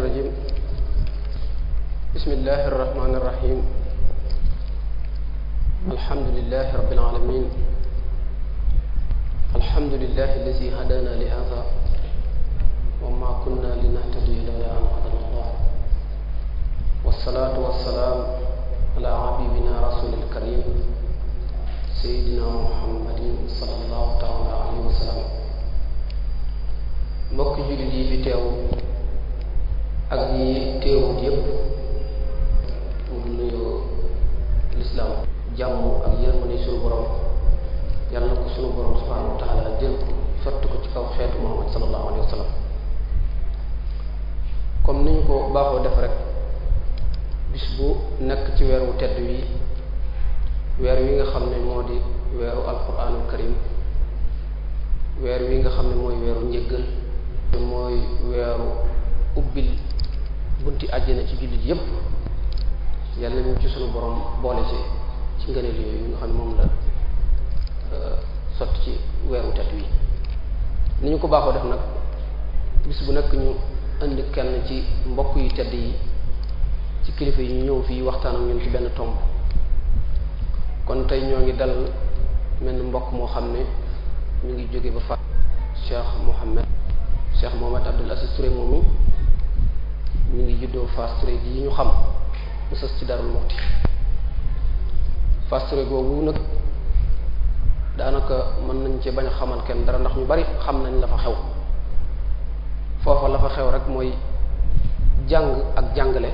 الرجيم بسم الله الرحمن الرحيم الحمد لله رب العالمين الحمد لله الذي هدانا لهذا وما كنا لنهتدي لولا أن هدانا الله والصلاة والسلام على حبيبنا رسول الكريم سيدنا محمد صلى الله تعالى عليه وسلم mbokk jullit yi fi teew ak ñi teewut yépp pour nuyoo lislaam jàmm ak yërmande sunu borom yàlla na ko sunu borom subhaanahu wa taala jël ko sotti ko ci kaw xeetu muhammad sallallahu alayhi wa sallam comme ni ñu ko baaxoo def rek bis bu nekk ci weer wu tedd wi weer wi nga xam ne moo di weeru alquranul karim weer wi nga xam ne mooy weeru njëggal mooy weeru ubbil bunti àjjana ci jullit yépp yàlla ñu ci sunu borom boole ci ci ngëneel yooyu nga xam ne moom la euh, sotti ci weeru tet wi ni ñu ko baaxoo def nag bis bu nekk ñu indi kenn ci mbokk yu tedd yi ci kilifa yi ñu ñëw fii waxtaan ak ñun ci benn tomb kon tey ñoo ngi dal mel ni mbokk moo xam ne ñu ngi jóge ba fa Cheikh Mohammed Cheikh Mohammed Abdul Aziz Touré moomu ñu ngi juddoo Fass yi ñu xam mu sës ci Darou Moukhty Fass Touré googu nag daanaka mën nañ ci bañ a xamal kenn dara ndax ñu bari xam nañ la fa xew foofa la fa xew rek mooy jàng ak jàngale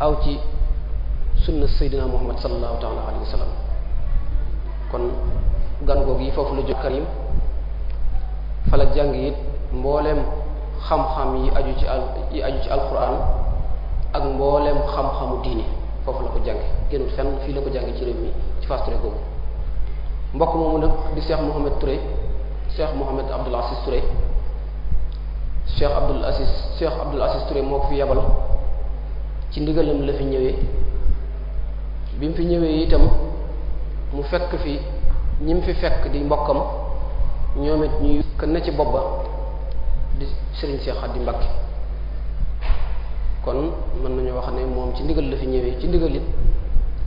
aw ci sunna Seydina Muhammad sallallahu taala alayhi wa sallam kon gan googu yi foofu la jóg Karim fa la jàng it mbooleem xam-xam yi aju ci al yi aju ci alquran ak mbooleem xam-xamu diine foofu la ko jànge génnul fenn fii la ko jànge ci réew mi ci Fass Touré googu mbokk moomu nag di Cheikh Mouhamed Touré Cheikh Mouhamed Abdoul Aziz Touré Cheikh Abdoul Aziz Cheikh Abdoul Aziz Touré moo ko fi yebal ci ndigalam la fi ñëwee bi mu fi ñëwee itam mu fekk fi ñi mu fi fekk di mbokkam ñoom it ñuy kën na ci bopp ba sëriñ Cheikh Khady Mbacké kon mën nañu wax ne moom ci ndigal la fi ñëwee ci ndigal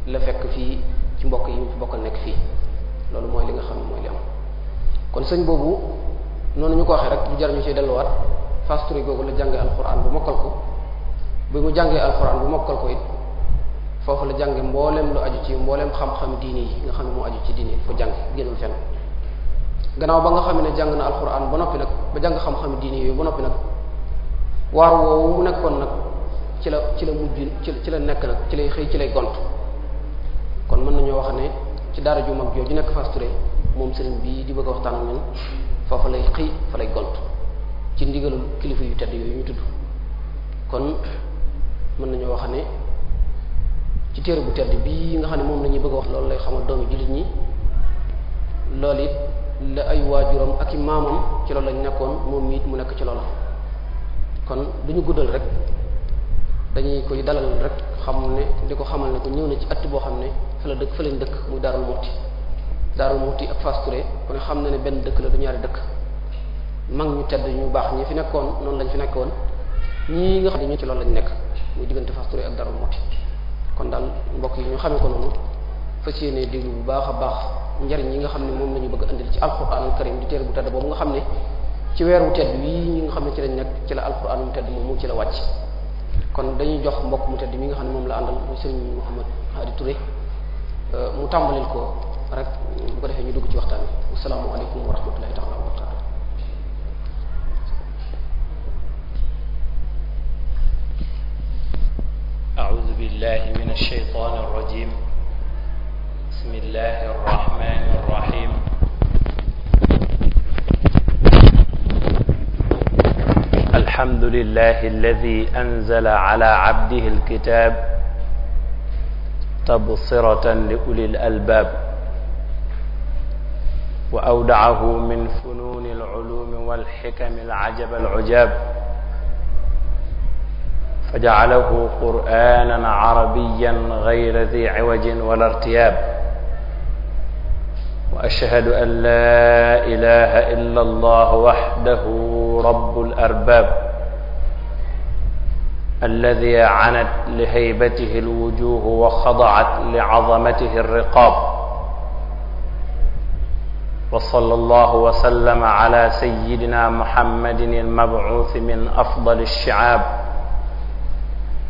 la fekk fii ci mbokk yi mu fi bokkal nekk fii loolu mooy li nga xam ne mooy li am kon sëñ boobu noonu ñu ko waxee rek du jar ñu ci delluwaat Fass Touré googu la jàngee alxuraan bu mokkal ko bi mu jàngee alxuraan bu mokkal ko it foofu la jànge mbooleem lu aju ci mbooleem xam-xam diini yi nga xam ne moo aju ci diini yi fa jàng génnul fenn gannaaw ba nga xam ne jàng na alxuraan ba noppi nag ba jàng xam-xam diine yooyu ba noppi nag waar woowu mu nekkoon nag ci la ci la mujj ci ci la nekk nag ci lay xëy ci lay gont kon mën nañoo wax ci daara ju mag jooju nekk Fass bii di bëgg waxtaan ak foofu lay xëy fa ci ndigalul kilifa yu tedd yooyu tudd kon mën nañoo wax ne ci téere bu tedd bii nga xam ne moom la bëgg a wax loolu lay xamal doomi jullit ñi loolu it la ay waajuram ak i maamam ci lool lañu nekkoon moom it mu nekk ci loola kon du ñu guddal rek dañuy koy dalal rek xam ne di ko xamal ne ko ñëw na ci att boo xam ne fa la dëkk fa dëkk muy Darou Moukhty Darou Moukhty ak Fass Touré xam na ne benn dëkk la du ñaari dëkk mag ñu tedd ñu baax ñi fi nekkoon noonu lañ fi nekkoon ñii nga xam ne ñu ci loolu lañ nekk muy diggante Fass ak Darou Moukhty kon daal mbokk yi ñu xamee ko yéene déglu bu baax a baax njariñ yi nga xam ne moom la ñu bëgg andil ci alquranul karim di téere bu tedd boobu nga xam ne ci weeru tedd yii ñi nga xam ne ci lañ nekk ci la alquranul tedd moom mu ci la wàcc kon dañuy jox mbokk mu tedd mi nga xam ne moom la àndal muy sëriñ Mouhamed Hadi ture euh, mu tàmbalil ko rek bu ko defee ñu dugg ci waxtaan bi wasalaamualeykum wa rahmatullahi taala wa barakatu أعوذ بالله من الشيطان الرجيم بسم الله الرحمن الرحيم الحمد لله الذي أنزل على عبده الكتاب تبصرة لأولي الألباب وأودعه من فنون العلوم والحكم العجب العجاب فجعله قرآنا عربيا غير ذي عوج ولا ارتياب واشهد ان لا اله الا الله وحده رب الارباب الذي عنت لهيبته الوجوه وخضعت لعظمته الرقاب وصلى الله وسلم على سيدنا محمد المبعوث من افضل الشعاب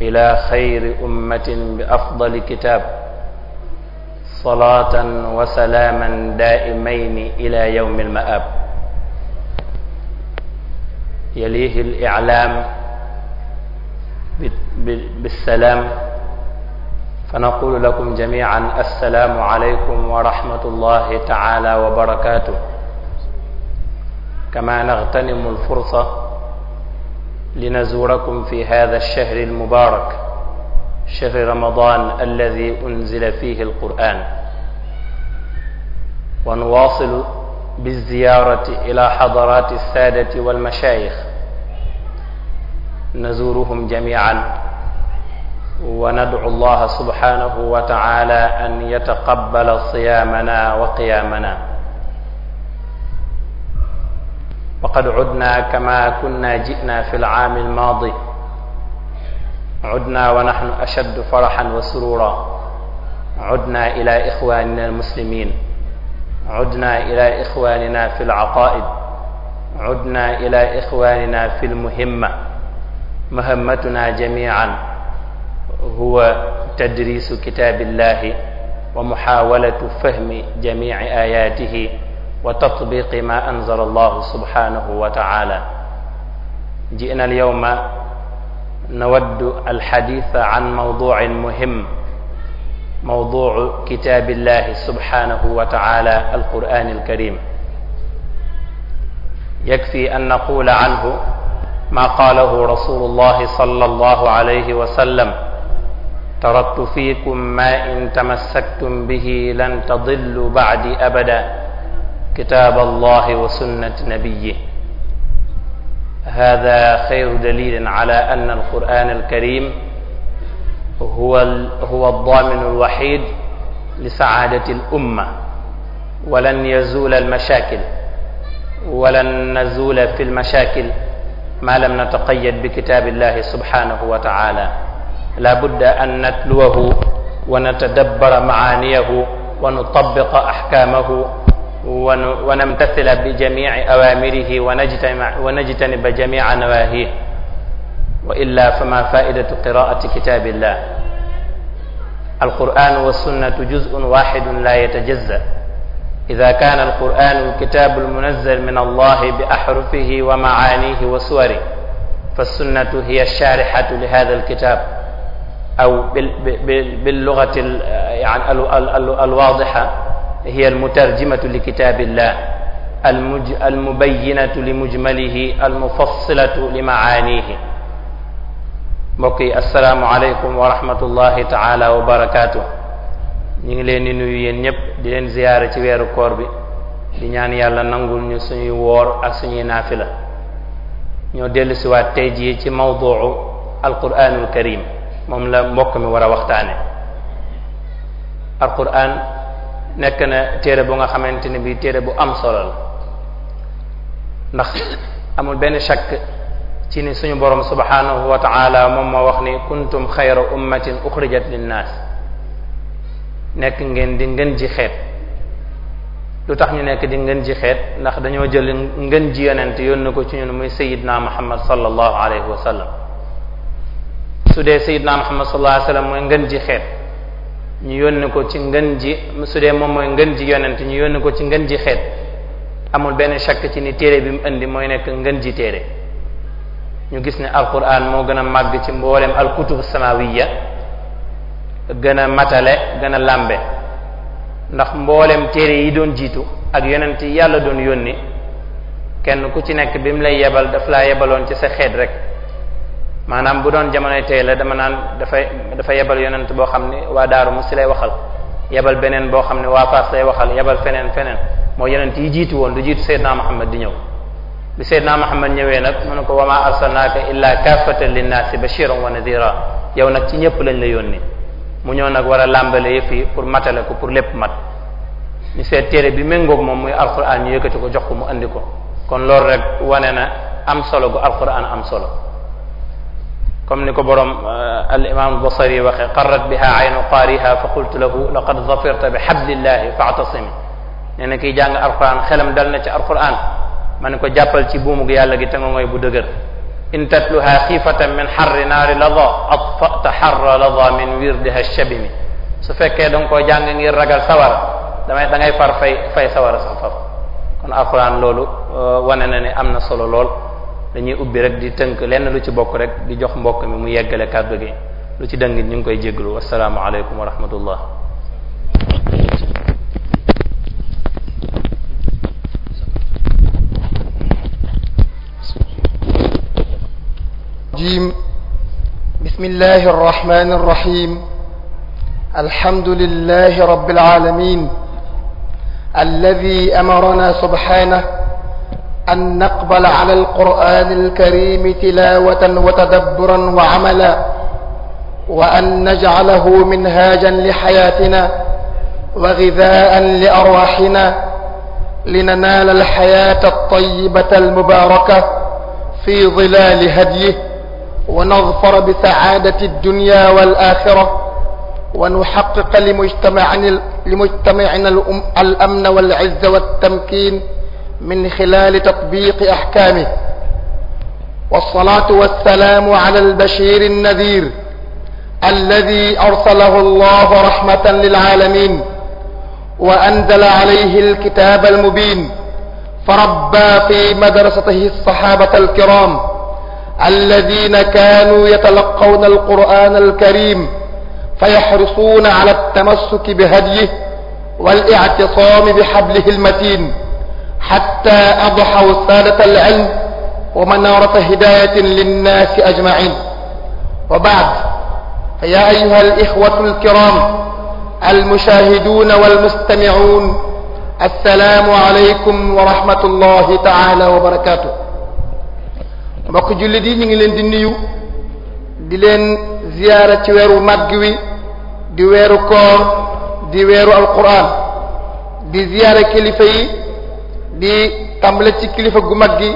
الى خير امه بافضل كتاب salaatan wa salaaman daa'imayni ila yawmi al-ma'aab yalihi al-i'laam bis-salaam fanaqulu lakum jamii'an assalaamu alaykum wa rahmatullahi ta'aala wa barakaatuh kamaa naghtanimu al-fursa linazuurakum fi haadha ash-shahri al-mubaarak شهر رمضان الذي أنزل فيه القرآن ونواصل بالزيارة إلى حضرات السادة والمشايخ نزورهم جميعا وندعو الله سبحانه وتعالى أن يتقبل صيامنا وقيامنا وقد عدنا كما كنا جئنا في العام الماضي udna wa nahnu ashaddu farahan wa surura udna ila ixwanina almuslimin udna ila ixwanina fi alaqaid udna ila ixwanina fi almuhimma muhammatuna jamian huwa tadrisu kitabillahi wa muhawalatu fahmi jamici ayatihi wa tatbiqi ma anzala allahu subhanahu wa taala jina alyawma nawaddu alxaditha an mawducin muhim mawducu kitaabillahi subhanahu wa taala alqur'ani alkarim yakfi an naqula anhu ma qalahu rasulullahi sallallahu alayhi wa sallam taraktu fiikum ma in tamassaktum bihi lan tadillu bacdi abada kitaab allahi wa sunnati nabiyyihi هذا خير دليل على أن القرآن الكريم هو هو الضامن الوحيد لسعادة الأمة ولن يزول المشاكل ولن نزول في المشاكل ما لم نتقيد بكتاب الله سبحانه وتعالى لا بد أن نتلوه ونتدبر معانيه ونطبق أحكامه ونمتثل بجميع أوامره ونجتمع ونجتنب جميع نواهيه وإلا فما فائدة قراءة كتاب الله القرآن والسنة جزء واحد لا يتجزأ إذا كان القرآن الكتاب المنزل من الله بأحرفه ومعانيه وسوره فالسنة هي الشارحة لهذا الكتاب أو باللغة يعني الواضحة hiya almutarjimatu li kitabillah almubayyinatu li mujmalihi almufassilatu li maanihi mbokk yi assalaamu aleykum wa rahmatullahi taala wa barakaatu ñu ngi leen di nuyu yéen ñëpp di leen ziyaara ci weeru koor bi di ñaan yàlla nangul ñu suñuy woor ak suñuy naafila ñoo dellu siwaat tey jii ci mawduu alquranul karim la mbokk mi wara a waxtaane alquran nekk na téere bu nga xamante ne bii téere bu am solo la ndax amul benn shakk ci ni suñu borom subhanahu wa taala moom moo wax ni kuntum xayra ummatin uxrijat linnaas nekk ngeen di ngën jixeet lu tax ñu nekk di ngeen ji xeet ndax dañoo jël ngën ji yoon yónni ko ci ñun muy sayidna muhammad sallallahu alayhi wa sallam su dee sayidna muhammad sallallahu alayhi wa sallam mooy ngën ji ñu yónni ko ci ngën ji su dee moom mooy ngën ji yonent ñu yónni ko ci ngën ji xeet amul benn chàkk ci ni téere bi mu indi mooy nekk ngën ji téere ñu gis ne alquran moo gën a màgg ci mboolem alkutub samawiya gën a matale gën a làmbe ndax mboolem téere yi doon jiitu ak yonent yi yàlla doon yónni kenn ku ci nekk bi mu lay yebal daf laa yebaloon ci sa xeet rek maanaam bu doon jamonoy tey la dama naan dafay dafa yebal yonent boo xam ne waa Daaru Muxti lay waxal yebal beneen boo xam ne waa Faas lay waxal yebal feneen feneen moo yonent yi jiitu woon du jiitu Seydina Muhammad di ñëw bi Seydina Muhammad ñëwee nag mu ne ko wa ma arsalnaaka illa kaafatan linnaasi bashiran wa nadira yow nag ci ñëpp lañ la yónnee mu ñëw nag war a làmbale yëpp yi pour matale ko pour lépp mat ñu seet téere bi méngoog moom muy alquran ñu yëkkati ko jox ko mu andi ko kon loolu rek wane na am solo gu alquran am solo comme ni ko borom euh, al imam basari waxe qarrat biha aynu qaariha fa qultu lahu laqad zafirta bi hablillahi fa'tasimi nee na kiy jàng alquran xelam dal na ci alquran ma ne ko jàppal ci buumug yàlla gi te nga mooy bu dëgër in tatluha xiifatan min xarri naari lada atfata xarra lada min wirdiha shabimi su fekkee da nga koo jàng ngir ragal sawara damay da ngay far fay fay sawara sax faf kon alquran loolu euh, wane na ne am na solo lool dañuy ubbi rek di tënk lenn lu ci bokk rek di jox mbokk mi mu yeggale kàddu gi lu ci dëngit ñu ngi koy jéglu assalaamu aleykum wa rahmatullah جيم بسم الله الرحمن الرحيم الحمد لله رب العالمين الذي أمرنا سبحانه أن نقبل على القرآن الكريم تلاوة وتدبرا وعملا وأن نجعله منهاجا لحياتنا وغذاء لأرواحنا لننال الحياة الطيبة المباركة في ظلال هديه ونظفر بسعادة الدنيا والآخرة ونحقق لمجتمعنا, لمجتمعنا الأمن والعز والتمكين min xilaali tatbiqi axkaami walsalaatu walsalaamu ala albashir alnadir alladi arsalahu allah raxmatan lilaalamin w anzala alayhi alkitab almubin فربى في مدرسته الصحابة الكرام الذين كانوا يتلقون القرآن الكريم فيحرصون على التمسك بهديه والاعتصام بحبله المتين xatta adxaw saadat alilm wa manaarata hidayatin linnaasi ajmain wa baad fa ya ayuha alixwatu alkiram almushahiduna walmustamicuun assalaamu aleykum wa rahmatullahi taala wa barakatuh mbokk jullit yi ñu ngi leen di nuyu di leen ziyaara ci weeru màgg wi di weeru koor di weeru alquran di ziyaara kilifa yi di tàmbale ci kilifa gu mag gi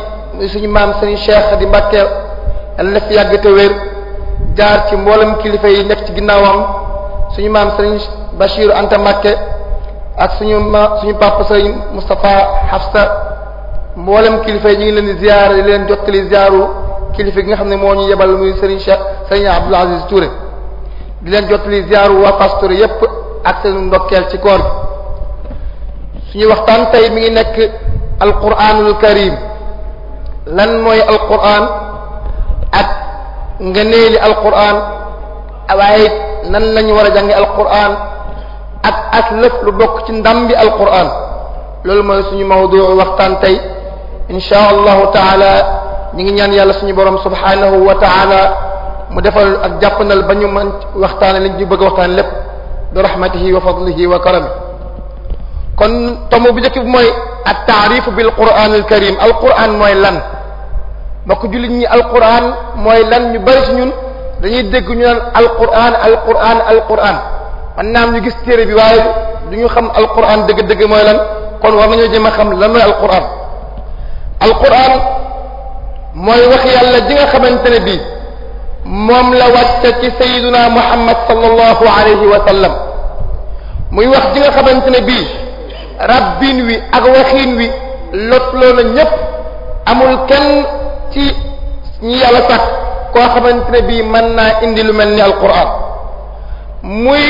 suñu maam sëriñ Cheikh di Mbàkke yàlla na fi yàgg te jaar ci mboolem kilifa yi nekk ci ginnaawam suñu maam sëriñ Bachir Anta Mbàkke ak suñu ma suñu papa sëriñ Moustapha Hafsa mboolem kilifa yi ñu ngi leen di ziyaar di leen jottali ziyaaru kilifa gi nga xam ne moo ñu yebal muy sëriñ Cheikh sëriñ Abdoul Aziz Touré di leen jottali ziyaaru waa Fass Touré yépp ak seen ndokkeel ci koor gi suñu waxtaan tey mi ngi nekk alquranul karim lan mooy alquran ak nga neeli alquran nan la ñu war a jànge alquran ak aslëf lu bokk ci ndambi alquran loolu mooy suñu mawdu waxtaan tey insha allahu taala ngi ñaan yàlla suñu borom subhanahu wa taala mu defal ak jàppandal ba ñu mën waxtaane lañ ñu bëgg waxtaan lépp bi rahmatihi wa fadlihi wa karami kon tomb bu njëkk bi mooy at taarifu bil quran al karim alquran mooy lan mbokk jullit ñi alquran mooy lan ñu bari ci ñun dañuy dégg ñu naan alquran alquran alquran man naam ñu gis téere bi waaye du ñu xam alquran dëgg-dëgg mooy lan kon war nañoo jéem a xam lan mooy alquran alquran mooy wax yàlla nga xamante ne bii moom la wàcce ci sayyiduna muhammad sallallahu alayhi wa sallam muy wax ji nga xamante ne bii rabbin wi ak waxiin wi lot loo na ñépp amul kenn ci ñi yàlla sax koo xamante ne bii mën naa indi lu mel ni alquran muy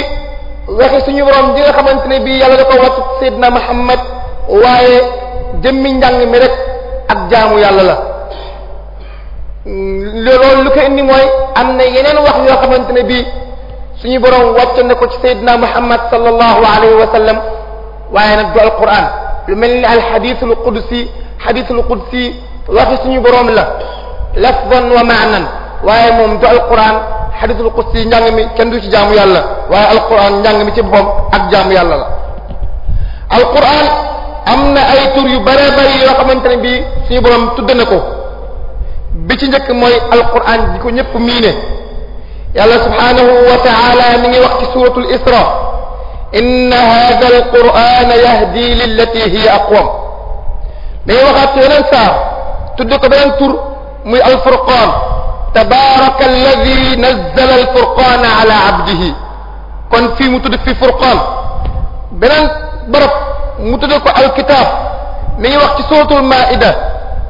waxi suñu borom di nga xamante ne bii yàlla da ko wàcc Seydina Muhammad waaye jëmmi njàng mi rek ak jaamu yàlla la mm, loolu lu ko indi mooy am na yeneen wax yoo xamante ne bii suñu borom wàcc na ko ci Seydina Muhammad sallallahu alayhi wa waaye nag du alquran lu mel ni alxadisul qudsi xadisul qudsi waxi suñu boroom la lafzan wa maanan waaye moom du alquran xadisul qudsi njàng mi kenn jaamu yàlla waaye alquran njàng mi ci boppam ak jaamu yàlla la alquran am ay tur yu bare bare yoo xamante ne bii suñu tudd na ko bi ci njëkk mooy alquran di ko ñëpp miine yàlla subhaanahu wa mi ngi wax ci inna hada alquran yahdi lillati hiya aqwam dañuy waxaat ci beneen saar tudd ko beneen tur muy alfurqaan tabaraka alladi nazzala alfurqaana ala abdihi kon fii mu tudd fi furqaan beneen barab mu tudd ko alkitaab mi ngi wax ci suratul maida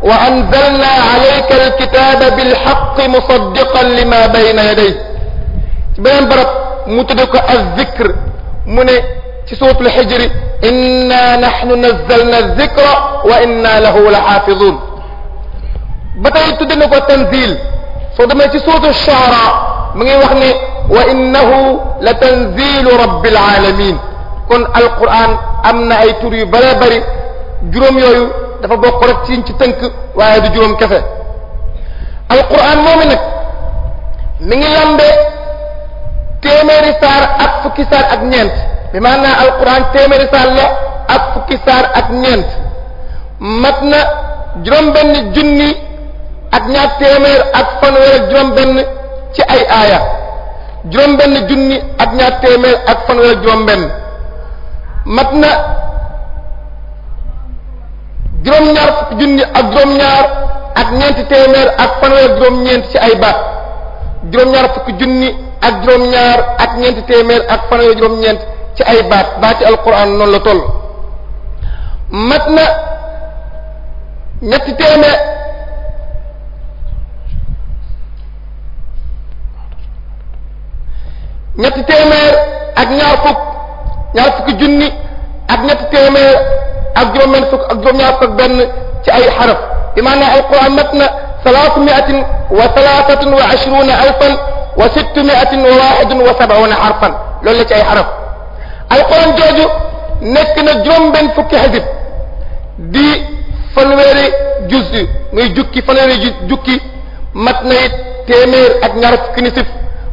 wa anzalna alayka alkitaaba bilxaqi musaddiqan lima bayna yadayhi ci beneen barab mu tudd ko azzikr mu ne ci suuratul xijri inna nahnu nazzalna dhikra wa inna lahu la xaafidun ba tey tudd na ko tanzil soo demee ci suuratul shuara mu nge wax ne wa innahu la tanzilu rabbil alamin kon alquran am na ay tur yu bëree bëri juróom yooyu dafa bokk rek ci ci tënk waaye du juróom kese alquran moomi nag mi lambe téeméeri saar ak fukki saar ak ñeent bi maanaam alquran téeméeri saar ak fukki saar ak ñeent mat na juróom-benn junni ak ñaar téeméer ak fanweer juróom-benn ci ay aaya juróom-benn junni ak ñaar téeméer ak fanweer juróom-benn mat na juróom-ñaar fukki junni ak juróom-ñaar ak ñeenti téeméer ak fanweer juróom-ñeent ci ay baat juróom-ñaar fukki junni. ak juróom-ñaar ak ñeenti téeméer ak fanweeri juróom ci ay baat baati alquran noonu la toll mat na ñetti téeméer ñetti téeméer ak ñaar fukk ñaar fukki ak ñetti téeméer ci ay xaraf bi maanaam alquran mat na salaatu miatin wa wa a wa wahidin wa sabauna harfan la ci ay xaraf alquran jooju nekk na juróom-benn fukki xisib di fanweeri juz muy jukki fanweeri jukki mat na it ak ñaar fukki nisif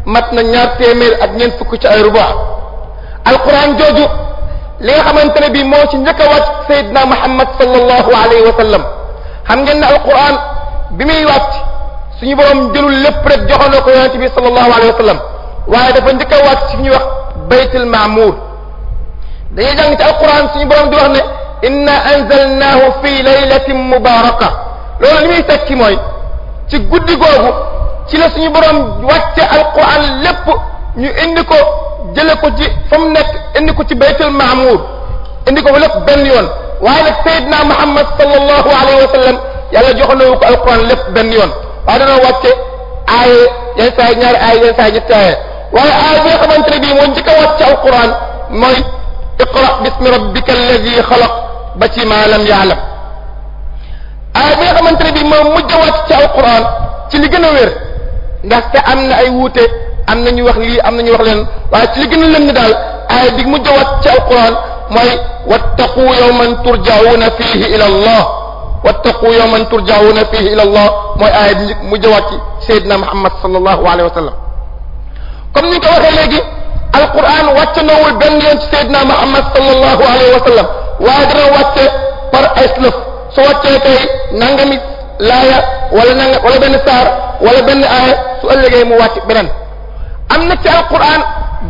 mat na ñaar ak ñeent fukk ci ay rubax alquran jooju li nga xamante ne bii moo ci njëkk a wàcc Seydina Muhammad sallallahu alayhi wa sallam xam ngeen ne alquran bi muy wàcc. suñu borom jëlul lépp rek joxoon na ko yonente bi sallallahu alayhi wa sallam waaye dafa njëkk a wàcc ci ñuy wax baytul maamur dañuy jàng ci alquran suñu borom di wax ne inna anzalnahu fi laylatin mubaraka loolu li muy tekki mooy ci guddi googu ci la suñu borom wàcce alquran lépp ñu indi ko jële ko ci fa mu nekk indi ko ci baytul maamur indi ko fa lépp benn yoon waaye nag sayyidna muhammad sallallahu alayhi wa sallam yàlla joxoon na ko alquran lépp benn yoon waaye dana wàcce ay yenn saa yi ñaari ay yenn saa yi ñetti ay waaye ay bi nga xamante ne bii moo njëkk a wàcce alquran mooy iqra bismi rabbika alladi xalaq ba ci ma lam yaalam bi nga xamante ne bii moo mujj a wàcc ci li gën a wér ndaxte am na ay wuute am na ñuy wax lii am na ñuy wax leen waaye ci li gën a lënd daal ay bi mujj a wàcc ci alquran mooy wattaqu yawman turjauna fihi ila allah wattaqu yawman turja'una fihi ila allah mooy aaya bi mu jëwaat ci Seydina Muhammad sallallahu alayhi wa sallam comme ni ñu ko waxee léegi alquran wàcce nawul benn yoon ci Seydina Muhammad sallallahu alayhi wa sallam waaye dana wàcce par islëf su wàccee tey nangami laaya wala nanga wala benn saar wala benn aaya su ëllëgee mu wàcc beneen am na ci alquran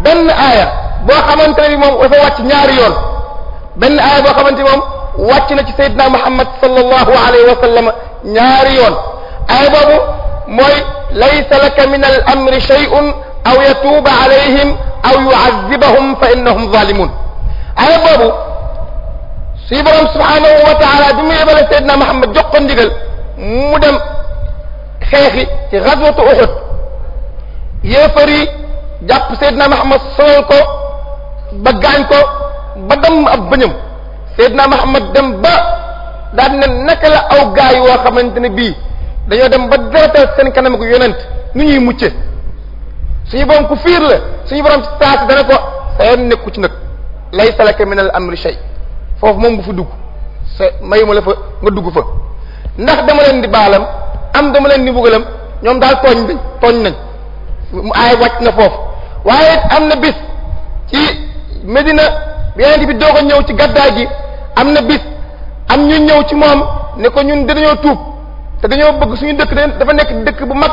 benn aaya boo xamante ne bi moom dafa wàcc ñaari yoon benn aaya boo xamante ni moom wàcc na ci Seydina Muhammad sallallahu alayhi wa sallam ñaari yoon aaya boobu mooy laysa laka min al amri Muhammad jox ko ndigal mu dem xeexi ci ghazwatu Muhammad solal ko ba gaañ ko ma Seydina Muhammad dem ba daan ne naka la aw gaay yoo xamante ne bii dañoo dem ba deretal seen kanam ko yonent nu ñuy mucce suñu borom ku fiir la suñu borom si taasi dana ko sa yoon nekku ci nag laysa laka min al amri shay foofu moom bu fa dugg sa mayuma la fa nga dugg fa ndax dama leen di baalam am dama leen di mbugalam ñoom daal tooñ nañ mu aay wàcc na foofu waaye am na bis ci Medina bi yonent bi doog a ñëw ci gàddaay gi am na bis am ñu ñëw ci moom ne ko ñun dañoo tuub te dañoo bëgg suñu dëkk de dafa nekk dëkk bu mag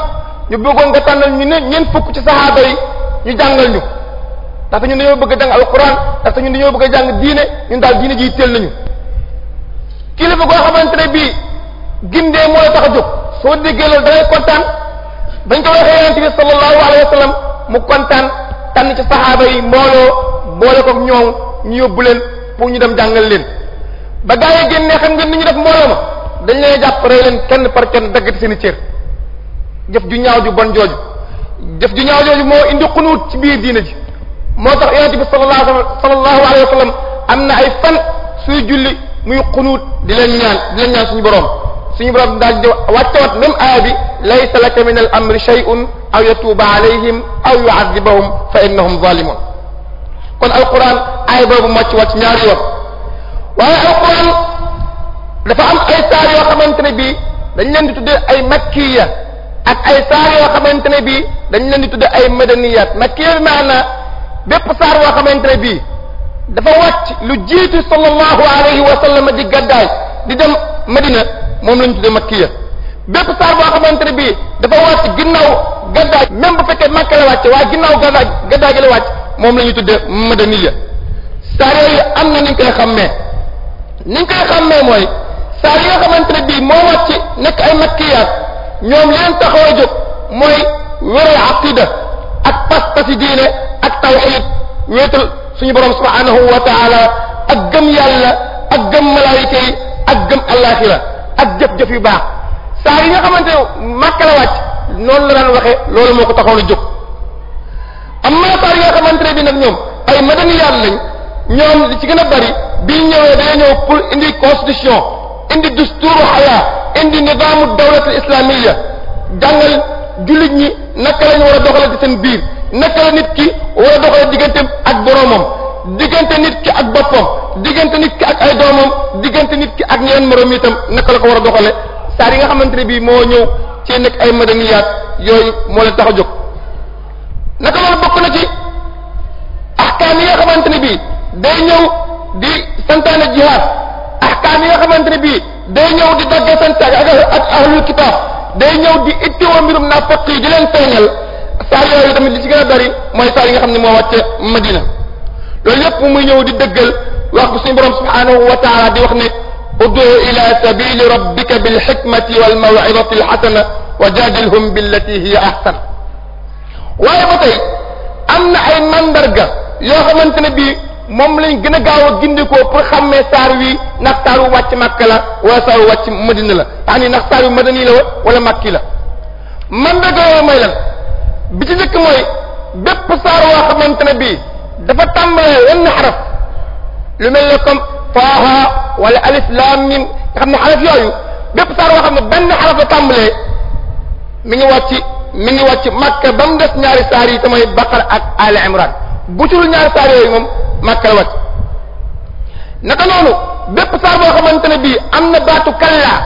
ñu bëggoon nga tànnal ñu ne ñeent fukk ci saxaaba yi ñu jàngal ñu ndaxte ñun dañoo bëgg a jàng alquran ndaxte ñun dañoo bëgg a jàng diine ñun daal diine ji teel nañu kilifa koo xamante ne bii gindee moo la tax a jóg soo déggee loolu da ngay kontaan bañ ko waxee yonente bi sallallahu alayhi wa mu kontaan tànn ci saxaaba yi mbooloo boole ko ñoom ñu yóbbu leen pour ñu dem jàngal leen ba gaa yi génnee xam ngeen ni ñu def mbooloo ma dañ leen jàpp rey leen kenn par kenn daggati seen i jëf ju ñaaw ju bon jooju jëf ju ñaaw jooju moo indi xunuut ci biir diina ji moo tax yonent bi sallallahu sallallahu alayhi wa sallam am na ay fan suy julli muy xunuut di leen ñaan di leen ñaan suñu borom suñu borom daal di wàccewat même aaya bi laysa laka min al amri shay'un aw yatuuba alayhim aw yu'adhibahum fa innahum zalimun kon alquran aaya boobu mocc wàcc ñaari yoon waaye alquran dafa am ay saar yoo xamante ne bii dañ leen di tuddee ay makkiya ak ay saar yoo xamante ne bii dañ leen di tuddee ay madaniyat makkiya bi maana bépp saar yoo xamante ne bii dafa wàcc lu jiitu sallallahu alayhi wa sallam di gaddaay di dem madina moom la ñu tuddee makkiya bépp saar boo xamante ne bii dafa wàcc ginnaaw gaddaay même ba fekkee makka la wàcce waaye ginnaaw gaddaay gaddaay gi la wàcc moom la ñu tuddee madaniya saar yooyu am na ñu koy xàmmee ni nga koy xàmmee mooy saa yi nga xamante ne bii moo wàcc nekk ay makkiyaat ñoom leen taxaw a jóg mooy wéral ak pas-pasi diine ak tawxid wéetal suñu borom subhanahu wa taala ak gëm yàlla ak gëm malaayika yi ak gëm allaxira ak jëf-jëf yu baax saa yi nga xamante ne màkka la wàcc noonu la daan waxee loolu moo ko taxaw a jóg am na yi nga xamante ne bi nag ñoom ay madaniyaat lañ ñoom li ci gën a bari biñ ñëwee day ñëw pour indi constitution indi dusturu xayaa indi nidaamu dawlatul islamiyya jàngal jullit ñi naka la war a doxalee ci seen biir naka la nit ki war a doxalee diggante ak boroomam diggante nit ki ak boppam diggante nit ki ak ay doomam diggante nit ki ak ñeneen moroom itam naka la ko war a doxalee saa yi nga xamante ne bii moo ñëw ci nekk ay madaniyaat yooyu moo leen tax a jóg naka loolu bokk na ci ahkaam yi nga bii. day ñëw di santaane jihaad ahkaam yi nga xamante ne bii day ñëw di daggasante ak ak ahlul kitaab day ñëw di ittiwoo mbirum naafaq yi di leen feeñal saa yooyu tamit li ci gën a bari mooy saa yi nga xam ne moo wàcce Madina loolu yépp muy ñëw di dëggal wax bu suñu borom subhaanahu wa taala di wax ne ud'u ila sabili rabbika bil hikmati wal maw'izati al hasana wa jaadilhum billati hiya ahsan waaye ba tey am na ay mandarga yoo xamante ne bii moom lañ gën a gaaw a gindikoo pour xàmmee saar wi ndax saar wu wàcc Makka la wala saar wu wàcc Madina la tax ni ndax saar wi madani la wala makki la man de gaaw mooy lan bi ci njëkk mooy bépp saar woo xamante ne bii dafa tàmbalee wenn xaraf lu mel ne comme Taaha wala alif laam mim nga xam ne xaraf yooyu bépp saar woo xam ne benn xaraf la tàmbalee mi ngi wàcc mi ngi wàcc Makka ba mu des ñaari saar yi tamay Baqara ak Al Imran bu ci lu ñaari saar moom Makka la wàcc naka noonu bépp saar boo xamante ne bii am na baatu kallaa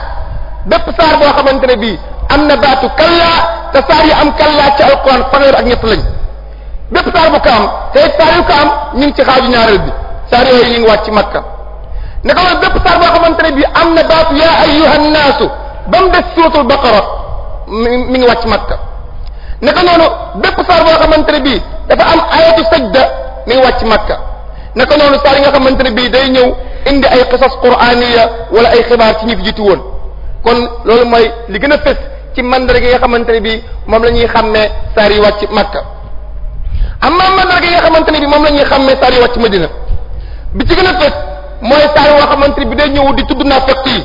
bépp saar boo xamante ne bii am na baatu kallaa te saar am kallaa ci alquran fanweer ak ñett lañ bépp saar bu ko am te saar yu am ñu ngi ci xaaju ñaareel bi saar yooyu ñu ngi wàcc Makka naka noonu bépp saar boo xamante ne bii am na baatu yaa ayyuhan naasu ba mu des suratul mi ngi wàcc Makka naka noonu bépp saar boo xamante ne bii dafa am ayatu sajda mi wàcc makka naka noonu saar yi nga xamante ne bii day ñëw indi ay xisas quraaniya wala ay xibaar ci ñi fi jiitu woon kon loolu mooy li gën a fës ci mandarga yi nga xamante ne bii moom la ñuy xàmmee saar yi wàcc makka amma mandarga yi nga xamante ne bii moom la ñuy xàmmee saar yi wàcc madina bi ci gën a fës mooy saar woo xamante ne bi day ñëw di tudd naa fekk yi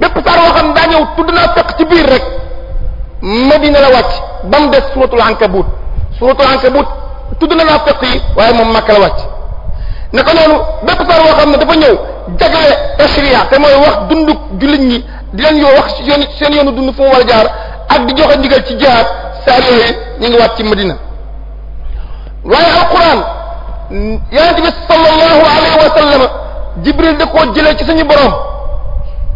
bépp saar woo xam daa ñëw tudd naa fekk ci biir rek madina la wàcc ba mu des suratul ankabut sura Al-Anka bu tudd na naafeq yi waaye moom Makka la wàcc naka noonu bépp saar woo xam ne dafa ñëw jagle tashriya te mooy wax dundu jullit ñi di leen yoo wax seen seen yoonu dund fu mu war a jaar ak di joxe ndigal ci jihaad saar yooyu ñu ngi wàcc ci Madina waaye alquran yonente bi sallallahu alayhi wa sallam jibril da koo jëlee ci suñu borom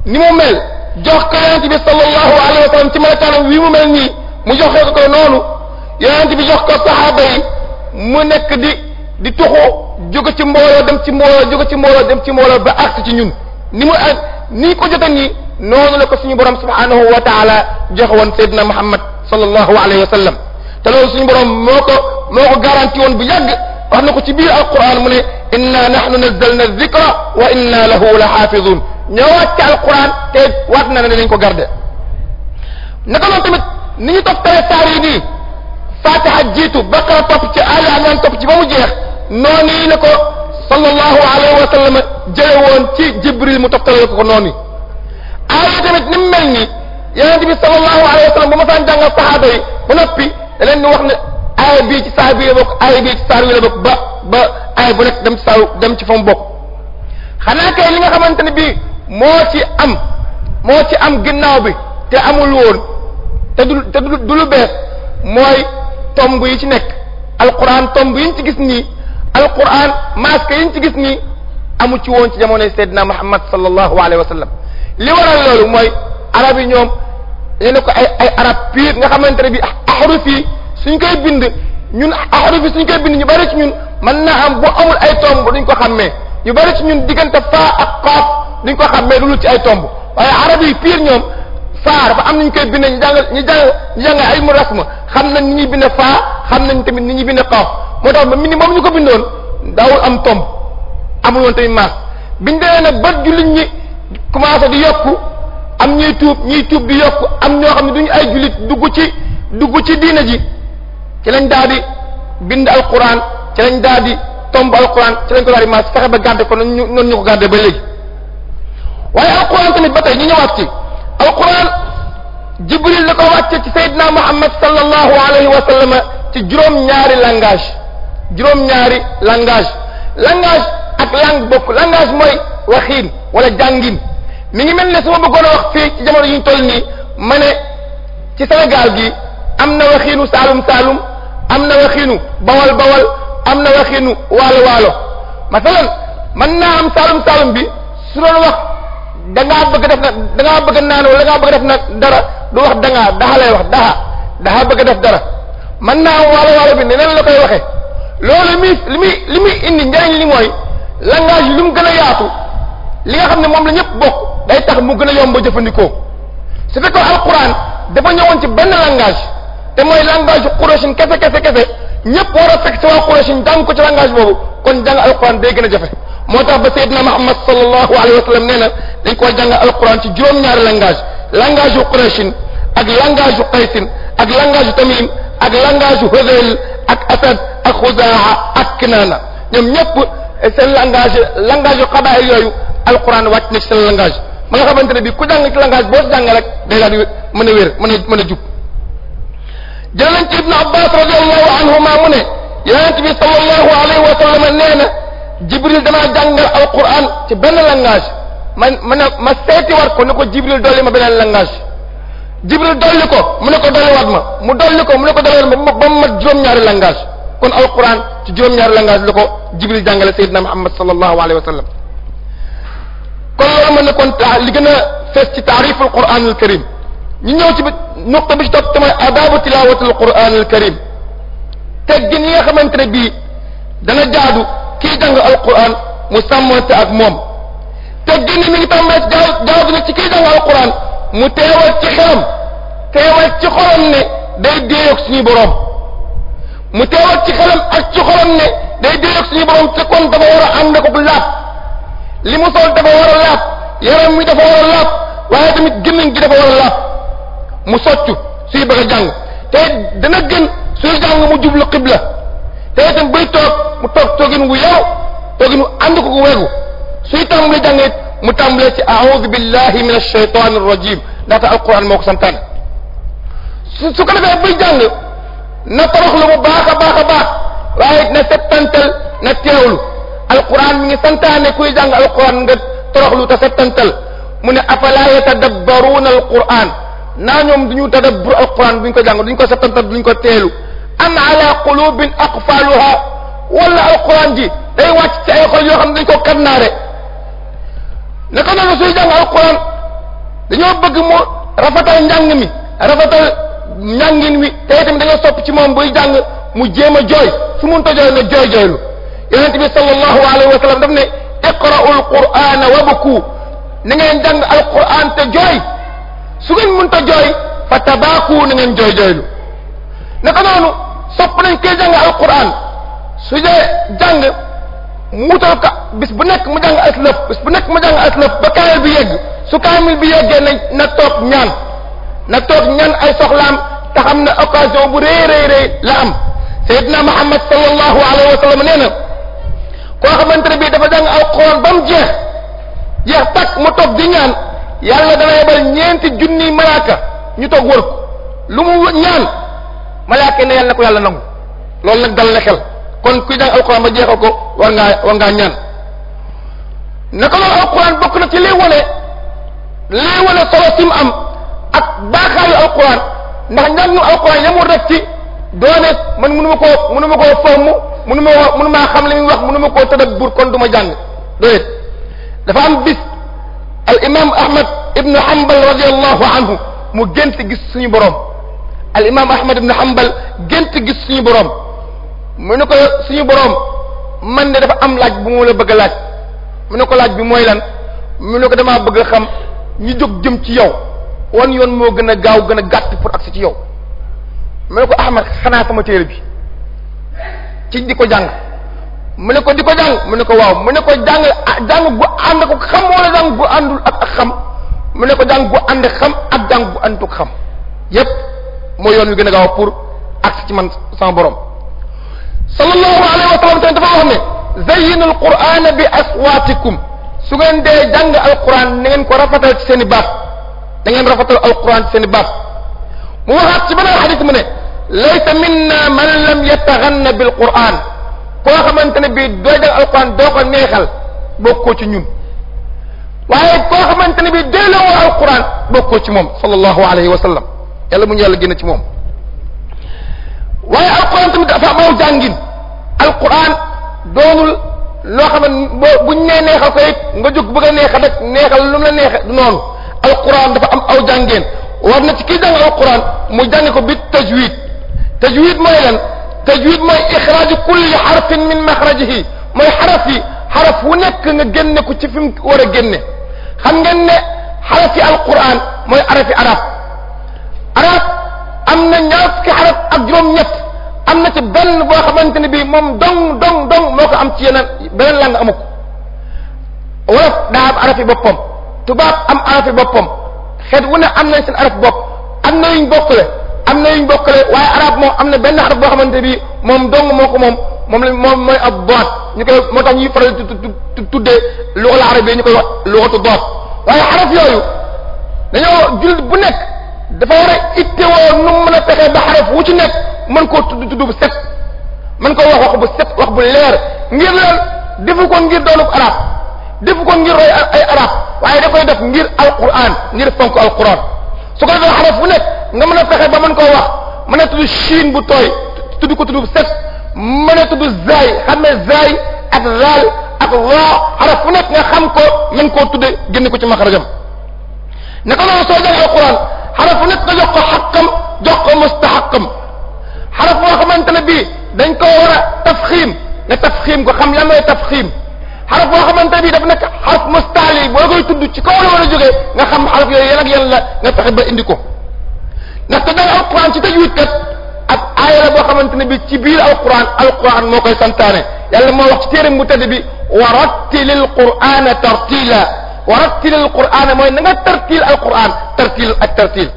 ni mu mel jox ko yonente bi sallallahu alayhi wa sallam ci malakaanam wi mu mel nii mu joxee ko noonu yonent bi jox ko saxaaba yi mu nekk di di tuxu jóge ci mbooloo dem ci mbooloo jóge ci mbooloo dem ci mbooloo ba àgg ci ñun ni mu àgg ni ko jotoon nii noonu la ko suñu borom subhanahu wa taala joxe woon Seydina Muhammad sallallahu alayhi wa sallam te loolu suñu borom moo ko moo ko garanti woon bu yàgg wax na ko ci biir alquran mu ne inna nahnu nazzalna dhikra wa inna lahu la xaafizun ñëwaat ci alquran te waat na ne dinañ ko garde naka noonu tamit ni ñu toftale saar fatiha jiitu baqara topp ci ali imran ci ba mu jeex noonu yi la ko sallallahu alayhi wa sallam jële ci jibril mu toftalal ko ko noonu aaya tamit ni mu mel ni yonent bi sallallahu alayhi wa sallam bu ma saan jàngal sahaaba yi ba noppi da leen di wax ne aaya bii ci saar bi la bokk aaya bii ba ba aaya bu nekk dem ci saaru dem ci fa mu bokk xanaa kay li nga xamante ne bii moo ci am ci am ginnaaw bi te amul woon te du te bees mooy tomb yi ci nekk alquran tomb yi ñu ci gis nii alquran masque yi ñu ci gis nii amu ci woon ci jamonoy Seydina Muhammad sallallahu alayhi wa sallam li waral loolu mooy arab yi ñoom ñu ne ko ay ay arab pur nga xamante ne bi ahruf yi suñ koy bind ñun ahruf yi suñ koy bind ñu bari ci ñun mën naa am bu amul ay tomb duñ ko xàmmee ñu bari ci ñun diggante faa ak qaaf duñ ko xàmmee lu ci ay tomb waaye arab yi pur ñoom faa dafa am nañu koy bindee ñu jàngal ñu jàng ñu jàngal rasma xam nañ ñu ñuy bindee faa xam nañ tamit ni ñuy bindee xaaf moo tax ba minimum ñu ko bindoon daawul am tomb amul woon tamit maas biñ demee nag ba jullit ñi commencé di yokku am ñuy tuub ñuy tuub di yokku am ñoo xam ne duñu ay jullit dugg ci dugg ci diina ji ci lañ daal di bind alquran ci lañ daal di tomb alquran ci lañ ko daal di maas fexe ba gàdde ko noonu ñu noonu ko gàdde ba léegi waaye alquran tamit ba tey ñu ñëwaat ci. alquran jibril da ko ci sayyidina muhammad sallallahu alayhi wa sallam ci juróom-ñaari langage juróom-ñaari langage langage ak langue bokk langage mooy waxiin wala jàngin mi ngi mel ne su ma bëggoon a wax fii ci jamono yi ñu toll nii ci Sénégal gi am na waxiinu saalum saalum am na waxiinu bawal bawal am na waxiinu waalo waalo masalan mën naa am saalum saalum bi su doon wax dangaa bëgg def nag dangaa bëgg naan wala dangaa bëgg def na dara du wax dangaa daxa lay wax daxa daxa bëgg def dara man naa am waalo waalo bi neneen la koy waxee loolu li muy li muy li muy indi njëriñ li mooy langage lu mu gën a yaatu li nga xam ne moom la ñëpp bokk day tax mu gën a yomb jëfandikoo su fekkoon alquran dafa ñëwoon ci benn langage te mooy langage Qurayshin kese kese kese ñëpp war a fekk si waa Qurayshin jàng ko ci langage boobu kon jàng alquran day a jafe moo tax ba Seydina Muhammad sallallahu alayhi wa sallam nee na dañ koo jàng alquran ci juróom-ñaari langage langage yu ak langage yu Qaysin ak langage yu Tamim ak langage yu Hudayl ak Asad ak Xuzaa ak Kinaana ñoom ñëpp eh, seen langage yooyu alquran wàcc na ci seen langage ma nga xamante ne bii ku jàng ci langage boo jàng rek day daal di mën a wér mën a ne yonent bi sallallahu alayhi wa na jibril damaa jàngal alquran ci benn langage man ma ne ma seeti war ko ne ko jibril dolli ma beneen langage jibril dolli ko mu ne ko dolliwaat ma mu dolli ko mu ne ko dolliwaat ma ba mu mat juróom-ñaari langage kon alquran ci juróom-ñaari langage la ko jibril jàngale sayyidina muhammad sallallahu alayhi wa sallam kon loolu ma ne kon ta li gën a fees ci taarif alquran alkarim ñu ñëw ci nuqta bi ci topp te mooy adabu tilawati alquran alkarim teggin yi nga xamante ne bii dana jaadu kii jàng alquran mu sàmmante ak moom te gënn mi ngi tàmbalee gaaw gaaw na ci kii jàng alquran mu teewal ci xelam teewal ci xolam ne day déeyoog suñu borom mu teewal ci xelam ak ci xolam ne day déeyoog suñu borom te kon dafa war a ànd ko laab li mu sol dafa war a laab yaram mi dafa war a laab waaye tamit gémmiñ gi dafa war a laab mu soccu suy bëgg a jàng te dana gën suy jàng mu jublu xibla te itam buy toog mu toog toogin wu yaru toogin wu ànd ko ku wegu suy tàmbalee jàngit mu tàmbalee ci a'udhu billahi min ashaytani rajim ndaxte alquran moo ko santaane su su ko defee buy jàng na toroxlu bu baax a baax a baax waaye na settantal na teewlu alquran mi ngi santaane kuy jàng alquran nga toroxlu te settantal mu ne afala yatadabbaruuna alquran naa ñoom du ñu tadabbur alquran bu ñu ko jàng du ñu ko settantal du ñu ko teelu am ala qulubin aqfaluha wala alquran ji day wàcc ci ay xol yoo xam ne dañ ko katnaare naka noonu suy jàng alquran dañoo bëgg mu rafetal njàng mi rafetal njàngin wi te itam dañoo sopp ci moom buy jàng mu jéem a jooy su mënta jooy na jooy jooylu yonent bi sallallahu alayhi wa sallam daf ne iqra'u alqur'ana wabku na ngeen jàng alquran te su ngeen mënta jooy fa ngeen jooy jooylu sopp nañ koy jàng alquran su dee jàng mutal ka bis bu nekk mu jàng as lëf bis bu nekk mu jàng as lëf ba kaamil bi yegg su kaamil bi yeggee na na toog ñaan na toog ñaan ay soxlaam te xam ne occasion bu rëy rëy rëy la am Seydina Muhammad sallallahu alayhi wa sallam nee na koo xamante ne bii dafa jàng alquran ba mu jeex jeex takk mu toog di ñaan yàlla dana yebal ñeenti junniy malaaka ñu toog wër lu mu ñaan malaaka ne yàlla na ko yàlla nangu loolu nag dal na xel kon kuy jàng alxuraan ba jeexal ko war ngaa war ngaa ñaan naka loolu alxuraan bokk na ci liy wane liy wane solo si am ak baaxaayu alxuraan ndax njàngu alxuraan yamul rek ci doone man mënu ma koo mënu ma koo fomm mënu ma xam li muy wax mënu ma koo tadabbur kon du ma jàng doyet dafa am bis al imam ahmad ibnu hanbal radiallahu anhu mu gént gis suñu borom al imam ahmad ibn hanbal gént gis suñu boroom mu ne ko suñu boroom man de dafa am laaj bu mu la bëgg laaj mu ne ko laaj bi mooy lan mu ne ko damaa bëgg a xam ñu jóg jëm ci yow wan yoon moo gën a gaaw gën a gàtt pour agsi ci yow mu ne ko ahmad xanaa sama téere bi ci di ko jàng mu ne ko di ko jàng mu ne ko waaw mu ne ko jàng ah, jàng gu ànd ko xam wala jàng gu àndul ak ak xam mu ne ko jàng gu ànd xam ak jàng gu ànduk xam yépp mooy yoon wi gën a gaaw pour ak ci man sama borom sallallahu alayhi wa sallam tamit dafa wax ne zayyinu alqur'ana bi aswaatikum su ngeen dee jàng alquran na ngeen ko rafetal ci seen i baat da ngeen rafetal ci seen i baat mu waxaat ci beneen xadis ne laysa minna man lam yataxanna bil quran koo xamante ne bii doo jàng alquran doo ko neexal bokkoo ci ñun waaye koo xamante ne bii delloo alquran bokkoo ci moom sallallahu alayhi wa sallam yàlla mu ñu yàlla génn ci moom waaye alquran tamit dafa am aw jàngin alquran loo xam ne boo buñ nee neexal ko it nga jóg bëgg a neexal rek neexal lu mu la neexe du noonu alquran dafa am aw jàngeen war na ci kii jàng alquran mu jàng ko bi tajwid tajwid mooy lan tajwid mooy ixraaju kulli xarfin min maxrajihi mooy xaraf yi xaraf wu nekk nga génne ko ci fi mu war a génne xam ngeen ne xaraf yi alquran mooy arafi arab arab am na ñaar fukki xarab ak juróom-ñett am na ci benn boo xamante ne bii moom dong dong dong moo ko am ci yeneen beneen langue amu ko wolof daa am araf yi boppam tubaab am araf yi boppam xeet wu ne am nañ seen araf bopp am na yuñ bokkale am na yuñ bokkale waaye arab moom am na benn araf boo xamante bii moom dong moo ko moom moom moom mooy ab doot ñu koy moo tax ñuy faral di tuddee luxal arab yi ñu koy wax luxatu doot waaye araf yooyu dañoo jullit dafa war a ittewoo nu mu a fexe ba xaraf wu ci nekk mën koo tudd tudd bu set mën koo wax wax bu set wax bu leer ngir lan defu ngir doonub arab defu ko ngir roy ay arab waaye da koy def ngir alquran ngir fonk alquran ko defee xaraf wu nekk nga mën a fexe ba mën koo wax mën tudd shiin bu tooy tudd ko tudd bu set mën tudd zaay xam zaay ak zaal ak waa xaraf wu nekk nga xam ko mën koo tudde génne ko ci maxarajam naka noonu soo jàng alquran xaraf fu nekk nga jox ko xaqam jox ko mustaxaqam xaraf boo xamante ne bii dañ ko war a tafxiim nga tafxiim ko xam lan mooy tafxiim xaraf boo xamante ne bii daf nekk xaraf mustaali boo koy tudd ci kaw la war nga xam xaraf yooyu yan ak yan la nga fexe ba indi ko ndaxte danga alquran ci tajwid kat ak aaya la boo xamante ne bii ci biir alquran alquran moo koy santaane yàlla moo wax ci téeram bu tedd bi wa rattilil qur'ana tartila wa rattilil qur'aana mooy na nga tartiil alqur'aan tartiil ak tartiil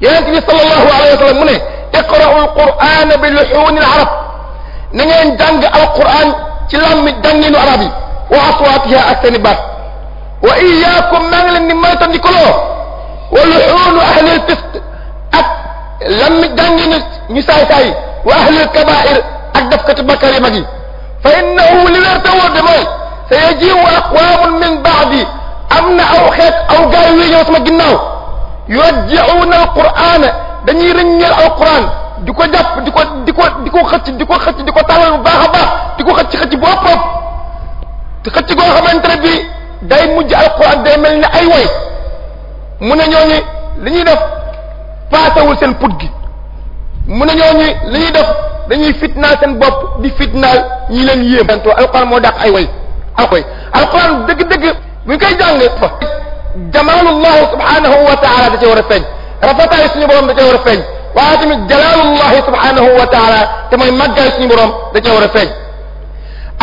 yonent bi sallallahu alayhi wa sallam mu ne iqra'ul qur'aana bi luxuunil arab na ngeen jàng alqur'aan ci làmmi jàngeenu arab yi wa aswaatiha ak seeni baat wa iyaakum maa ngi leen di moytandikuloo wa luxuunu ahlil fisq ak làmmi jàngeenu ñu saay saay wa ahlil kabaa'ir ak dafkati bakkaar yi mag yi fa innahu li wér te wóor de mooy sa yajiwu aqwamun min baadi am na aw xeet aw gaay yu ñëw sama ginnaaw yurji'una alqur'ana dañuy rëññeel alquran di ko jàpp di ko di ko di ko xëcc di ko xëcc di ko tàllal bu baax a baax di ko xëcc xëcc bu ëpp ëpp xëcc goo xamante ne bii day mujj alquran day mel ni ay way mu ne ñooñu li ñuy def paasewul seen put gi mu ne ñooñu li ñuy def dañuy fitnaal seen bopp di fitnaal ñi leen yéem. alquran moo dàq ay way. akoy alquran dëgg-dëgg buñ koy jàng fa jamaalullah subhanahu wa taala da cee war a feeñ rafetaay suñu borom da cee war a feeñ waaye tamit jalaalullahi subhanahu wa taala te mooy màggaay suñu borom da cee war a feeñ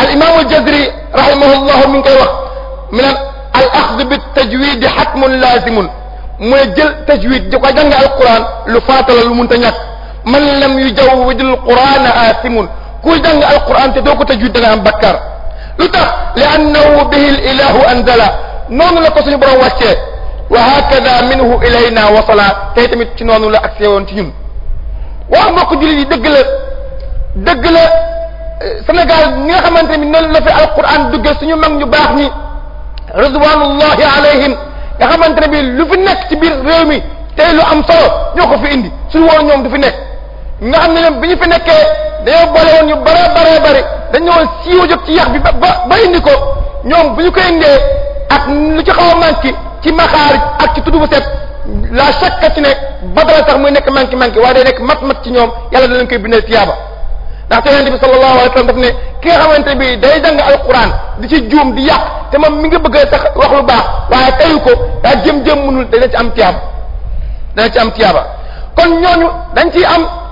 al imaamu aljazri rahimahullahu mi ngi koy wax mi naan al axd bi tajwid xatmun laazimun mooy jël tajwid di ko jàng alquran lu faatala lu munta ñàkk man lam yujawwid alquran aasimun kuy jàng alquran te doo ko tajwid da nga am bakkaar lu tax li annahu bihi l ilahu anzala noonu la ko suñu borom wàccee wa hakada minhu ilayna wasala tey tamit ci noonu la ak woon ci ñun waaw mbokk jullit yi dëgg la dëgg la eh, Sénégal ni nga xamante ni noonu la fi alquran suñu mag ñu baax ñi ridwanullahi alayhim nga xamante ne bi lu fi nekk ci biir réew mi tey lu am solo ñoo ko fi indi suñu woon ñoom du fi nekk nga xam dañoo boole woon ñu bare bare bare dañoo siiw jóg ci yax bi ba ba indi ko ñoom bu ñu koy indee ak lu ci xaw a manqué ci maxaarij ak ci tudd bu set la chaque ci ne badara sax muy nekk manqué manqué waaye day nekk mat mat ci ñoom yàlla da leen koy bindal tiyaaba ndaxte yonente bi sallallahu alayhi wa sallam daf ne ki nga xamante bi day jàng alquran di ci juum di yàq te moom mi ngi bëgg sax wax lu baax waaye tayu ko daa jëm-jëm mënul dana ci am tiyaaba ci am tiyaaba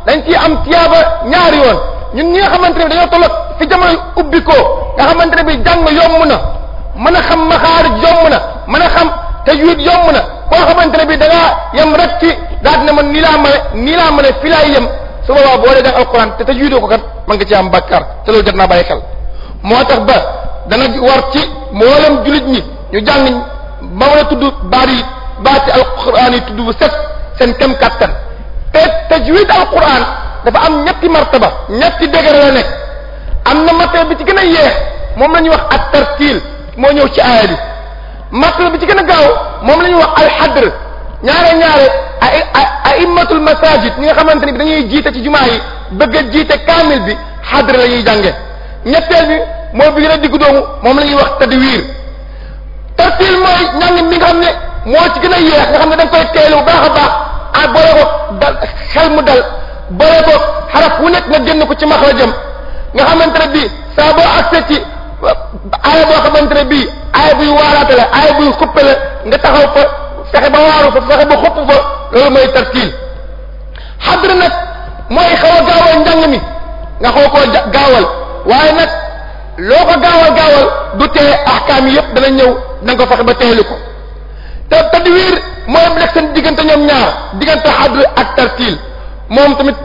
dañ ci am tiyaaba ñaari yoon ñun ñi nga xamante ne bi dañoo toll fi jamono ubbi ko nga xamante ne bi jàng yomb na mën a xam maxaarij yomb na mën a xam tajwid yomb na koo xamante ne bi da ngaa yem rek ci daa na man nii laa mën a nii laa mën a fi laay yem su boobaa boo dee jàng alquran te ko kat mën nga ci am bàkkaar te loolu jot naa bàyyi xel moo tax ba dana war ci mboolem jullit ñi ñu jàng ba mën a tudd baat yi baati alquran tudd bu set seen kem kattan te tajwid alquran dafa am ñetti martaba ñetti degré la nekk am na martaba bi ci gën a yeex moom la ñuy wax at tartil moo ñëw ci aaya bi bi ci gën a gaaw moom la ñuy wax alxadr ñaare ñaare a immatul masajid ñi nga xamante ni bi dañuy jiite ci jumaa yi bëgg a jiite kaamil bi xadr la ñuy jànge ñetteel bi moo bi gën a diggu doomu moom la ñuy wax tadwir tartil mooy ñàngi mi nga xam ne moo ci gën a yeex nga xam ne da nga koy teelu baax a baax ak boole ko dal xel mu dal boole ko xaraf wu nekk nga génn ko ci maxrajam nga xamante ne bii saa boo accès ci euh, aaya boo xamante ne bii aaya buy waaraate la aaya buy xuppe la nga taxaw fa fexe ba waaru fa fexe ba xupp fa loolu mooy tartiil xadra nag mooy xaw gaawal njàng mi nga xaw koo gaawal waaye nag loo ko gaawal gaawal du tee ahkaam yi yëpp dana ñëw da nga ko fexe ba teelu ko te tadwir mooy nekk seen diggante ñoom ñaar diggante adl ak tartil moom tamit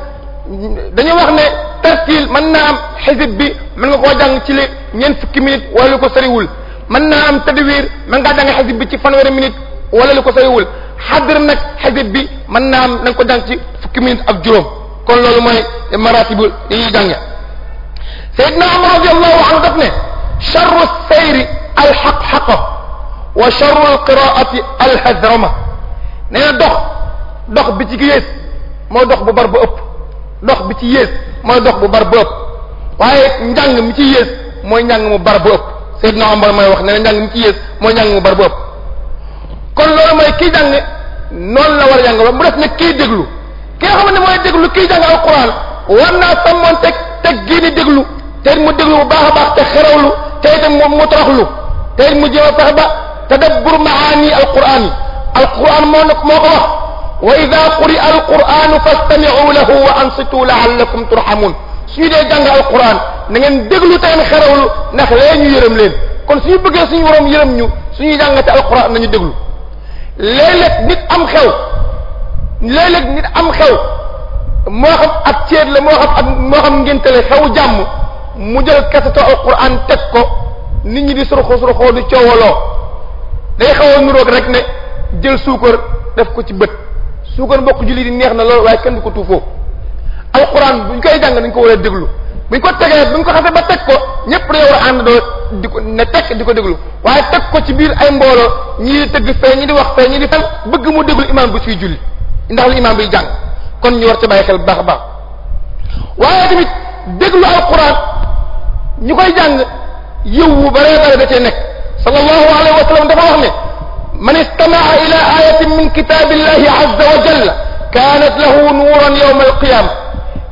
dañuy wax ne tartil mën naa am xisib bi mën nga ko jàng ci li ñeent fukki minutes wala lu ko soriwul mën naa am tadwir man ngaa jàng xisib bi ci fanweeri minutes wala lu ko soriwul xadr nag xisib bi mën naa am na ko jàng ci fukki minutes ak juróom kon loolu mooy maratibu yi ñuy jànge Seydina Umar radiyallahu anhu daf ne charru sayri alxaq wa sharrul qiraati alxadrama nee na dox dox bi ci yées mooy dox bu bar ba ëpp bi ci yées mooy dox bu bar ba ëpp waaye njàng ci yées mooy njàng mu bar ba ëpp Seydina Omar mooy wax na njàng mi ci yées mooy njàng mu bar ba ëpp kon loolu la war a jàng ba mu def ne déglu ki nga xam ne déglu kii jàng alquran war naa sàmmoon teg mu déglu bu baax a baax te mu mu toroxlu mu jéem a tadabbur maani alquran alquran moo nag moo ko wax wa ida quri alquranu fastamiu lahu wa ansitu laallakum turhamun suñu dee jàng alquran na ngeen déglu te ngeen xerawlu ndax lee ñu yërëm leen kon suñu bëggee suñu waroom yërëm ñu suñuy jàngate alquran nañu déglu léeg-léeg nit am xew léeg-léeg nit am xew moo xam ak ceet la moo xam ak moo xam xew jàmm mu jël kasato alquran teg ko nit ñi di surxu surxoo di lo day xaw a nuroog rek ne jël suukar def ko ci bët suukar mbokk julli di neex na lool waaye kenn du ko tuufoo alxuraan bu ñu koy jàng dañ ko war déglu bu ñu ko tegee bu ñu ko xasee ba teg ko ñëpp dañoo di ko ne teg di ko déglu waaye teg ko ci biir ay mbooloo ñii di tëgg di wax fee ñi di fen bëgg mu déglu imaam bu ciy julli ndax li imaam biy jàng kon ñu war xel bu baax a baax tamit déglu alxuraan ñu koy jàng yiw wu bare bare da cee nekk sallallahu alayhi wa dafa wax ne man istama'a ila ayatin min kitabillahi azza wa jalla kaanat lahu nuuran yawma alqiyama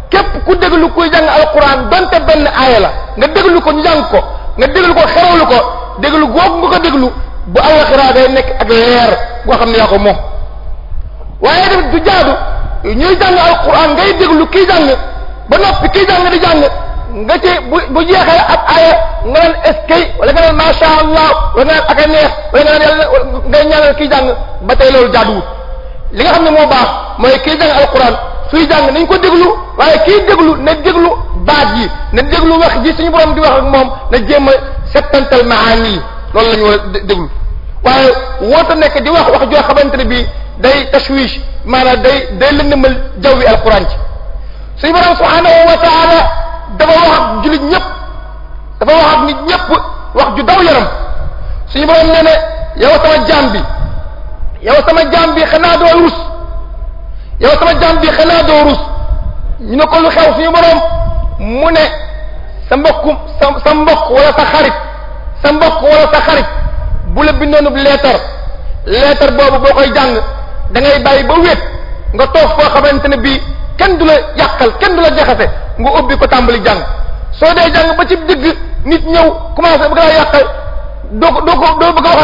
képp ku déglu kuy jàng alquran donte benn aaya la nga déglu ko njàng ko nga déglu ko xerawlu ko déglu googu nga ko déglu bu alaxiraa day nekk ak leer goo xam ne yaa ko moom waaye tamit du jaadu ñuy jàng alquran ngay déglu kii jàng ba noppi kii jàng di jàng nga ci bu bu jeexee ab aaya nga naan eskay wala nga naan macha allah wala nga naan ak a neex nga naan yàlla ngay ñaanal kii jàng ba tey loolu jaaduwut li nga xam ne moo baax mooy kii jàng alquran suy jàng nañ ko déglu waaye kii déglu na déglu baat yi na déglu wax ji suñu borom di wax ak moom na jéem a settantal maani yi loolu la ñu war a déglu waaye woote nekk di wax wax joo xamante ne bii day tashwish maanaam day day lëndëmal jaww bi alquran ci suñu borom subhanahu dafa wax ak jullit ñëpp dafa wax ak nit ñëpp wax ju daw yaram suñu borom nee ne yow sama jaam bi xanaa doo rus yow sama jaam bi xanaa doo rus ñu ko lu xew suñu borom mu ne sa mbokku sa sa mbokk wala sa xarit sa wala sa xarit bu la bindoonub leetar leetar boobu boo koy jàng dangay ngay ba wéet nga toog foo xamante ne bi kenn du la yàqal kenn du la jaxase nga ubbi ko tàmbali jàng soo dee jàng ba ci digg nit ñëw commencé bëgg laa yàqal doo ko doo ko doo a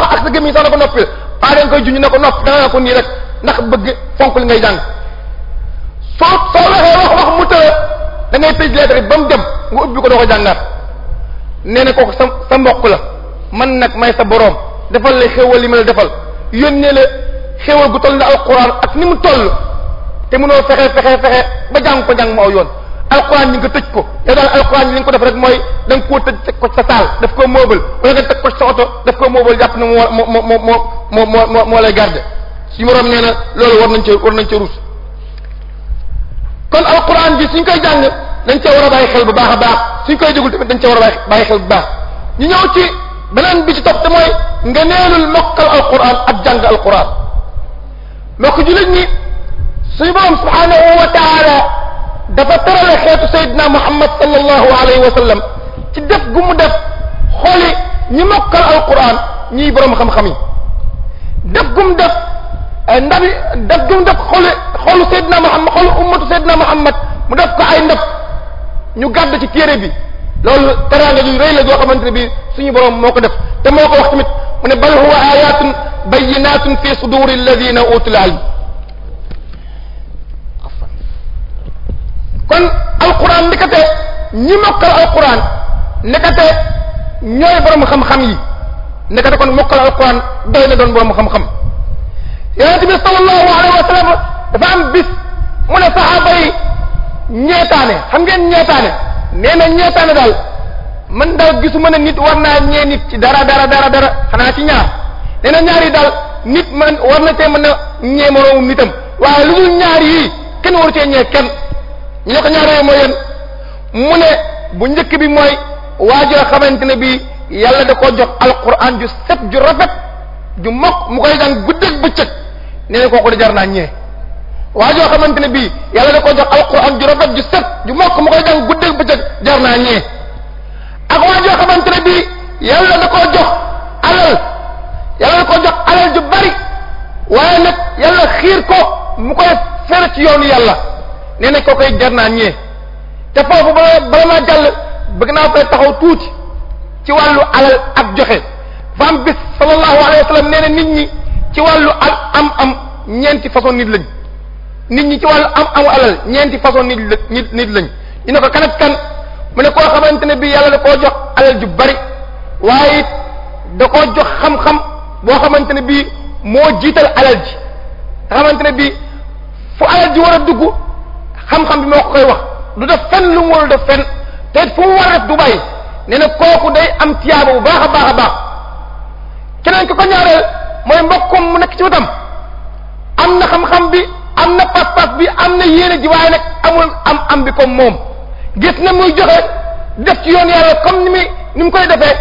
wax ak sa gémmiñ sax na ko noppil paa danga koy junj na ko nopp danga ko nii rek ndax bëgg fonk li ngay jàng soo soo waxee wax wax mu tëra ba mu dem nga ubbi ko doo ko jàngaat nee na kooku sa sa mbokk la man nag may sa boroom defal la xéwal li ma la defal yónnee la xéwal gu toll na alquran ak ni mu toll te mënoo fexe fexe fexe ba jàng ko jàng mu aw yoon alquran ñi nga tëj ko yow daal alquran ñi li nga ko def rek mooy da koo tëj teg ko sa saal daf koo moobal wala nga teg ko sa oto daf koo moobal jàpp ne moo moo moo moo moo moo moo lay garde suñu morom nee na loolu war nañ ci war nañ ci ruus kon alquran bi suñ koy jàng dañ cee war a bàyyi xel bu baax a baax suñ koy déglu tamit dañ cee war a bàyyi xel bu baax ñu ñëw ci beneen bi ci topp te mooy nga neelul mokkal alquran ak jàng alquran mbokk jullit ñi suñu borom subhaanahu wa taala dafa terale xeetu sayidina muhammad sallallahu alayhi wa sallam ci def gu mu def xooli ñi mokkal alquran ñiy borom xam-xam yi def gu mu def eh, ndabi def gu mu def xooli xoolu sayidina muhammad xoolu ummatu sayidina muhammad mu def ko ay ndab ñu gàdd ci téere bi loolu teraanga ju rëy la joo xamante ne bii suñu borom moo ko def te moo ko wax tamit mu ne bal huwa ayatun bayyinatun fi suduri alladina utul kon alquran ndekete ñi mokkal alquran ndekete ñooy borom xam-xam yi ndekete kon mokkal alquran doy na doon borom xam-xam yonente bi sallallahu wa sallam dafa am bis saxaaba yi ñeetaane xam ngeen ñeetaane nee na ñeetaane daal man daal gisuma ne nit war naa ñee nit ci dara dara dara dara xanaa ci ñaar nee na daal nit man war na cee mën a ñee moroomum nitam waaye lu dul ñaar yii kenn waru cee ñee kenn ñu ne ko ñaar yooyu mu ne bu njëkk bi mooy waajoo xamante ne bii yàlla da koo jox alquran ju set ju rafet ju mokk mu ko jàng guddeeg bëccëg nee na xamante ne bii yàlla da koo jox alquran ju rafet ju set ju mokk mu koy jàng guddeeg bëccëg jar naa ñee ak waajoo xamante ne bii yàlla da koo jox alal yàlla da koo jox alal ju bari waaye nag yàlla xiir ko mu koy fere ci yoonu yàlla nee nañ koo koy jar naa ñee te foofu bala bala maa jàll bëgg naa fay taxaw tuuti ci wàllu alal ak joxe fa am bis sallallahu alayhi wa nit ñi ci wàllu am am ñeenti façon nit lañ nit ñi ci wàllu am amu alal ñeenti façon nit nit nit lañ ñu ne ko kan kan mu ne koo xamante ne bii yàlla da koo jox alal ju bari waaye it da koo jox xam-xam boo xamante ne bii moo jiital alal ji te xamante ne bii fu alal ji war a dugg xam-xam bi moo ko koy wax du def fenn lu mu warul def fenn te it fu mu war a def du bàyyi na kooku day am tiyaaba bu baax a baax a baax keneen ki ko ñaareel mooy mbokkum mu nekk ci wetam am na xam-xam bi am na pas-pas bi am na yéene ji waaye nag amul am am bi comme moom gis na muy joxe def ci yoon yàlla comme ni muy mu koy defee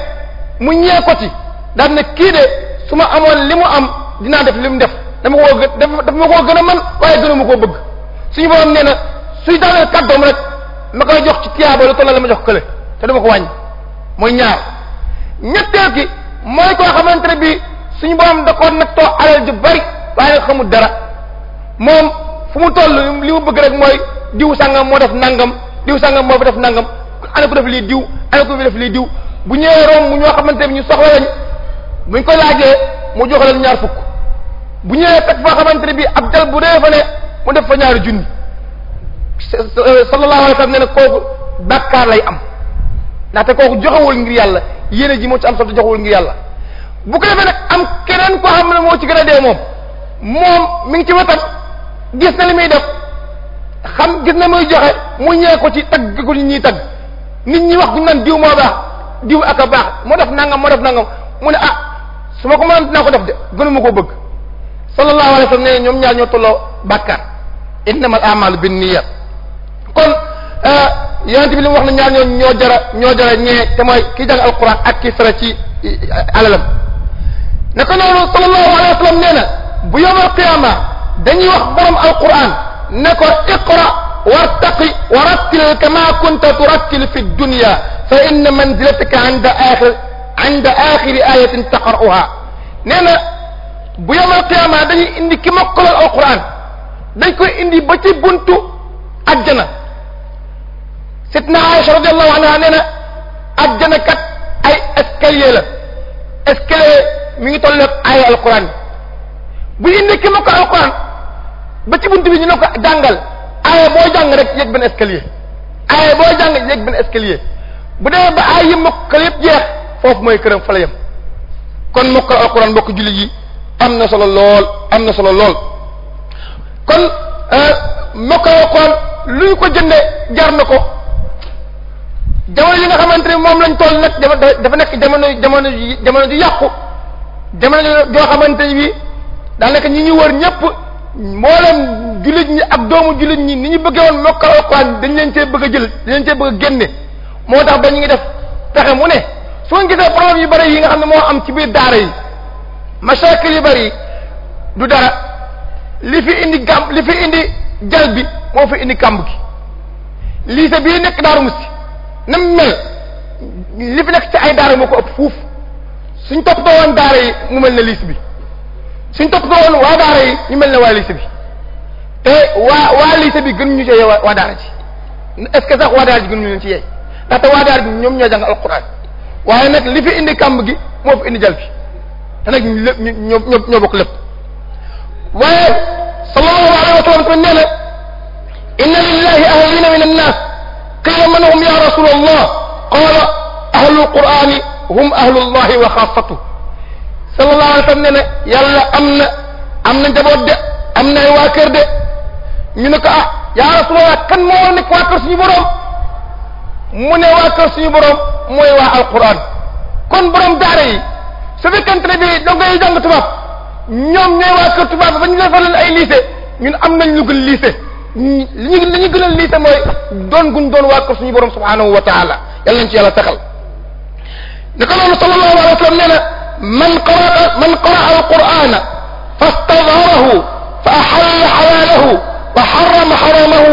mu ñee ko ci daal ne de su ma amoon li mu am dinaa def li mu def dama ko def dafa ma koo gën a man waaye gënu ma koo bëgg suñu borom nee na suy daaneel kàddoom rek ma koy jox ci tiyaaba lu toll la ma jox kële te dama ko wàññi mooy ñaar ñetteel gi mooy koo xamante ne bii suñu borom da koo nattoo alal ju bari waaye nga xamul dara moom fu mu toll li mu bëgg rek mooy diw sangam moo def nangam diw sangam moo fi def nangam ana ko def lii diw ana ko fi def lii diw bu ñëwee romb mu ñoo xamante ne ñu soxla lañ buñ ko laajee mu jox leen ñaar fukk bu ñëwee fekk foo xamante ne bii ab bu dee fa mu def fa ñaari junni sallallahu alayhi wa sallam nee na kooku bàkkaar lay am ndaxte kooku joxewul ngir yàlla yéene ji moo ci am solo joxewul ngir yàlla bu ko defee nag am keneen koo xam ne moo ci gën a dee moom moom mi ngi ci wetam gis na li muy def xam gis na muy joxe mu ñee ko ci tagg ko nit ñi tagg nit ñi wax guñu naan diw moo baax diw ak a baax moo def nangam moo def nangam mu ne ah su ma ko mënoon dinaa ko def de gënuma koo bëgg sallallahu alayhi wa sallam nee ñoom ñaar ñoo tolloo bàkkaar innamal a'malu binniyat kon euh, yonent bi li mu wax na ñaar ñoo ñoo jara ñoo jara ñee te mooy ki jàng alquran ak ki sara ci alalam naka noonu sallallahu alayhi wa sallam nee na bu yawmal qiyaama dañuy wax borom alquran ne ko iqra wartaqi wa rattil kama kunta turattil fi dunya fa inna manzilataka inda axir inda axiri ayatin taqra'uha nee na bu yawmal qiyaama dañuy indi ki mokkalool alquran dañ koy indi ba ci buntu ajjana sitna Aïcha radiyallahu anha nee na ajjana kat ay escalier la escalier mi ngi tolloog ay alquran bu ñu nekkee ma ko ba ci buntu bi ñu ne ko jàngal aaya boo jàng rek yéeg benn escalier aaya boo jàng yéeg benn escalier bu demee ba aay yi mokkal yépp jeex foofu mooy këram fa la kon mokkal alquran bokk julli yi am na solo lool am na solo lool kon mokka wa koon lu ñu ko jënde jar na ko jamono yi nga xamante ne moom lañ toll nag dafa nekk jamono jamono jamono ju yàqu jamono joo xamante ne bi daanaka ñi ñu wër ñëpp mboolem jullit ñi ak doomu jullit ñi ni ñu bëggee woon mokka wa koon dañ leen cee bëgg a jël dañ leen cee bëgg a génne moo tax ba ñu ngi def pexe mu ne su ngeen gisee problème yu bari yi nga xam ne moo am ci biir daara yi masaakil yu bari du dara li fi indi gàmb li fi indi jal bi moo fi indi kàmb gi lycée bii nekk Daaru Musti mel li fi nekk ci ay daara moo ko ëpp fuuf suñ toppatoo woon daara yi mu mel ne lycée bi suñ toppatoo woon waa daara yi ñu mel ne waa lycée bi te waa waa lycée bi gën ñu ci yee waa daara ji est-ce sax waa daara ji gën ñu leen ci yey ndaxte waa daara ji ñoom ñoo jàng alquran waaye nag li fi indi kàmb gi moo fi indi jal te nag ñoo ñoo bokk lépp waaye sallallahu alayhi wa sallam kon nee na inna lillahi ahlina min annas qila man hum ya rasul allah qaala ahlul qurani hum ahlullahi wa xaasatuh sallallahu alayhi wa sallam nee na yàlla am na am na njaboot de am na ay waa kër de ñu ne ko ah ya rasulallah kan moo war a nekk waa kër suñu borom mu ne waa kër suñu borom mooy waa alquran kon borom daara yi su fekkente ne bi da ngay jàng tubaab ñoom ñooy waa kër tubaab ba ñu defaloon ay lycée ñun am nañ lu gën lycée li ñu li ñu gën a lycée mooy doon guñ doon waa kër suñu borom subhaanahu wa taala yàlla nañ ci yàlla taxal naka loolu sallallahu alayhi wa sallam nee na man qaraa man qaraa alqur'ana fastadharahu fa ahalla halalahu wa harrama haramahu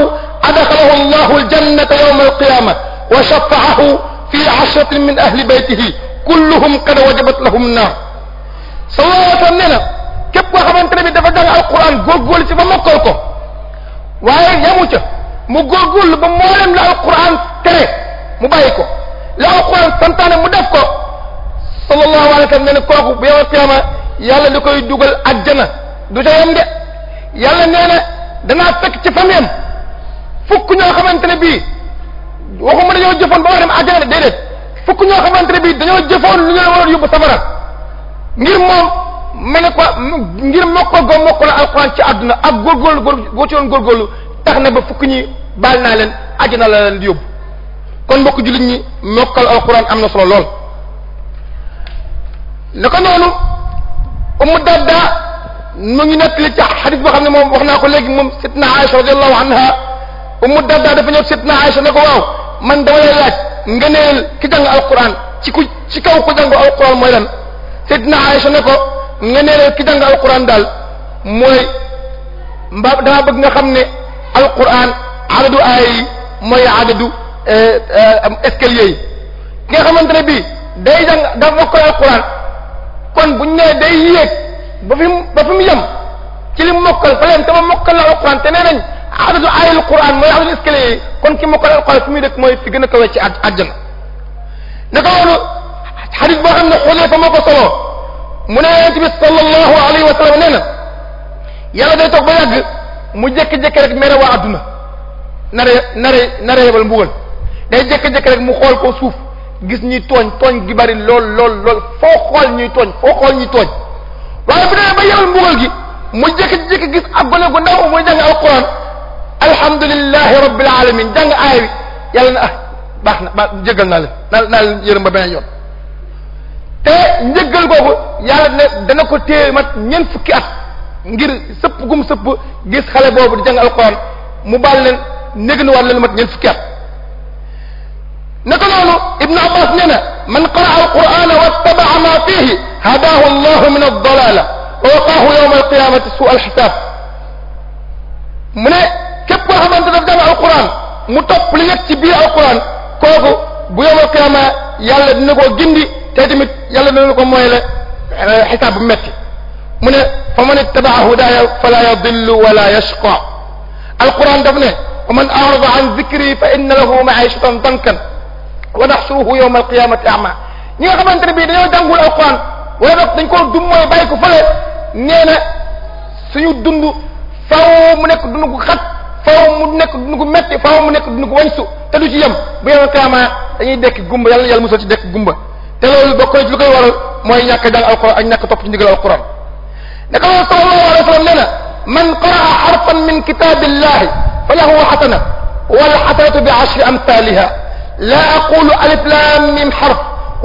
adxalahu allahu aljannata yawma alqiyama wa shafa'ahu fi ashratin min ahli baytihi kulluhum qad wajabat lahum naar sallallahu alayhi wa sallam nee na képp koo xamante ne bi dafa jàng alquran góorgóorlu ci ba mokkal ko waaye yamu ca mu góorgóorlu ba mboolem la alquran tere mu bàyyi ko la alquran santaane mu def ko sallallahu alayhi wa sallam koy dugal ajjana du ca yem danaa fekk ci famiyam fukk ñoo xamante ne bii waxuma dañoo jëfoon ba war a dem ajjana déedéet fukk ñoo xamante ne dañoo jëfoon lu ñu la waroon yóbbu safara ngir moom ma ne ko ngir mokkal goo mokkal alxuraan ci àdduna ak góorgóorlu goo ci doon tax na ba fukk ñi baal naa leen àjjana la leen di yóbbu kon mbokk jullit ñi mokkal alxuraan am na solo lool naka noonu Ummu Darda mu ngi nettali ci xadis boo xam ne moom wax naa ko léegi moom Sidna Aïcha radiyallahu anha Ummu Darda dafa ñëw Sidna Aïcha ne ko waaw man dama lay laaj ngëneel ki jàng alxuraan ci ku ci kaw ku jàng alxuraan mooy lan Sidna Aïcha ne ko nga ne ki jàng alquran daal mooy mba bëgg nga xam ne alquran adadu aaya yi mooy adadu eh, eh, escalier yi nga xamante ne bii day jàng da mokkal alquran kon bu ñu day yéeg ba mu ba fi mu yem ci li mu mokkal fa leen dama mokkal la alquran te nee nañ adadu aaya alquran mooy adadu escalier yi kon ki mokkal alquran fi muy dëkk mooy fi gën a kawe ci àjjana naka loolu xadis boo xam ne Xudayfa moo ko solo. mu ne yonent bi sallallahu alayhi wa sallam nee na yàlla day toog ba yàgg mu jékki-jékki rek mere waa adduna nare nare nare yebal mbugal day jékki-jékki rek mu xool ko suuf gis ñuy tooñ tooñ gi bari lool lool lool foo xool ñuy tooñ foo xool ñi tooñ waaye bu demee ba yebal mbugal gi mu jékki-jékki gis ab gone gu ndaw muy jàng alquran alhamdulillahi rabbil alamin jàng aaya bi yàlla na ah baax na baax jégal naa leen naa naa ba beneen yoon te njëggal googu yàlla ne dana ko téye mat ñeent fukki at ngir sëpp gum sëpp gis xale boobu di jàng alxuraan mu baal leen néganiwaat leen mat ñeent fukki at naka noonu ibnu abbas nee na man qara alqurana wattaba'a ma fihi hadahu allahu min ad-dalala wa waqaahu yawma alqiyamati su alxisaab mu ne képp mu topp li nekk ci biir alquran kooku bu yawma alqiyama yàlla dina ko gindi te tamit yàlla dana ko mooy la eh, xisaab bu metti mu ne fa man ittabaa hudaaya fala yadillu wala yashqa alquran daf ne wa man arada an zikri fa inna lahu ma'ishatan dankan wa nahshuruhu yawma alqiyamati a'ma ñi nga xamante ne bii dañoo jàngul alquran wala boog dañ koo dum mooy bàyyi ko fële nee na suñu dund faaw mu nekk dund gu xat faaw mu nekk dund gu metti faaw mu nekk dund gu wañsu te du ci yem bu yawma alqiyama dañuy dekk gumba yàlla yàlla musal ci dekk gumba te loolu bokk na ci lu koy waral mooy ñàkk jàng alquran ak ñàkk topp ci ndigal alquran naka loolu sallallahu alayhi wa sallam nee na man qaraa harfan min kitabillahi fa lahu xasana wal xasanatu bi ashri amthaliha la aqulu alif lam mim xarf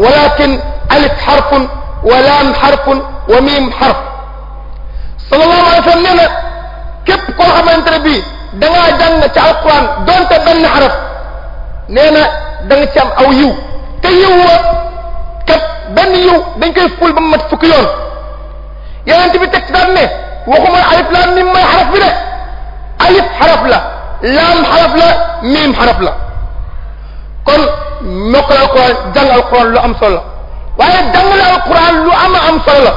walakin alif xarfun wa laam xarfun wa mim xarf sallallahu alayhi wa sallam nee na képp koo xamante ne bii da ngaa jàng ci alquran donte benn xaraf nee na da nga ci am aw yiw te yiw wa kat benn yiw dañ koy ful ba mu mat fukki yoon yonent bi teg ci daan ne waxuma alif de alif xaraf la laam xaraf la miim xaraf la kon mokkal alquran jàng lu am solo la waaye jàng la lu ama am solo la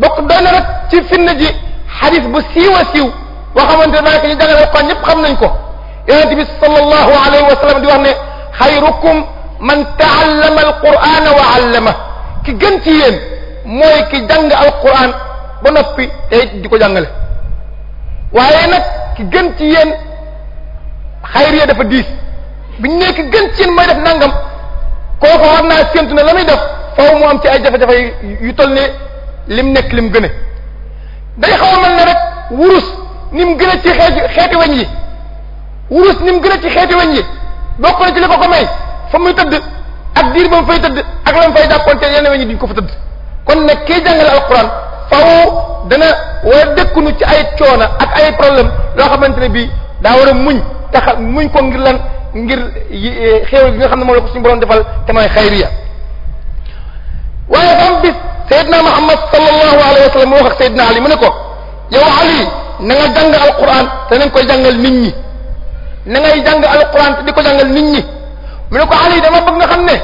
bokk doon na rek ci finna ji xadis bu siiw a siiw boo xamante ne daanaka ñu jàngal alquran ñëpp xam nañ ko yonent bi sallallahu alayhi wa sallam di wax ne xayrukum man taallama alqur'ana wa allama ki gën ci yéen mooy ki jàng alqur'an ba noppi tey di ko jàngale waaye nag ki gën ci yéen xayriya dafa diis biñ ne ki gën ci yéen mooy def nangam kooku war naa séntu ne la muy def faaw am ci ay jafe-jafe yu toll ne lim nekk lim gëne day xaw a mel ne rek wurus ni mu gën a ci xeeti xeeti weñ yi wurus ni mu gën a ci xeeti weñ yi bokk ci li ko ko may fa muy tëdd ak diir ba mu fay tëdd ak la mu fay jàppanteel yenn weñ yi duñ ko fa tëdd kon nag kiy jàngale alquran faaw dana war a dëkkunu ci ay coono ak ay problème loo xamante ne bii daa war a muñ taxa muñ ko ngir lan ngir e, xéewal gi nga xam ne moom la ko suñu borom defal te mooy xayriya waaye fa am bis Seydina Muhammad sallallahu alayhi wa sallam wax ak Seydina Ali mu ne ko yow Ali na nga jàng alquran te na koy jàngal nit ñi na ngay jàng alquran di ko jàngal nit ñi. mu ne ko Ali dama bëgg nga xam ne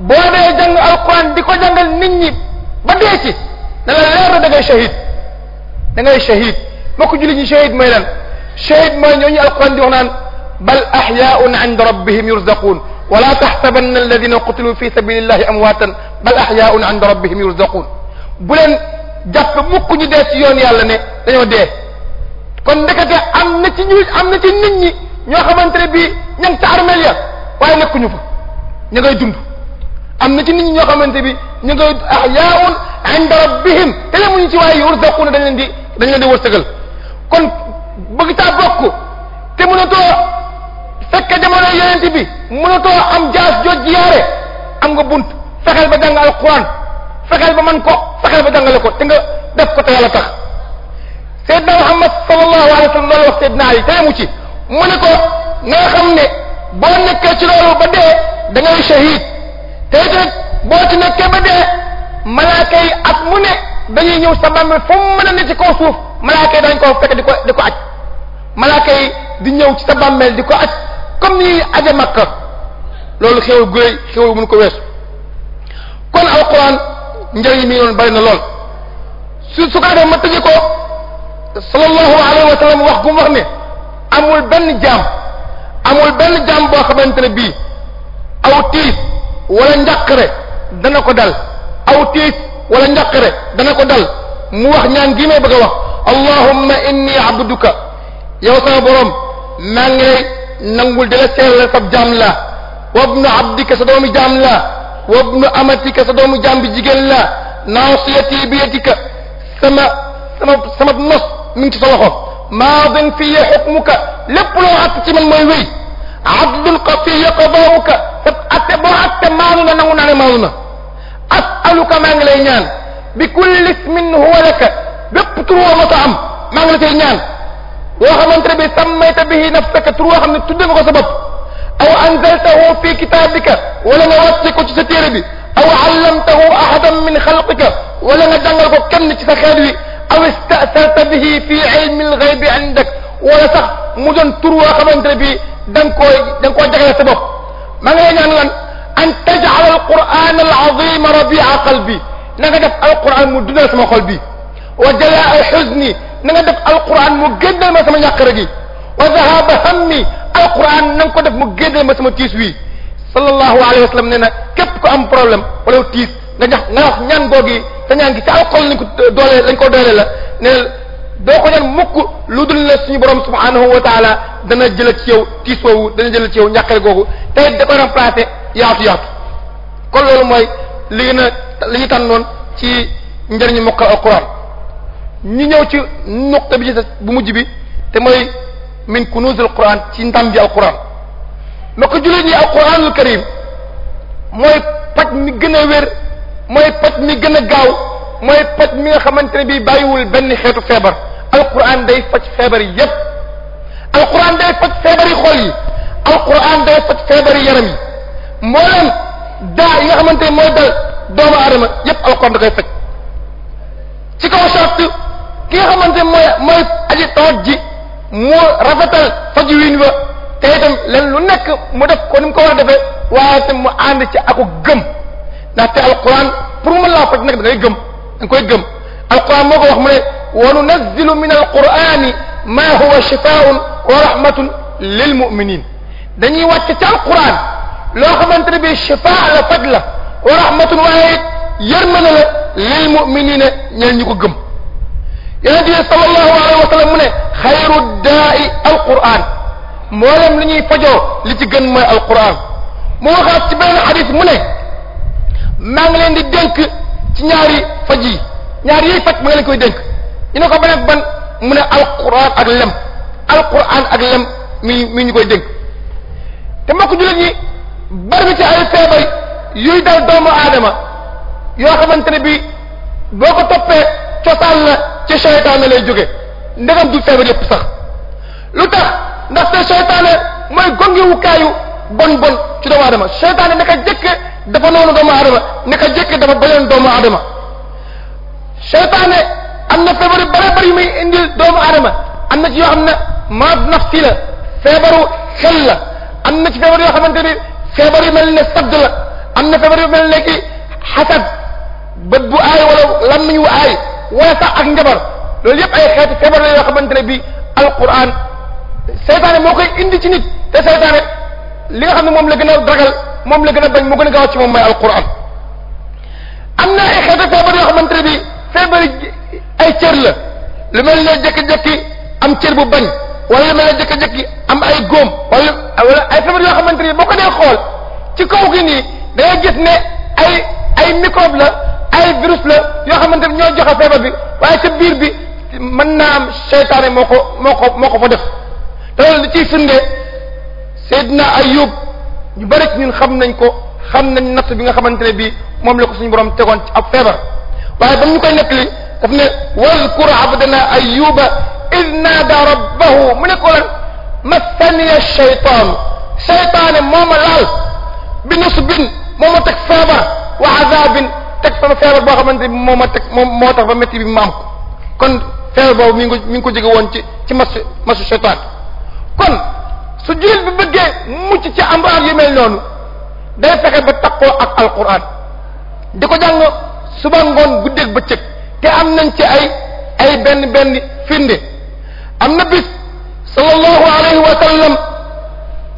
boo dee jàng alquran di ko jàngal nit ñi ba dee ci na la leer na da ngay shahid da ngay shahid mbokku jullit ñi shahid mooy lan shahid mooy ñooñu alquran di wax naan bal ahyaun inda rabbihim yurzaqun wala taxsabanna alladina qutilu fi sabilillahi amwaatan bal ahyaun inda rabbihim yurzaqun bu leen jàpp mukk ñu dee ci yoon yàlla ne dañoo dee kon ndekete am ci am na ci ñi ñoo xamante ne bii ña ngi ca waaye nekkuñu fa ñu ngay dund am na ci nit ñi ñoo xamante bi ñu ngay ahyaun inda rabbihim te le muñu ci waaye yurzaquna dañ leen di dañ leen di wërsëgal kon bëgg caa bokk te mënatoo fekk jamono yonent bi am jaas jooj jiyaare am nga bunt fexeel ba jàng alquran fexeel ba man ko fexeel ba jàngale ko te nga def ko te yàlla tax Seydina Muhammad sallallahu alayhi wa sallam loolu Ali te mu ci mu ne ko na nga ne boo nekkee ci loolu ba dee da ngay shahid te tamit boo ci nekkee ba dee malaaka yi at mu ne dañuy ñëw sa bàmmeel fu mu mën a ne ci kaw suuf malaaka yi dañ koo fekk di ko di ko aj malaaka yi di ñëw ci sa bàmmeel di ko aj comme ni ñuy aje loolu xéwal gu rëy xéwal mënu ko weesu kon alquran njëriñ mi noonu bari na lool su su ko defee ma tëjee ko sallallahu alayhi wax gu mu wax ne amul benn jaam. amul benn jàmm boo xamante ne bii aw tiis wala njàqare dana ko dal aw tiis wala njàqare dana ko dal mu wax ñaan gi may bëgg a wax allahumma inni abduka yow sama borom maa ngi lay nangul di la seeral sab jaam la wabnu abdika sa doomu jaam la wabnu amatika sa doomu jaam bi jigéen la naasiyati bi yadika sama sama sama nos mi ngi ci sa loxo maadin fiya xukmuka lépp loo àtte ci man mooy wéy adlun fiya qadaawuka fa àtte boo àtte maanu na nangu naa ne maanu na asaluka maa ngi lay ñaan bi kulli ismin huwa laka bépp tur woo masa am maa ngi la tey ñaan woo xamante ne bi sammayta bihi nafsaka tur woo xam ne tudde nga ko sa bopp aw anzaltahu fi kitaabika wala nga wàcce ko ci sa téere bi aw allamtahu ahadan min xalqika wala nga jàngal ko kenn ci sa xeet wi aw istatarta bihi fi ilmi alghaybi indak wala sax mu doon tur woo xamante ne bii da nga koo da nga koo jagleel sa bopp maa ngi lay ñaan lan an taj'al alquran alazim rabi'a qalbi na nga def alquran mu dundal sama xol bi wa jalaa huzni na nga def alquran mu génnal ma sama ñàqare gi wa dhahaba hammi alquran na nga ko def mu génnal ma sama tiis wi sallallahu alayhi wa sallam nee na képp ko am problème wala tiis nga jax nga wax ñaan googi te ñaan gi ci alxol lañ ko doole lañ ko doole la ne doo ko ñaan mukk lu dul ne suñu borom subhanahu wa taala dana jël ci yow tiis woowu dana jël ci yow ñàkkale googu te da koy yaatu yaatu kon loolu mooy li gën a li ñu tànnoon ci njëriñu mokkal alquran ñu ñëw ci nuqta bi ci bu mujj bi te mooy min kunuz alquran ci ndam bi alquran ma ko julee ñi alquranul karim mooy paj mi gën a wér mooy paj mi gën a gaaw mooy paj mi nga xamante ne bii bàyyiwul benn xeetu feebar alquran day faj feebar yi yépp alquran day faj feebar yi xol yi alquran day faj feebar yi yaram yi mboolem daa yi nga xamante ne mooy dal doomu aadama yépp alquran da koy faj ci kaw sart ki nga xamante ne mooy mooy aji tawat ji mu rafetal faj wiin wa te itam leen lu nekk mu def ko ni mu ko war a defee waaye itam mu ànd ci aku gëm ndaxte alquran pour mu mën laa faj nag da ngay gëm da nga koy gëm alquran moo ko wax mu ne wa nunazzilu min alqurani ma huwa shifaun wa rahmatun lil muminin dañuy wàcce ci alquran loo xamante ne bii shifaa la faj la wa rahmatun waaye yërmande la lil muminina ñeel ñi ko gëm yonent bi sallallahu alayhi wa sallam mu ne xayru daai alquran mboolem li ñuy fajoo li ci gën mooy alquran mu waxaat ci benn xadis mu ne maa ngi leen di dénk ci ñaari faj yi ñaari yooyu faj ma ngi leen koy dénk ñu ne ko ban ban mu ne alquran ak lem alquran ak lem mi mi ñu koy dénk te mbokk jullit ñi bari ci ay feebar yuy dal doomu aadama yoo xamante ne bi boo ko toppee cosaan la ci seytaane lay jóge ndegam du feebar yépp sax lu tax ndaxte seytaane mooy gongiwukaayu bon bon ci doomu aadama seytaane naka jëkk dafa noonu doomu ne naka jëkk dafa bañoon doomu aadama seytaane am na feebar yu bare indil doomu aadama am na ci yoo xam ne maad nafsi la feebaru xel la am na ci feebar yoo xamante ni feebar yu mel ne sadd la am na feebar mel ne ki xasad bët bu aay wala lammiñ wu aay wala sax ak njabar loolu yëpp ay xeeti feebar la yoo xamante ne bi alquran seytaane moo koy indi ci nit te seytaane li nga xam ne moom la gën a ragal moom la gën a bañ mu gën a gaaw ci moom mooy alquran am na ay xeetu feebar yoo xamante ne bii feebar ay cër la lu mel ne jékki-jékki am cër bu bañ wala lu mel ne jékki-jékki am ay góom wala wala ay feebar yoo xamante ne boo ko dee xool ci kaw gi nii da ngay gis ne ay ay microbe la ay virus la yoo xamante ne ñoo joxe feebar bi waaye ca biir bi mën naa am seytaane moo ko moo ko moo ko fa def te loolu li ciy firnde Seydina Ayub ñu bari ci ñun xam nañ ko xam nañ natt bi nga xamante ne bii moom la ko suñu borom tegoon ci ab feebar waaye ba ñu koy nekk li daf ne wazkur abdana ayuba id naada rabbahu mu ne ko lan massaniya shaytaan shaytaane moo ma laal bi nusbin moo ma teg feebar wa azabin teg sama feebar boo xamante bi moo ma teg moom moo tax ba métti bi maam ko kon feebar boobu mi ngi ko mi ngi ko jóge woon ci ci masu masu shaytaan kon su jullit bi bëggee mucc ci amraar yu mel noonu day fexe ba takkoo ak alquran di ko jàng suba ngoon guddeeg bëccëg te am nañ ci ay ay benn benn firnde am na bis sallallahu alayhi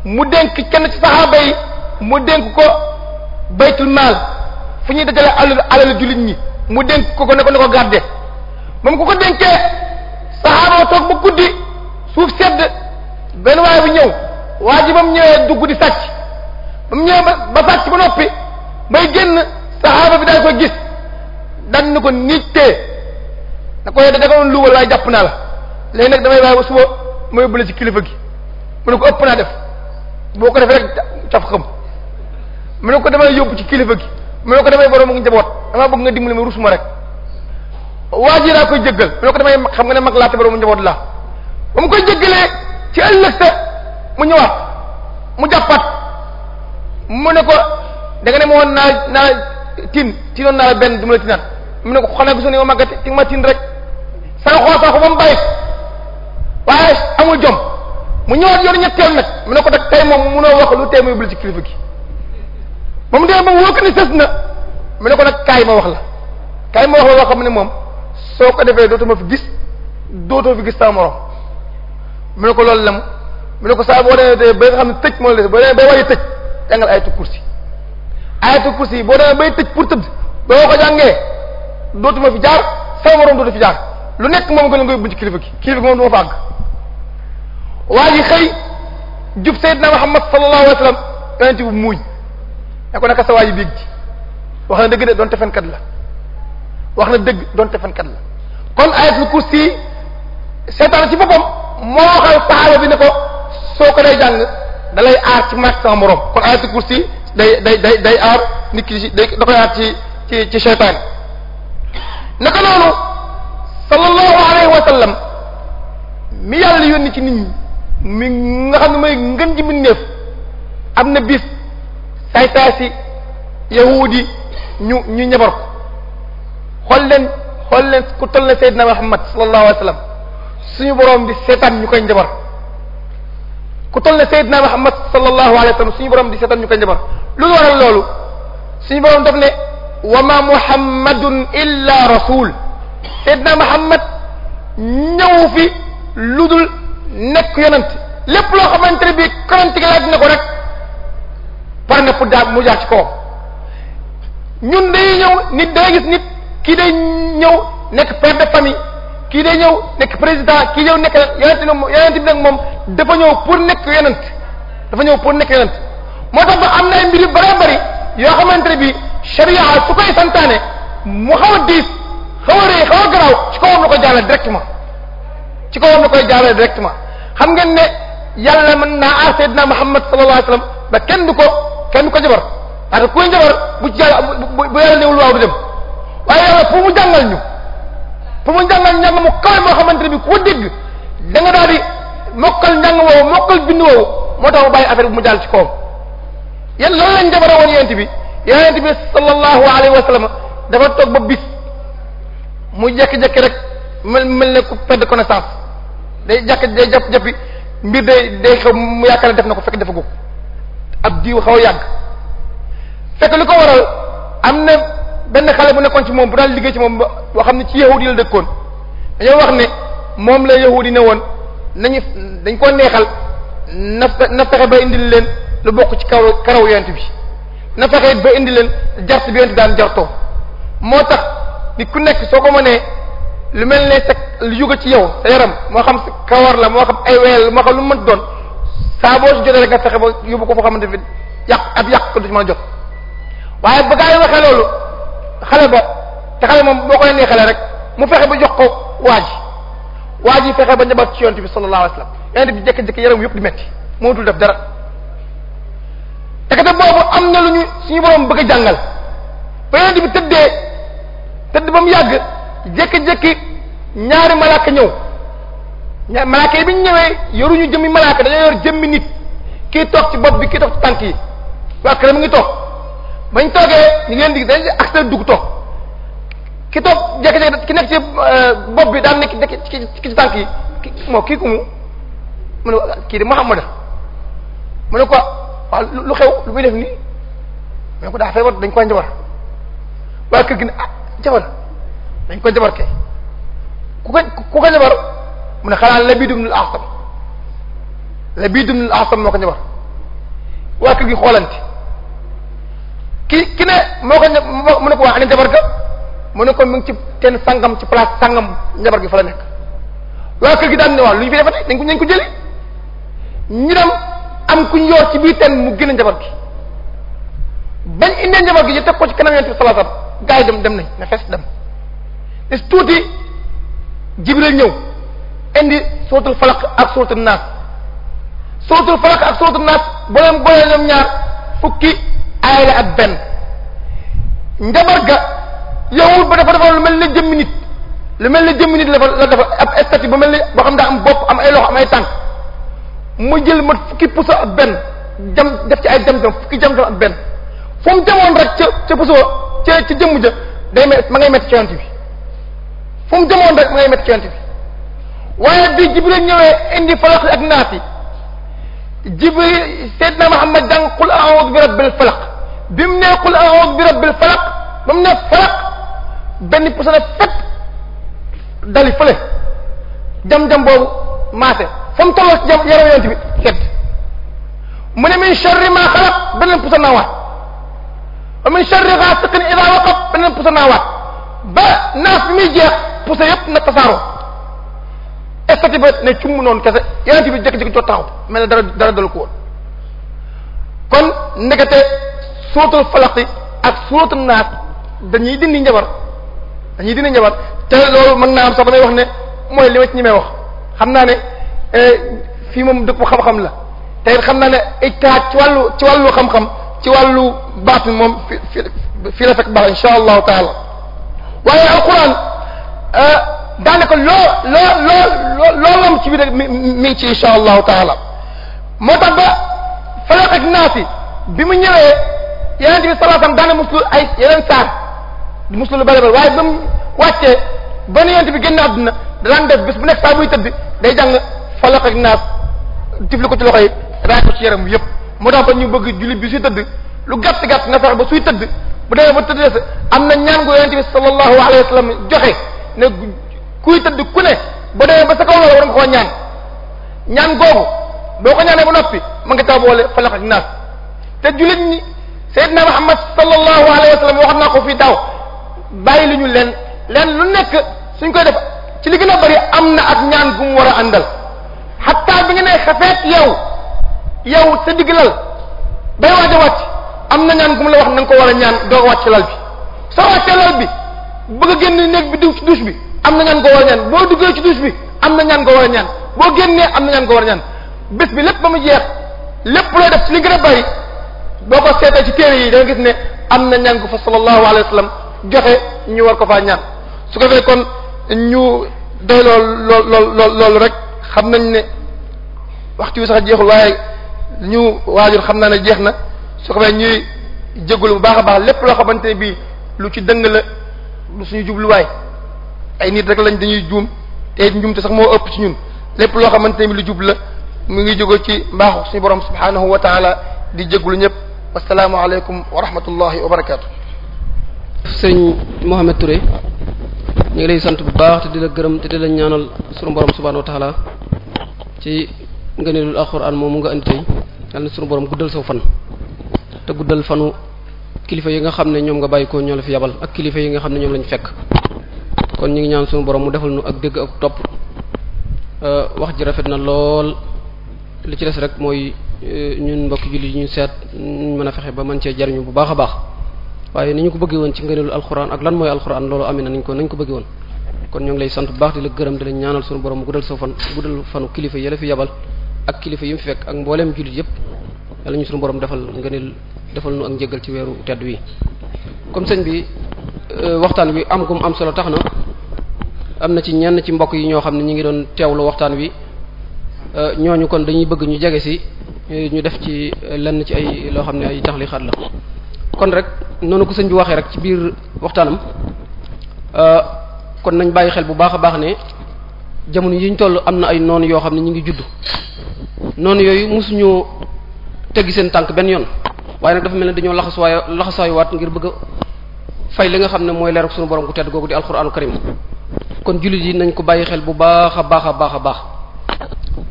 mu dénk kenn ci saxaaba yi mu ko baytul maal fu ñuy dajale alal alal jullit ñi mu dénk ko ko ne ko ne ko garde moom ku ko dénkee saxaaba toog ba guddi suuf sedd benn waaye bu ñëw waa ji ma mu ñëwee dugg di sàcc ba mu ñëwee ba sàcc ba noppi bay génn saxaaba bi daal ko gis dan ni ko nittee da koy da nga jàpp naa la léegi nag damay waaye ba suba ma ci kilifa gi mu ne ko boo ko defee rek caf xam mu ne ko damay yóbbu ci kilifa gi mu ne ko damay borom njaboot damaa bëgg nga dimbali ma rus ma rek waa ji daa koy jëggal mu ne ko damay xam nga ne mag laata borom njaboot laa ba mu koy jéggalee ci ëllëg sa mu ñëwaat mu jàppaat mu ne ko da ne moo woon naa naa tin tinoon naa la benn du ma la tinaat mu ne ko xanaa gisoon yow màggate ti ma tin rek san xoo san ko ba mu bàyyi waaye amul jom mu ñëwaat yoon ñetteel nag mu ne ko nag tey moom munoo wax lu tey muy bul ci kilifa gi moom dee ba wóor ko ni sës na mu ne ko nag kaay ma wax la kaay ma wax la xam ne moom soo ko defee dootuma fi gis dootoo fi gis sama mu ne ko loolu la mu ne ko saa boo demee tey ba nga xam ne tëj moo la boo demee bay wayi tëj jàngal ayatul kursi ayatul kursi boo demee bay tëj pour tëdd boo ko jàngee dootuma fi jaar sama morom dootu fi jaar lu nekk moom gën moom du ma fa àgg waa ji xëy jub Seydina Muhammad sallallahu alayhi wa sallam yonente bu muuñ ne ko naka sa waa ji biig na dëgg de doonte la wax na dëgg doonte fenkat kon ayatul kursi seetaan ci boppam moo xal saxaaba bi ne ko soo ko day jàng da lay aar ci mag sama morom kon ayatul kursi day day day day aar nit ki ci aar ci ci ci seytaane naka noonu sallallahu alayhi wa sallam mi yàlla yónni nit ñi mi nga xam ne mooy ngën ji néef am na bis saay saay si yahuudi ñu ñu ñebar ko xool leen xool leen ku toll na Seydina Muhammad sallallahu alayhi suñu borom di seetaan ñu koy njabar ku toll ne Seydina Muhammad sallallahu alayhi wa sallam suñu borom di seetaan ñu koy njabar lu waral loolu suñu borom daf ne wa ma muhammadun illa rasul Seydina Muhammad ñëw fi lu dul nekk yonent lépp loo ne bii konanti laaj na ko rek par na pour daa mu jaar ci kawam ñun day ñëw nit day gis kii day ñëw nekk père de famille kii day ñëw nekk président kii ñëw nekk yonent yonent bi nag moom dafa ñëw pour nekk yonent dafa ñëw pour nekk moo tax ba am na ay mbir yu yoo xamante ne bii sharia su koy santaane mu xaw a diis xaw a rëy xaw a garaaw ci kawam la koy jàllale directement ci kawam la koy xam ngeen ne yàlla man naa aar Seydina Muhammad sallallahu alayhi wa sallam ba kenn du ko kenn du ko jabar parce que kuy jabar bu ci yàlla bu yàlla newul waaw du dem waaye yàlla pour mu jàngal ñu. ba mu njàngal njàng mu kawe moo xamante bi ku dégg da nga daal di mokkal njàng woowu mokkal bind woowu moo tax mu bàyyi affaire bi mu jàll ci kawam yan loolu lañ jabara woon yent bi yent bi sallallahu alayhi wa sallam dafa toog ba bis mu jekki-jekki rek mel mel ne ku perdre connaissance day jàkk day jàpp jàppi mbir day day xew mu yaakaar ne def na ko fekk defagu ab diw xaw a yàgg fekk lu ko waral am na benn xale bu nekkoon ci moom bu daal liggéey ci moom boo xam ne ci yahudi la dëkkoon dañoo wax ne moom la yahudi ne woon nañu dañ koo neexal na na fexe ba indil leen lu bokk ci kaw karaw yonent bi na fexe ba indi leen jart bi yonent daan jartoo moo tax di ku nekk soo ko mënee lu mel ne sa lu jóge ci yow sa yaram moo xam sa kawar la moo xam ay weel moo xam lu mu mën doon saa boo si jotee rek nga fexe ba yóbbu ko foo xamante fi yàq ab yàq ko du ci mën jot waaye xale ba te xale moom boo ko leen xale rek mu fexe ba jox ko waa ji waa ji fexe ba njaboot ci yonent bi sallallahu alayhi wasallam yonent bi jëkk jékki yaram yëpp di metti mënatul def dara te kat boobu am na lu ñu suñu borom bëgg a jàngal ba yonent bi tëddee tëdd ba mu yàgg jékki-jékki ñaari malaaka ñëw ñaar malaaka yi bi ñu ñëwee yoruñu jëmmi malaaka dañoo yor jëmmi nit kii toog ci bopp bi kii toog ci tànk yi waa këram mu ngi toog. bañ toogee ñu ngi leen di dañ ak seen dugg toog ki toog jékki-jékki ki nekk ci euh, bopp bi daan nekk ci ci ki tànk yi moo kii ku mu kii di Muhammad mu ne ko waaw lu xew lu muy def nii mu ne ko daa feebar dañ ko njabar waa kër gi ne jabar dañ ko jabar kay ku ko ku ko jabar mu ne xanaa Labiid ibn al-Asam jabar waa kër gi xoolante ki ki ne moo ko ne mu ne ko waa ani njabar ga mu ne ko mu ngi ci teen sàngam ci place sangam njabar gi fa la nekk waa kër gi daan ne waa lu ñu fi defate nañ ko nañ ko jëli ñu dem am kuñ ñu yor ci biir teen mu génne njabar gi bañ indee njabar gi ñu teg ko ci kanam yonent bi sallallahu alayhi dem dem nañ ne fees dem tuuti jibril ñëw indi suratul falaq ak suratul naas suratul falaq ak suratul naas boo leen ñaar fukki aay ab ak benn njabar ga yowul ba dafa dafa lu mel ne jëmmi nit lu mel ne jëmmi nit la la dafa ab statut ba mel ne boo xam daa am bopp am ay loxo am ay tànk mu jël mat fukki puso ak benn jam def ci ay jam-jam fukki jam-jam ak jëmm ja day ma ngay met ci yonent bi fu mu jamoon rek ma ngay met ci bi waaye bi Jibril ñëwee indi falaq ak naas yi Jibril Seydina Muhammad jàng qul a'udhu bi rabbil falaq bi mu nee qul a'udhu bi rabbil falaq ba mu ne falaq benn puso la fet dali fële jam-jam boobu maase fa mu tolloo ci yaram yonent bi mu ne min sharri ma xalaq beneen puso naawaat wa min sharri ghasiqin idha waqab beneen puso naawaat ba naaf bi muy jeex puso na tasaaroo estati ba ne kese yonent bi jékki-jékki jot taxaw mel ne ko kon ndekete suratul falaqi ak suratul naas dañuy dindi njabar dañuy dindi njabar te loolu mën naa am sax damay wax ne mooy li ma wax xam naa ne eh, fii moom dëkk bu xam-xam la te xam naa ne ijtihaad ci wàllu ci wàllu xam-xam ci wàllu baatin moom fi fi la fekk taala waaye alquran eh, daanaka loo loo loo loo loo am ci biir rek mi mi ci insha taala moo tax ba naasi bi mu ñëwee. yeneen bi sallallahu alayhi wasallam daana muslu ay yeneen saar muslu lu bari bari waaye ba mu wàccee ba nu yonent bi génn àdduna daan def bis bu nekk saa buy tëdd day jàng falaq ak naas tifli ko ci loxo yi raay ko ci yaram yëpp moo tax ba ñu bëgg jullit bi suy tëdd lu gàtt gàtt na fexe ba suy tëdd bu demee ba tëdd sa am na ñaan gu yonent bi sallallahu alayhi wasallam joxe ne kuy tëdd ku ne ba demee ba sa kaw loolu war nga koo ñaan ñaan googu boo ko ñaanee ba noppi ma nga taw boole falaq ak Seydina Muhammad sallallahu alayhi wa sallam wax na ko fi daw bàyyi lu ñu leen leen lu nekk suñ ko def ci li gën am na ak ñaan gu mu war a àndal xataa bi nga ne xafeet yow yow sa diglal bay waaj a wàcc am na ñaan gu mu la wax na nga ko war a ñaan doo wàcc lal bi soo wàccee lal bi a génn néeg bi ci douche bi am na ñaan ko war boo duggee ci douche bi am na ñaan ko war a ñaan boo génnee am na ñaan ko war a ñaan bés bi lépp ba mu jeex lépp loo def ci li gën boo ko seetee ci téere yi da gis ne am na ñaan ko fa sallallahu alayhi wa sallam joxe ñu war ko faa ñaan su ko fee kon ñu doy lool lool lool rek xam nañ ne waxtu wi sax jeexul waaye ñu waajur xam naa ne jeex na su ko fee ñuy jégalu bu baax a baax lépp loo xamante ne bii lu ci dëng la lu suñu jubluwaay ay nit rek lañ dañuy juum te juum te sax moo ëpp ci ñun lépp loo xamante ne bii lu jub la mu ngi jóge ci mbaaxu suñu borom subhaanahu wa taala di jégalu ñëpp. asalaamaaleykum wa rahmatullahi wa barakaatu. sëñ Mouhamed Touré ñu ngi sant bu baax te di la gërëm te di la ñaanal sunu borom subhaanahu wa taala ci ngëneelul alxuraan moomu nga andi tey yal na sunu borom guddal saw fan te guddal fanu kilifa yi nga xam ne ñoom nga bàyyi ko ñoo la fi yabal ak kilifa yi nga xam ne ñoom lañu fekk kon ñu ngi ñaan sunu borom mu defal nu ak dégg ak topp euh, wax ji rafet na lool li ci des rek mooy. Euh, ñun mbokk jullit ñu seet ñu mën a fexe ba mën cee jariñu bu baax a baax waaye ni ñu ko bëggee woon ci ngëneelu alxuraan ak lan mooy alxuraan loolu amee na nañ ko nañ ko bëggee woon kon ñu ngi lay sant bu baax di la gërëm di la ñaanal suñu borom guddal sa fan guddal fanu kilifa yi la fi yabal ak kilifa yi fekk ak mbooleem jullit yëpp yàlla ñu borom defal ngëneel defal nu ak njëgal ci weeru tedd wi comme sëñ bi euh, waxtaan wi am gum am solo tax na am na ci ñenn ci mbokk yi ñoo xam ne ñu ngi doon teewlu waxtaan wi euh, ñooñu kon dañuy bëgg ñu jege si ñu def ci euh, lenn ci ay loo xam ne ay taxlixaat la kon rek noonu ko sëñ bi waxee rek ci biir waxtaanam euh, kon nañ bàyyi xel bu baax a baax ne jamono yi ñu toll am na ay noonu yoo xam ne ñu ngi judd noon yooyu mosuñoo teggi seen tànk benn yoon waaye nag dafa mel ne dañoo laxasuwaay laxasuwaay waat ngir bëgg a fay li nga xam ne mooy leerug suñu borom gu tedd googu di alxuraanu karim kon jullit yi nañ ko bàyyi xel bu baax a baax a baax a baax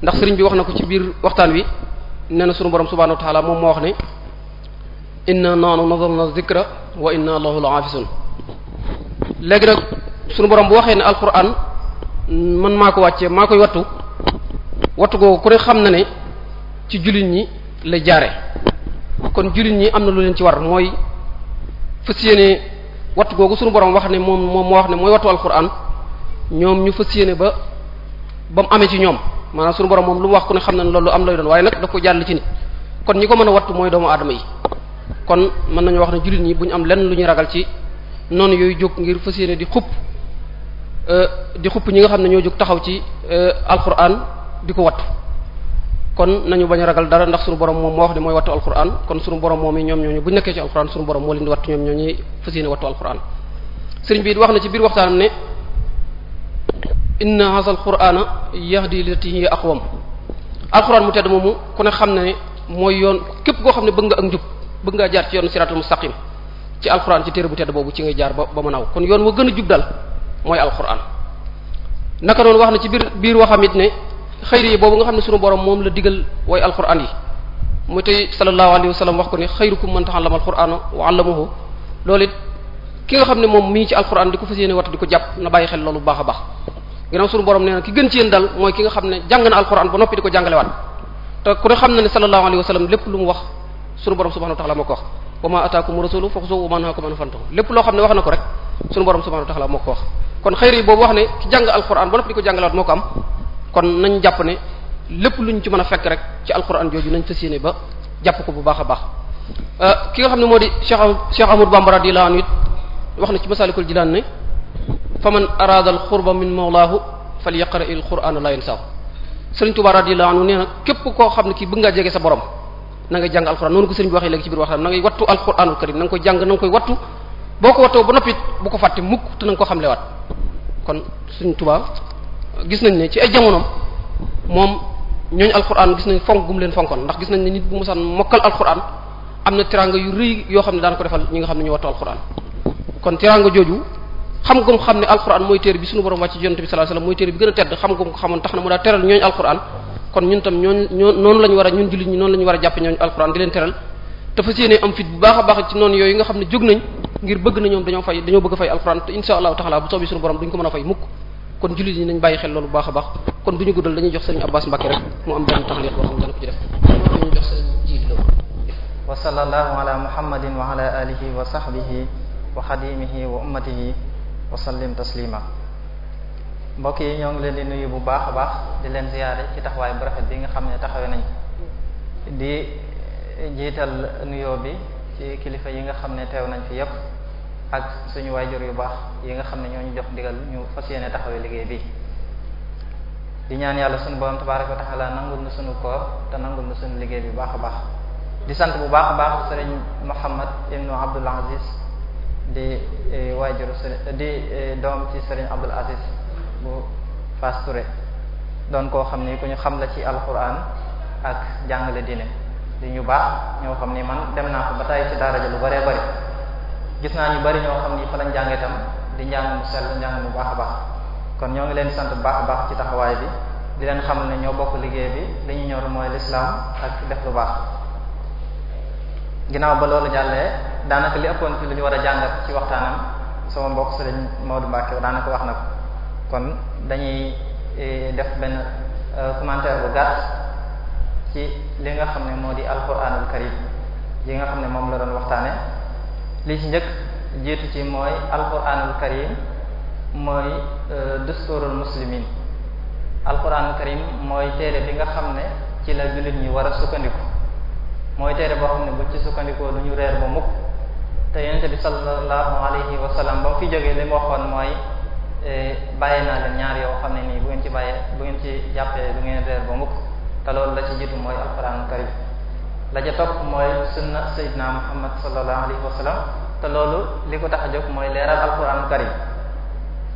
ndax sëriñ wax na ko ci biir waxtaan wi nee na sunu borom subhanahu wa ta'ala moom moo wax ne inna nahnu nazzalna zikra wa inna lahu la'afizun léegi nag sunu borom bu waxee ne alquran man maa ko wàccee maa koy wattu wattu googu ku ne xam na ne ci jullit ñi lay jaare kon jullit ñi am na lu leen ci war mooy fas yéene wattu googu sunu borom wax ne moom moom moo wax ne mooy wattu alquran ñoom ñu fas yéene ba ba mu amee ci ñoom maanaam suñu borom moom lu mu wax ku ne xam ne loolu am lay doon waaye nag da ko jàll ci nit kon ñi ko mën a wattu mooy doomu aadama yi kon mën nañu wax ne jullit ñi bu ñu am lenn lu ñuy ragal ci noonu yooyu jóg ngir fas yéene di xupp euh, di xupp ñi nga xam ne ñoo jóg taxaw ci euh, alquran di ko wattu kon nañu bañ a ragal dara ndax suñu borom moom moo wax ne mooy wattu alquran kon suñu borom moom yi ñoom ñooñu bu borom moo leen di wattu ñoom ñooñu fas yéene wattu alquran sëriñ bi wax na ci biir waxtaanam ne inna di qur'ana yi lati hiya aqwam alquran mu tedd moomu ku ne xam ne mooy yoon képp koo xam ne bëgg nga ak njub bëgg ngaa jaar ci yoon siratul mustaqim ci alquran ci bu tedd boobu ci ngay jaar ba ba mu naaw kon yoon wa gën a jub daal mooy alquran naka noonu wax na ci biir biir waxam it ne xayri yi boobu nga xam ne sunu borom moom la digal way alquran yi mu tey sallallahu alayhi wa sallam wax ko ne xayrukum man ta'allama alqur'ana wa 'allamahu loolu it ki nga xam ne moom mi ngi ci alquran di ko fas yéene wat di ko jàpp na bàyyi xel loolu baax baax ginnaaw suñu borom nee na ki gën ci yéen dal mooy ki nga xam ne jàng na alquran ba noppi di ko jàngalewaat te ku ne xam na ne sallallahu lépp lu mu wax suñu borom subhanahu wa ta'ala moo ko wax wa ma ataakum rasulu faxusuhu wa ma nahakum anhu fantahu lépp loo xam ne wax na kon xëyri yi boobu wax ne ki jàng alquran ba noppi di ko jàngalewaat moo ko am kon nañ jàpp ne lépp luñ ci mën a fekk rek ci alquran jooju nañ fas yéene ba jàpp ko bu baax a baax euh, ki nga xam ne moo di Cheikh Cheikh Ahmadou Bamba radiyallahu anhu it wax na ci Masalikul Jinaan ne fa man araada al xurba min mawlaahu fal yaqra il qur'ana la yansahu sëriñ Tuubaa radiyallahu anhu nee na képp koo xam ne kii bëgg ngaa jege sa borom na nga jàng alquran noonu ko sëriñ bi waxee léegi ci biir waxtaan na ngay wattu alquranul karim na nga koy jàng na nga koy boo ko wattoo ba noppi bu ko fàtte mukk te na nga ko xamle kon sëriñ Tuubaa gis nañ ne ci ay jamonoom moom ñooñu alquran gis nañ fonk gum leen fonkoon ndax gis nañ ne nit bu musaan mokkal alquran am na teraanga yu rëy yoo xam ne daan ko defal ñi nga xam ne ñu wattu alquran kon teraanga jooju xam gum xam ne alquran mooy téere bi suñu borom wàcc yonent bi sallallahu alayhi wasallam mooy téere bi gën a tedd xam gum ko xamoon tax na mu daa teral ñooñu alquran kon ñun tam ñooñu ñoo noonu la ñu war a ñun jullit ñi noonu la ñu war a jàpp ñooñu alquran di leen teral te fas yéene am fit bu baax a baax ci noonu yooyu nga xam ne jóg nañ ngir bëgg na ñoom dañoo fay dañoo bëgg fay alquran te insha allahu taala bu soobee suñu borom duñ ko mën a fay mukk kon jullit ñi nañ bàyyi xel loolu bu baax a baax kon duñu guddal dañuy jox sëriñ Abbas Mbacke rek mu am benn taxliq boo xam ne dana ko ci def dañu jox sëriñ jiil wa sallallahu ala muhammadin wa ala alihi wa sahbihi wa xadimihi wa ummatihi wasallim taslima mbokk yi ñoo ngi leen di nuyu bu baax a baax di leen ziyaare ci taxawaayu bu rafet bi nga xam ne taxawee nañ di eh, jiital nuyo bi ci kilifa yi nga xam ne teew nañ fi yépp ak suñu waajur yu baax yi nga xam ne ñoo ñu jox ndigal ñu fas yéene taxawee liggéey bi di ñaan yàlla suñu borom tabaaraka wa taxalaa nangul na suñu koor te nangul na suñu liggéey bi baax a baax di sant bu baax a baax sëriñ Muhammad ibnu Abdul Aziz di eh, waajuru Serigne eh, di eh, doom ci Serigne Abdul Aziz bu Fass doon koo xam ni ku ñu xam la ci alquran ak jàngale diine li ñu baax ñoo xam ni man dem naa ko ba tàyyi ci daara ja lu baree bari gis naa ñu bari ñoo xam ni fa lañ jàngee itam di njàng mu sell njàng mu baax a baax kon ñoo ngi leen sant bu baax a baax ci taxawaay bi di leen xam ne ñoo bokk liggéey bi li ñu ñor mooy lislaam ak def lu baax ginnaaw ba loolu jàllee daanaka li ëppoon ci lu war a jàngat ci waxtaanam sama mbokk sëriñ Maodo Mbacke daanaka wax na ko kon dañuy e, def benn e, commentaire bu gàtt ci li nga xam ne moo di alquranul karim yi nga xam ne moom la doon waxtaane li ci njëkk jiitu ci mooy alquranul karim mooy e, dusturul muslimin alquranul karim mooy téere bi nga xam ne ci la jullit ñi war a sukkandiku mooy téere boo xam ne bu ci sukkandikoo du ñu reer ba mukk te yonente bi sallallahu alayhi wa sallam ba mu fi jógee li mu waxoon mooy e, bàyyi naa leen ñaar yoo xam ne nii bu ngeen ci bàyyee bu ngeen ci jàppee du ngeen reer ba mukk te loolu la ci jiitu mooy alquran karim la ca topp mooy sunna sayyidina muhammad sallallahu alayhi wa sallam te loolu li ko tax a jóg mooy leeral alquran karim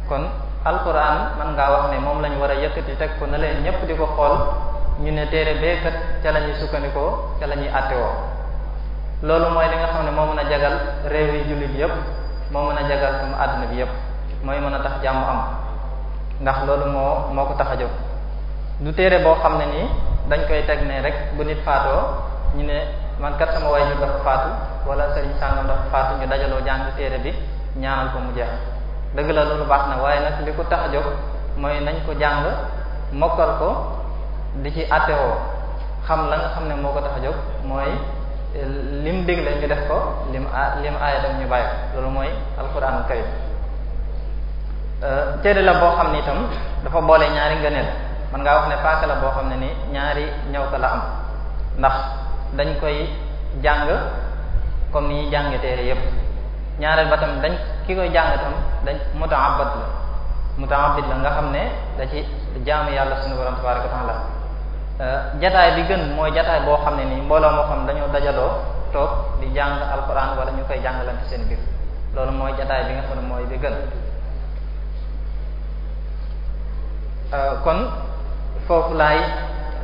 kon alquran man ngaa wax ne moom lañu war a yëkkati teg ko na leen ñépp di ko xool ñu ne téere bee kat ca la sukkandikoo ca la ñuy àttewoo loolu mooy li xam ne moo mën a jagal réew yi jullit yépp moo mën a jagal sama àdduna bi yépp mooy mën a tax jàmm am ndax loolu moo moo ko tax a jóg du téere boo xam ne nii dañ koy teg ne rek bu nit faatoo ñu ne man kat sama waajur dafa faatu wala sëriñ sàngam dafa faatu ñu dajaloo jàng téere bi ñaanal ko mu jeex dëgg la loolu baax na waaye nag li ko tax a jóg mooy nañ ko jàng mokkal ko di ci attewoo xam la nga xam ne moo ko tax a jóg mooy lim digle ñu def ko lim a lim aaya dem ñu bàyyi ko loolu mooy alxuraanul karim euh, téere la boo xam ne itam dafa boole ñaari ngëneel man ngaa wax ne paaka la boo xam ne ni ñaari ñëw ko la am ndax dañ koy jàng comme ni ñuy jànge téere yépp ñaareel ba tam dañ ki koy jàng tam dañ mutaabat la mutaabat la nga xam ne da ci jaamu yàlla suñu borom tabaaraka wa taala Euh, jataay bi gën mooy jataay boo xam ne nii mbooloo moo xam dañoo dajaloo toog di jàng alquran walla ñu koy ci seen biir loolu mooy jataay bi nga xam ne mooy bi gën euh, kon foofu laay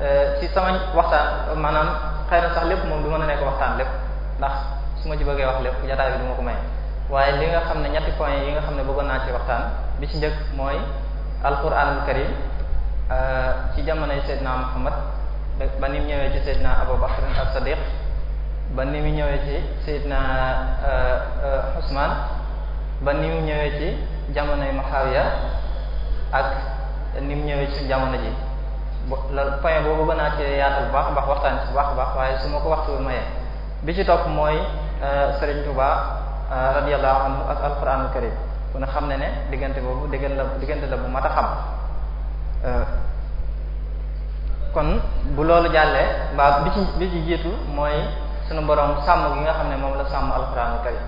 euh, ci sama waxtaan maanaam xëy na sax lépp moom du mën a nekk waxtaan lépp ndax su ma ci bëggee wax lépp jataay bi du ma ko may waaye li nga xam ne ñetti points yi nga xam ne bëggoon naa ci waxtaan bi ci njëkk mooy alquranul karim ci jamonoy Seydina Muhammad ba ni mu ñëwee ci Seydina Abu Bakr as-Sadiq ba ni mu ñëwee ci Seydina euh, euh, Usman ba ni mu ñëwee ci jamono jamonoy Muawiya ak ni ñëwee ci jamono ji la point boobu ba naa ci yaatal bu baax a baax waxtaan ci bu baax a baax waaye su ma ko waxtu mayee bi ci topp mooy euh, Serigne Touba radiyallahu anhu ak alquranul karim ku ne xam ne ne diggante boobu diggante la diggante la bu mat a xam Euh, kon bu loolu jàllee mbaa bi ci bi ci jiitu mooy sunu borom sàmm gi nga xam ne moom la sàmm alxuraanu karim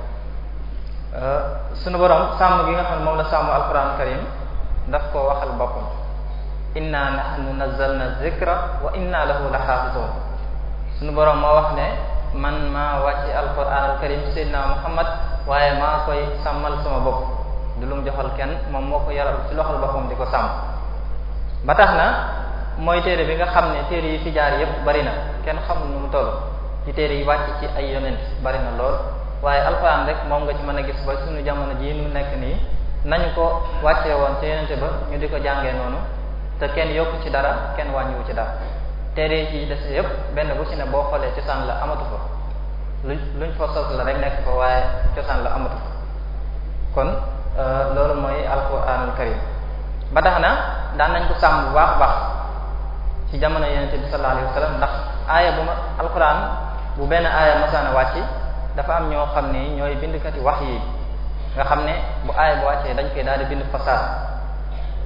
euh, sunu borom sàmm gi moom la sàmm alxuraanu karim daf koo waxal boppam inna nahnu nazzalna zikra wa inna lahu lahafizun sunu boroom moo wax ne man maa wàcce alxuraanul karim sayyidina muhammad waaye maa koy sàmmal sama bopp du lu joxal kenn moom moo ko yaral ci loxol boppam di ko sàmm ba tax na mooy téere bi nga xam ne téere yi fi jaar yépp bari na kenn xamul nu mu toll ci téere yi wàcc ci ay yonent bari na lool waaye alxuraan rek moom nga ci mën a gis ba suñu jamono jii nu nekk nii nañu ko wàcce woon ci yonente ba ñu di ko jàngee noonu te kenn yokku ci dara kenn wàññiwu ci dara téere yi ci des yépp benn bu ci ne boo xoolee cosaan la amatu ko luñ luñ fa sos la rek nekk ko waaye cosaan la amatu fa kon euh, loolu mooy alxuraanul karim ba tax na daan nañ ko sàmm bu baax baax ci jamono yonente bi sallallahu alayhi wasallam ndax aaya bu ma alquran bu benn aaya masaana wàcc dafa am ñoo xam ne ñooy bindkati wax yi nga xam ne bu aaya bu wàccee dañ koy daal di bind fasaad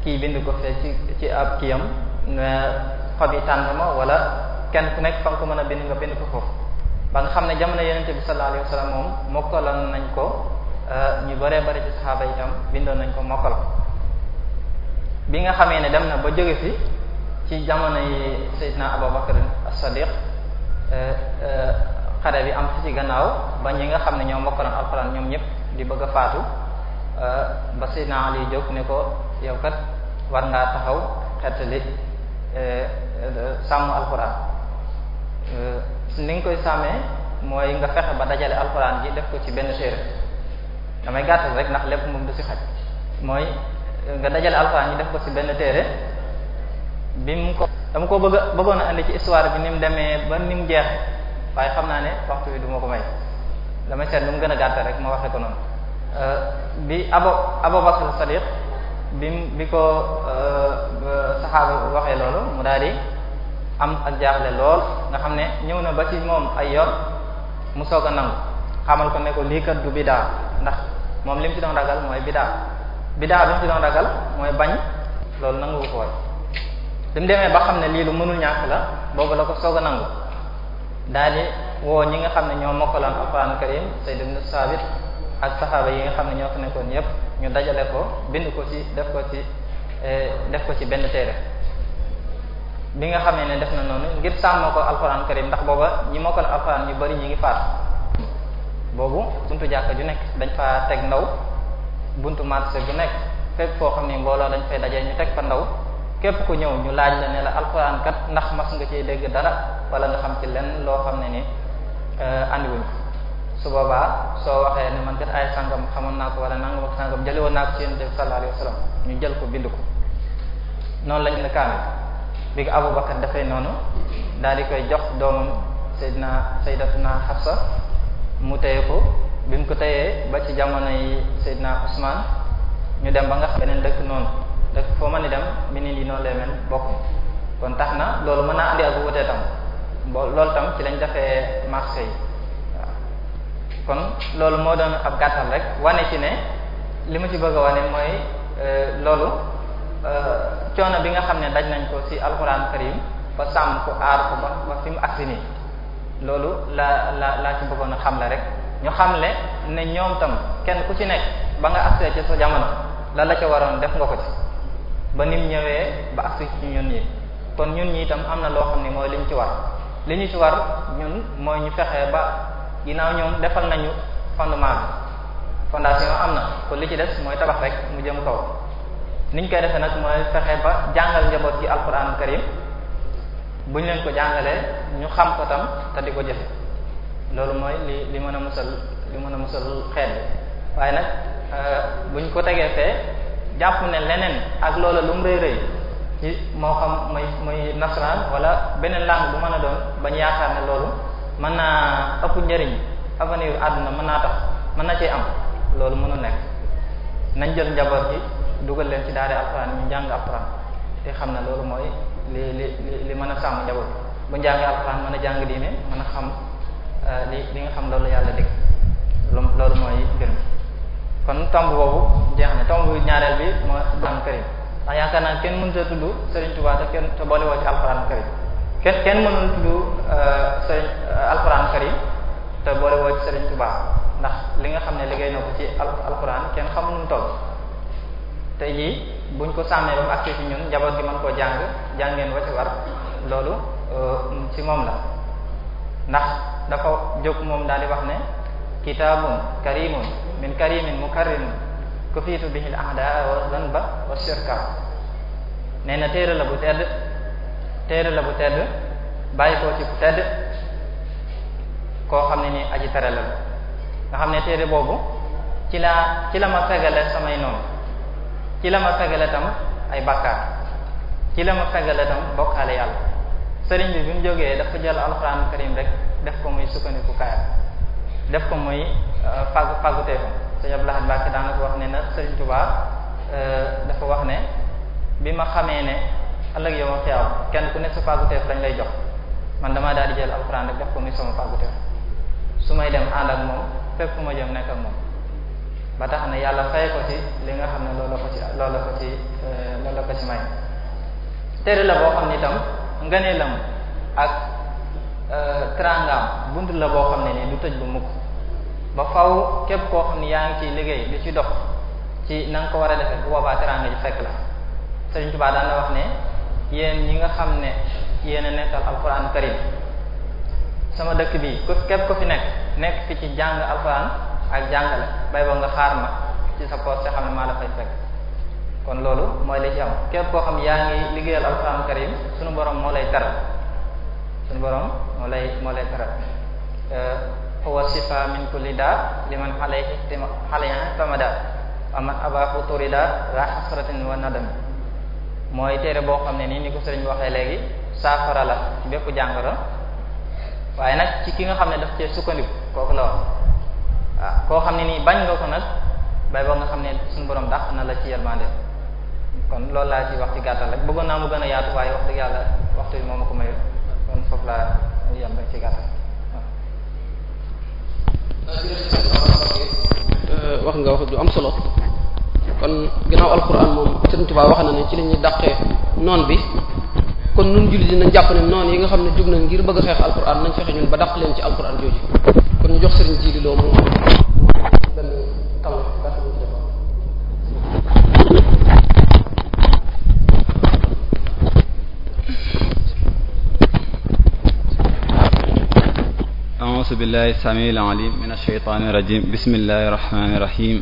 kii bind ko fee ci ab kiyam xob yi tàndama wala kenn ku nekk fa nga ko mën a bind nga bind ko foofu ba nga xam ne jamono yonente bi salaa alayhi wasallam moom mokkaloon nañ ko euh, ñu bëree bëri ci saxaaba itam bindoon nañ ko mokkal bi nga xamee ne dem na ba jóge fi ci jamono yi Seydina Abubakar as-Sadiq eh, eh, xare bi am fi ci gannaaw ba ñi nga xam ne ñoo mokkaloon alxuraan ñoom ñëpp di bëgg faatu eh, ba Seydina Ali jóg yow kat war ngaa taxaw xettali sàmm alxuraan ni nga koy sàmmee mooy nga fexe ba dajale alxuraan ji def ko ci benn téere damay gàttal rek ndax lépp moom du si xaj mooy nga dajale alxuraan yi def ko si benn téere bi mu ko dama ko bëgg bëggoon a indi ci histoire bi ni mu demee ba ni mu jeex waaye xam naa ne waxtu bi du ko may dama seet lu mu gën a gàttal rek ma waxee ko noonu euh, bi abo Abubakar Sadiq bi bi ko euh, saxaaba waxee loolu mu daal di am ak jaaxle lool nga xam ne ñëw na ba ci moom ay yor mu soog a nangu xamal ko ne ko lii kat du bidaa ndax moom li mu ci doon ragal mooy bidaa bidaa bi mu fi doon ragal mooy bañ loolu nangu ko woon bi mu demee ba xam ne lii lu mënul ñàkk la boobu la ko soog a nangu daal di woo ñi nga xam ne ñoo mokkaloon alquran karim Zayd ibn Sabit ak saxaaba yi nga xam ne ñoo ko nekkoon yépp ñu dajale ko bind ko ci def ko ci eh, def ko ci benn téere bi nga xam ne ne def na noonu ngir sàmm ko alquran karim ndax booba ñi mokkal alquran ñu bari ñu ngi faat boobu buntu jàkka ju nekk dañ fa teg ndaw buntu marché bu nekk fépp foo xam ne mbooloo dañ koy dajee ñu teg fa ndaw képp ku ñëw ñu laaj la ne la alxuraan kat ndax mas nga cee dégg dara wala nga xam ci lenn loo xam ne ni euh, andiwuñ ko boobaa soo waxee ne man kat ay sangam xamoon naa ko wala nangam ak sangam jëliwoon naa ko ci yonent bi sallallahu alayhi wasallam ñu jël ko bind ko noonu lañ la kaamil bi nga Abubakar dafay noonu daal di koy jox doomam Seydina Sayyidatuna Hafsa mu téye ko bi mu ko teyee ba ci jamono yi naa Usmaan ñu dem ba nga xam beneen dëkk noonu dëkk foo man ni dem minin yi noonu lay mel bokk kon tax na loolu mën naa andi ak wute tam bo loolu tam ci lañ defee marché yi kon loolu moo doon ab gàttal rek wane ci ne li ma ci bëgg a wane mooy euh, loolu euh, coono bi nga xam ne daj nañ ko ci alxuraan karim ba sàmm ko aar ko ba ba fi mu agsi nii loolu laa la laa ci bëggoon a xam la rek ñu xam xamle ne ñoom tam kenn ku ci nekk ba nga agsee ci sa jamono la la ca waroon def nga ko ci ba nim ñëwee ba agsi ci ñun ñi kon ñun ñi itam am na loo xam ne mooy li ñu ci war li ñu ci war ñun mooy ñu fexe ba ginnaaw ñoom defal nañu fondement bi fondation am na kon li ci des mooy tabax rek mu jëm kaw niñ koy defee nag mooy fexe ba jàngal njaboot ci alquran karim buñ leen ko jàngalee ñu xam ko tam te di ko jëfe loolu mooy li li mën a musal li mën a musal xeet bi waaye nag euh, buñ ko tegee fee jàpp ne leneen ak loola lu mu rëy rëy ci moo xam muy muy nasaraan wala beneen langue bu mën a doon bañ yaakaar ne loolu mën naa ëpp njëriñ avenir àdduna mën naa tax mën na cee am loolu mënu nekk nañ jël njaboot bi dugal leen ci daara alxuraan ñu jàng alxuraan te xam na loolu mooy li li li mën a sàmm njaboot bu njàngee alxuraan mën a jàng diine mën a xam li euh, li nga xam loolu yàlla dégg loolu mooy mbir mi kon tomb boobu jeex na tomb ñaareel bi moo alxuraan karim ndax yaakaar naa kenn mënut a tudd Sëriñ Tuubaa kenn te boole woo ci alxuraan karim kenn kenn mënul tudd euh, Sëriñ euh, alxuraan karim te boole woo ci Sëriñ Tuubaa ndax li nga xam ne liggéey na ko ci alxuraan kenn xam nu mu te jii buñ ko sàmmee ba mu agsi ci ñun njaboot gi mën koo jàng jàngeen wa ci war loolu ci moom la ndax dafa jóg moom daal di wax ne kitaabun karimun min karimin mukarrimun kufitu bihi al ahdaa wa zanba wa shirka nee na téere la bu tedd téere la bu tedd bàyyikoo ci bu tedd koo xam ne ni aji tere la nga xam ne téere boobu ci la ci la ma fegale samay noonu ci la ma fegale tam ay bàkkaar ci la ma fegale tam bokkaale yàlla sëriñ bi bi mu jógee dafa jël alxuraan karim rek def ko muy sukkandiku kaayam def ko muy euh, fagu faguteefam sëñ Abdou Lahad Mbacké daanaka wax ne na sëriñ Tuubaa euh, dafa wax ne bi ma xamee ne ëllëg yow ma xiyaaw kenn ku ne sa faguteef lañ lay jox man damaa daal di jël alxuraan rek def ko muy sama faguteef su may dem ànd ak moom fépp fu ma jëm nekk moom ba tax ne yàlla fay ko ci li nga xam ne loolu ko ci loolu ko ci euh, loolu ko ci may téere la boo xam ni tam ngëneelam ak euh, trangaam bunt la boo xam ne nii du tëj ba mukk ba faw képp koo xam ne yaa ngi kiy liggéey lu ci dox ci na ko war a defee bu boobaa teranga ji fekk la Sëriñ Tuubaa daan na wax ne yéen ñi nga xam ne yéen a nekkal alquran karim sama dëkk bi ku képp ko fi nekk nekk fi ci jàng alquran ak jàngale bay ba nga xaar na ci sa poste xam ne maa la fekk kon loolu mooy la ci am képp koo xam yaa ngi liggéeyal alxuraan karim sunu borom moo lay taral sunu borom moo lay moo lay taral huwa shifa min kulli daa liman alayhi tamada aman abahu turida wa hasratin wa nadam mooy téere boo xam ne nii ni ko sëriñ waxee léegi saafara la ci bépp jàngoro waaye nag ci ki nga xam ne daf cee sukkandiku kooku la wax waaw koo xam ne nii bañ nga ko nag bay boo nga xam ne suñu borom dàq na la ci yërmande kon loolu laa ci wax ci gàttal rek bëggoon naa mu gën a yaatu waaye wax dëgg yàlla waxtu bi ko mayu kon foofu laa yem ci gàttal euh, wax nga wax du am solo kon ginnaaw alquran moom Sëriñ Tuubaa wax na ne ci lañuy ñuy noon bi kon nun jullit dinañ jàpp ne noon yi nga xam ne jug na ngir bëgg a xeex alquran nañ fexe ñun ba dàq leen ci alquran jooju kon ñu jox Sëriñ Jiili Lo moom benn taw أعوذ بالله السميع العليم من الشيطان الرجيم بسم الله الرحمن الرحيم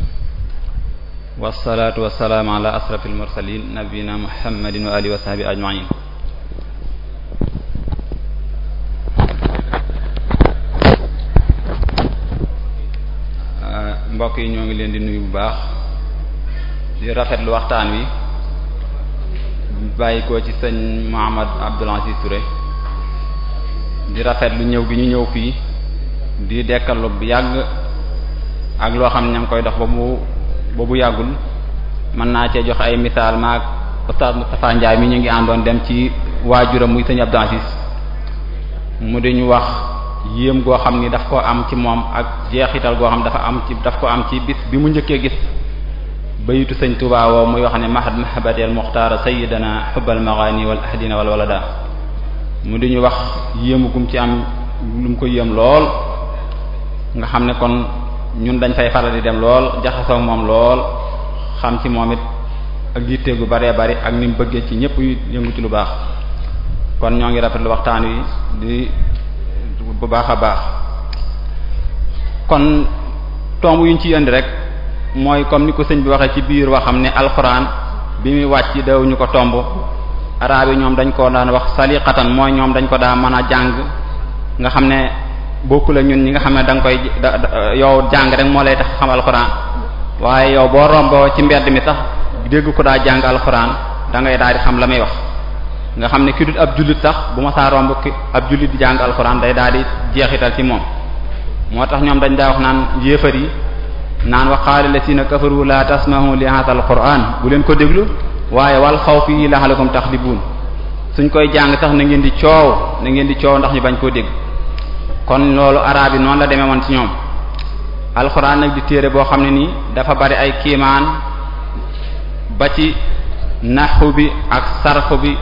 والصلاة والسلام على أشرف المرسلين نبينا محمد وآله وصحبه أجمعين mbokk yi ñoo ngi leen di nuyu bu baax di rafetlu waxtaan wi bàyyi ko ci sëñ Mohammed Abdoul Aziz Touré di rafetlu ñëw gi ñu ñëw fii di dekkal lu yàgg ak loo xam ne ña koy dox ba mu ba bu yàggul mën naa cee jox ay misaal maag Oustaz Moustapha Ndiaye mi ñu ngi àndoon dem ci waajuram muy sëñ Abdou Aziz mu di ñu wax yéem goo xam ni daf ko am ci moom ak jeexital goo xam dafa am ci daf ko am ci bis bi mu njëkkee gis bayitu sëñ Tuubaa woo muy wax ne mahad mahabatel muxtaara sayidana xubbal maghani wal ahdina wal walada mu di ñu wax yéemu gum ci am lu mu ko yéem lool nga xam ne kon ñun dañ fay faral di dem lool jaxasoo moom lool xam ci moom it ak yitte gu baree bari ak ni mu bëggee ci ñépp yëngu ci lu baax kon ñoo ngi rafet lu waxtaan wi di bu baax a baax kon tomb yu ñu ciy indi rek mooy comme ni ko sëñ bi waxee ci biir waxam ne alxuraan bi muy wàcc dawuñu ko tomb araab yi ñoom dañ ko daan wax saliqatan mooy ñoom dañ ko daan mën a jàng nga xam ne bokk la ñun ñi nga xam ne danga nga koy yow jàng rek moo lay tax xam alxuraan waaye yow boo romboo ci mbedd mi sax dégg ko daa jàng alxuraan da ngay daal di xam la may wax nga xam ne ki dul ab jullit sax bu ma saa romb ki ab jullit di jàng alxuraan day daal di jeexital ci moom moo tax ñoom dañ daa wax naan yéefar yi naan wa qaala llaziina kafaru la tasma'u li haadha alxuraan bu leen ko déglu waaye wal xaw fii la'allakum taxlibuun suñ koy jàng sax na ngeen di coow na ngeen di ndax ñu bañ koo dégg kon loolu araab yi noonu la demee woon ci ñoom alxuraan nag di téere boo xam ne nii dafa bari ay kiimaan ba ci naxu bi ak sarfu bi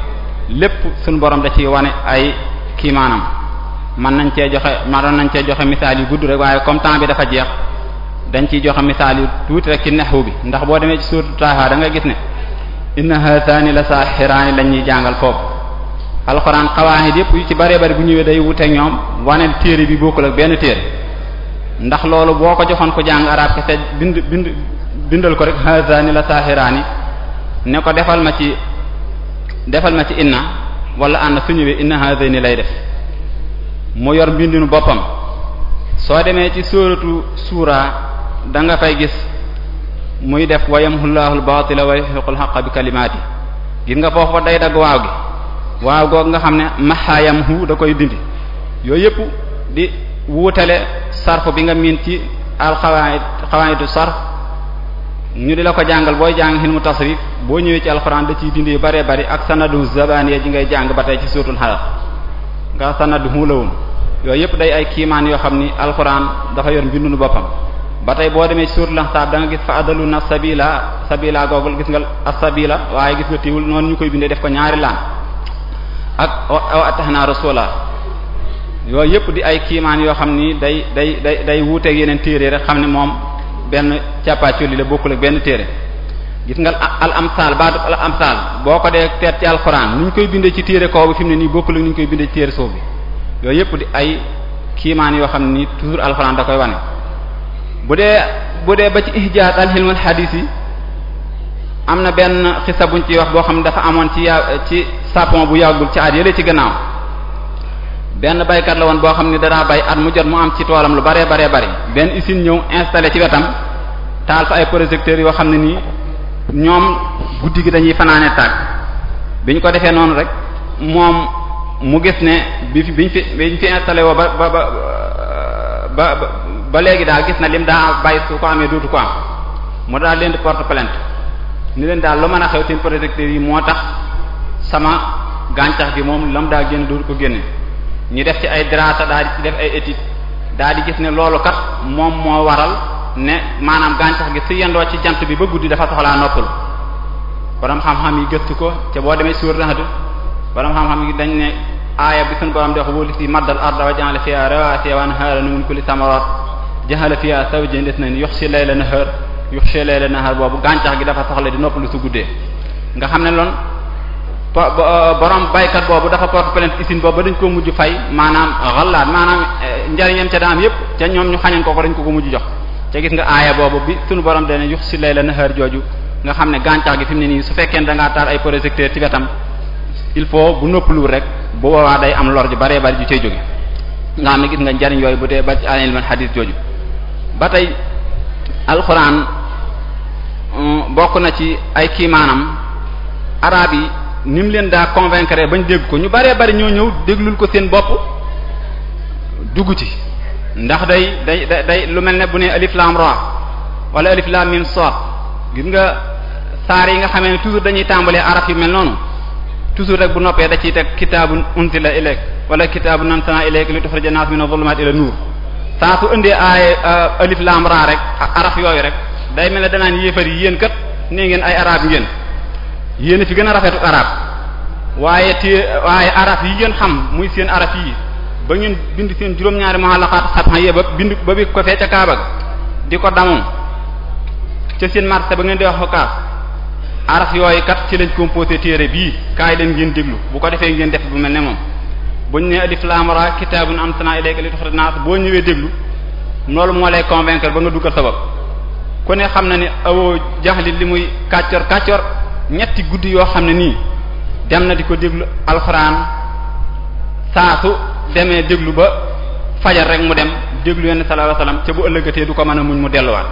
lépp suñu borom da ciy wane ay kiimaanam mën nañ cee joxe manoon nañ cee joxe misaal yu gudd rek waaye comme temps bi dafa jeex dañ ciy joxe misaal yu tuuti rek ci naxu bi ndax boo demee ci suuratu Taaha da nga gis ne inna haataani la saahiraani lañuy jàngal foofu alxuraan xawaahid yépp yu ci bëree bëri bu ñëwee day wute ñoom wane téere bi bokkul ak benn téere ndax loolu boo ko joxoon ko jàng arab kese bind bind bindal ko rek hazani la sahirani ne ko defal ma ci defal ma ci inna wala ànd su ñëwee inna hazani lay def mu yor mbindinu boppam soo demee ci sóoratu suura da nga fay gis muy def wayamhullahul la wa yahqul haqa bi kalimaati gis nga foofu day dagg waaw gi waaw googu nga xam ne maxaayam hu da koy dindi yooyu yëpp di wuutale sarf bi nga miin ci al xawaayid xawaayidu sarf ñu di la ko jàngal booy jàng xilmu tasrif boo ñëwee ci alxuraan da ciy dindi yu bëree bëri ak sanadu zabaniya ji ngay jàng ba tey ci suutul xalal nga sanadu hu la woon yooyu yëpp day ay kiimaan yoo xam ni alxuraan dafa yor mbindunu boppam ba tey boo demee ci suutul ahsaab da nga gis fa adalu na sabila sabila googul gis nga as sabila waaye gis nga tiiwul noonu ñu koy bindee def ko ñaari laan ak aw naa rasula yooyu yëpp di ay kiimaan yoo xam ni day day day day wuuteeg yeneen téere rek xam ne moom benn càppaacoli la bokkul ak benn téere gis nga al amsal baatu al amsal boo ko dee teet ci alxuraan ni ñu koy bindee ci téere kaw bi fi mu ne nii bokkul ak ni ñu koy bindee ci téere suuf bi yooyu yëpp di ay kiimaan yoo xam ni toujours alxuraan da koy wane bu dee bu dee ba ci ihjaat al hilmul yi am na benn xisa buñ ci wax boo xam dafa amoon ci ya ci sapon bu yàggul ci at yële ci gannaaw benn baykat la woon boo xam ni danaa bay at mu jot mu am ci toolam lu baree baree bari benn usine ñëw installé ci wetam taal fa ay projecteurs yoo xam ne nii ñoom guddi gi dañuy fanaane tàkk bi ñu ko defee noonu rek moom mu gis ne bi fi biñ fi biñ fi installé woo ba ba ba ba ba léegi daal gis na lim daa bàyyi su ko amee dootu ko am mu daal leen di porte plainte ni leen daal lu mën a xew seen protecteur yi moo tax sama gàncax gi moom lam daa génn du ko génne ñu def ci ay drasa daa di def ay études daal di gis ne loolu kat moom moo waral ne maanaam gàncax gi su yendoo ci jant bi ba guddi dafa soxlaa noppal borom xam-xam yi gëstu ko te boo demee suur naxdu borom xam-xam yi dañ ne aaya bi suñu borom di wax wóolu si maddal arda wa ja'ala fiha rawasiya wa anhaaran min kulli samarat ja'ala fiha zawjayn ithnayn yuhyi al-layla nahar yu xeleele nahar boobu gàncax gi dafa soxla di noppalu su guddee nga xam ne loon borom baykat boobu dafa porte plainte usine boobu ba dañ ko mujj fay maanaam xalaat maanaam eh, njariñam ca daam yépp ca ñoom ñu xañen ko ko dañ ko ko mujj jox ca gis nga aaya boobu bi sunu borom dana yux si lay la nahar jooju nga xam ne gàncax gi fi mu ne nii su fekkee ne da ngaa taal ay projecteur ci wetam il faut bu noppalu rek bu boobaa day am lor ju baree bari ju cay jóge nga xam ne gis nga njariñ yooyu bu dee ba ci alilman xadis jooju ba tey alxuraan Mm, bokk na ci ay kiimaanam araab yi ni mu leen daa convaincre bañ dégg ko ñu bëree bëri ñoo ñëw déglul ko seen bopp dugg ci ndax day day day lu mel ne bu ne alif lam ra wala alif lam mim sad nga saar yi nga xamee ne toujours dañuy tàmbalee araf yu mel noonu toujours rek bu noppee da ciy teg kitaabun unzila ilayk wala kitaabun anzalna ilayk li tukhrija nas min adh-dhulumati ila nur saa su indee aaye euh, alif lam ra rek araf yooyu rek day mel ne danaan yéefar yi yéen kat nee ngeen ay arab ngeen yéen fi gën a rafetu arab waaye te waaye arab yi ngeen xam muy seen arab yi ba ngeen bind seen juróom-ñaari muhalaqat sab'a yee ba bind ba bi ko fee ca Kaaba di ko damoon ca seen marché ba ngeen di wax ko kaas araf yooyu kat ci lañ composé téere bii kaay leen ngeen déglu bu ko defee ngeen def bu mel ne moom ñu ne alif lam ra kitaabun amsana ilayka li tukhrijna boo ñëwee déglu loolu moo lay convaincre ba nga duggal sabab ku ne xam na ne awoo jaxli li muy kàccor kàccor ñetti guddi yoo xam ne nii dem na di ko déglu alxuraan saa su demee déglu ba fajar rek mu dem déglu yenn sallallahu alayhi wasallam ca bu ëllëgatee du ko mën a muñ mu delluwaat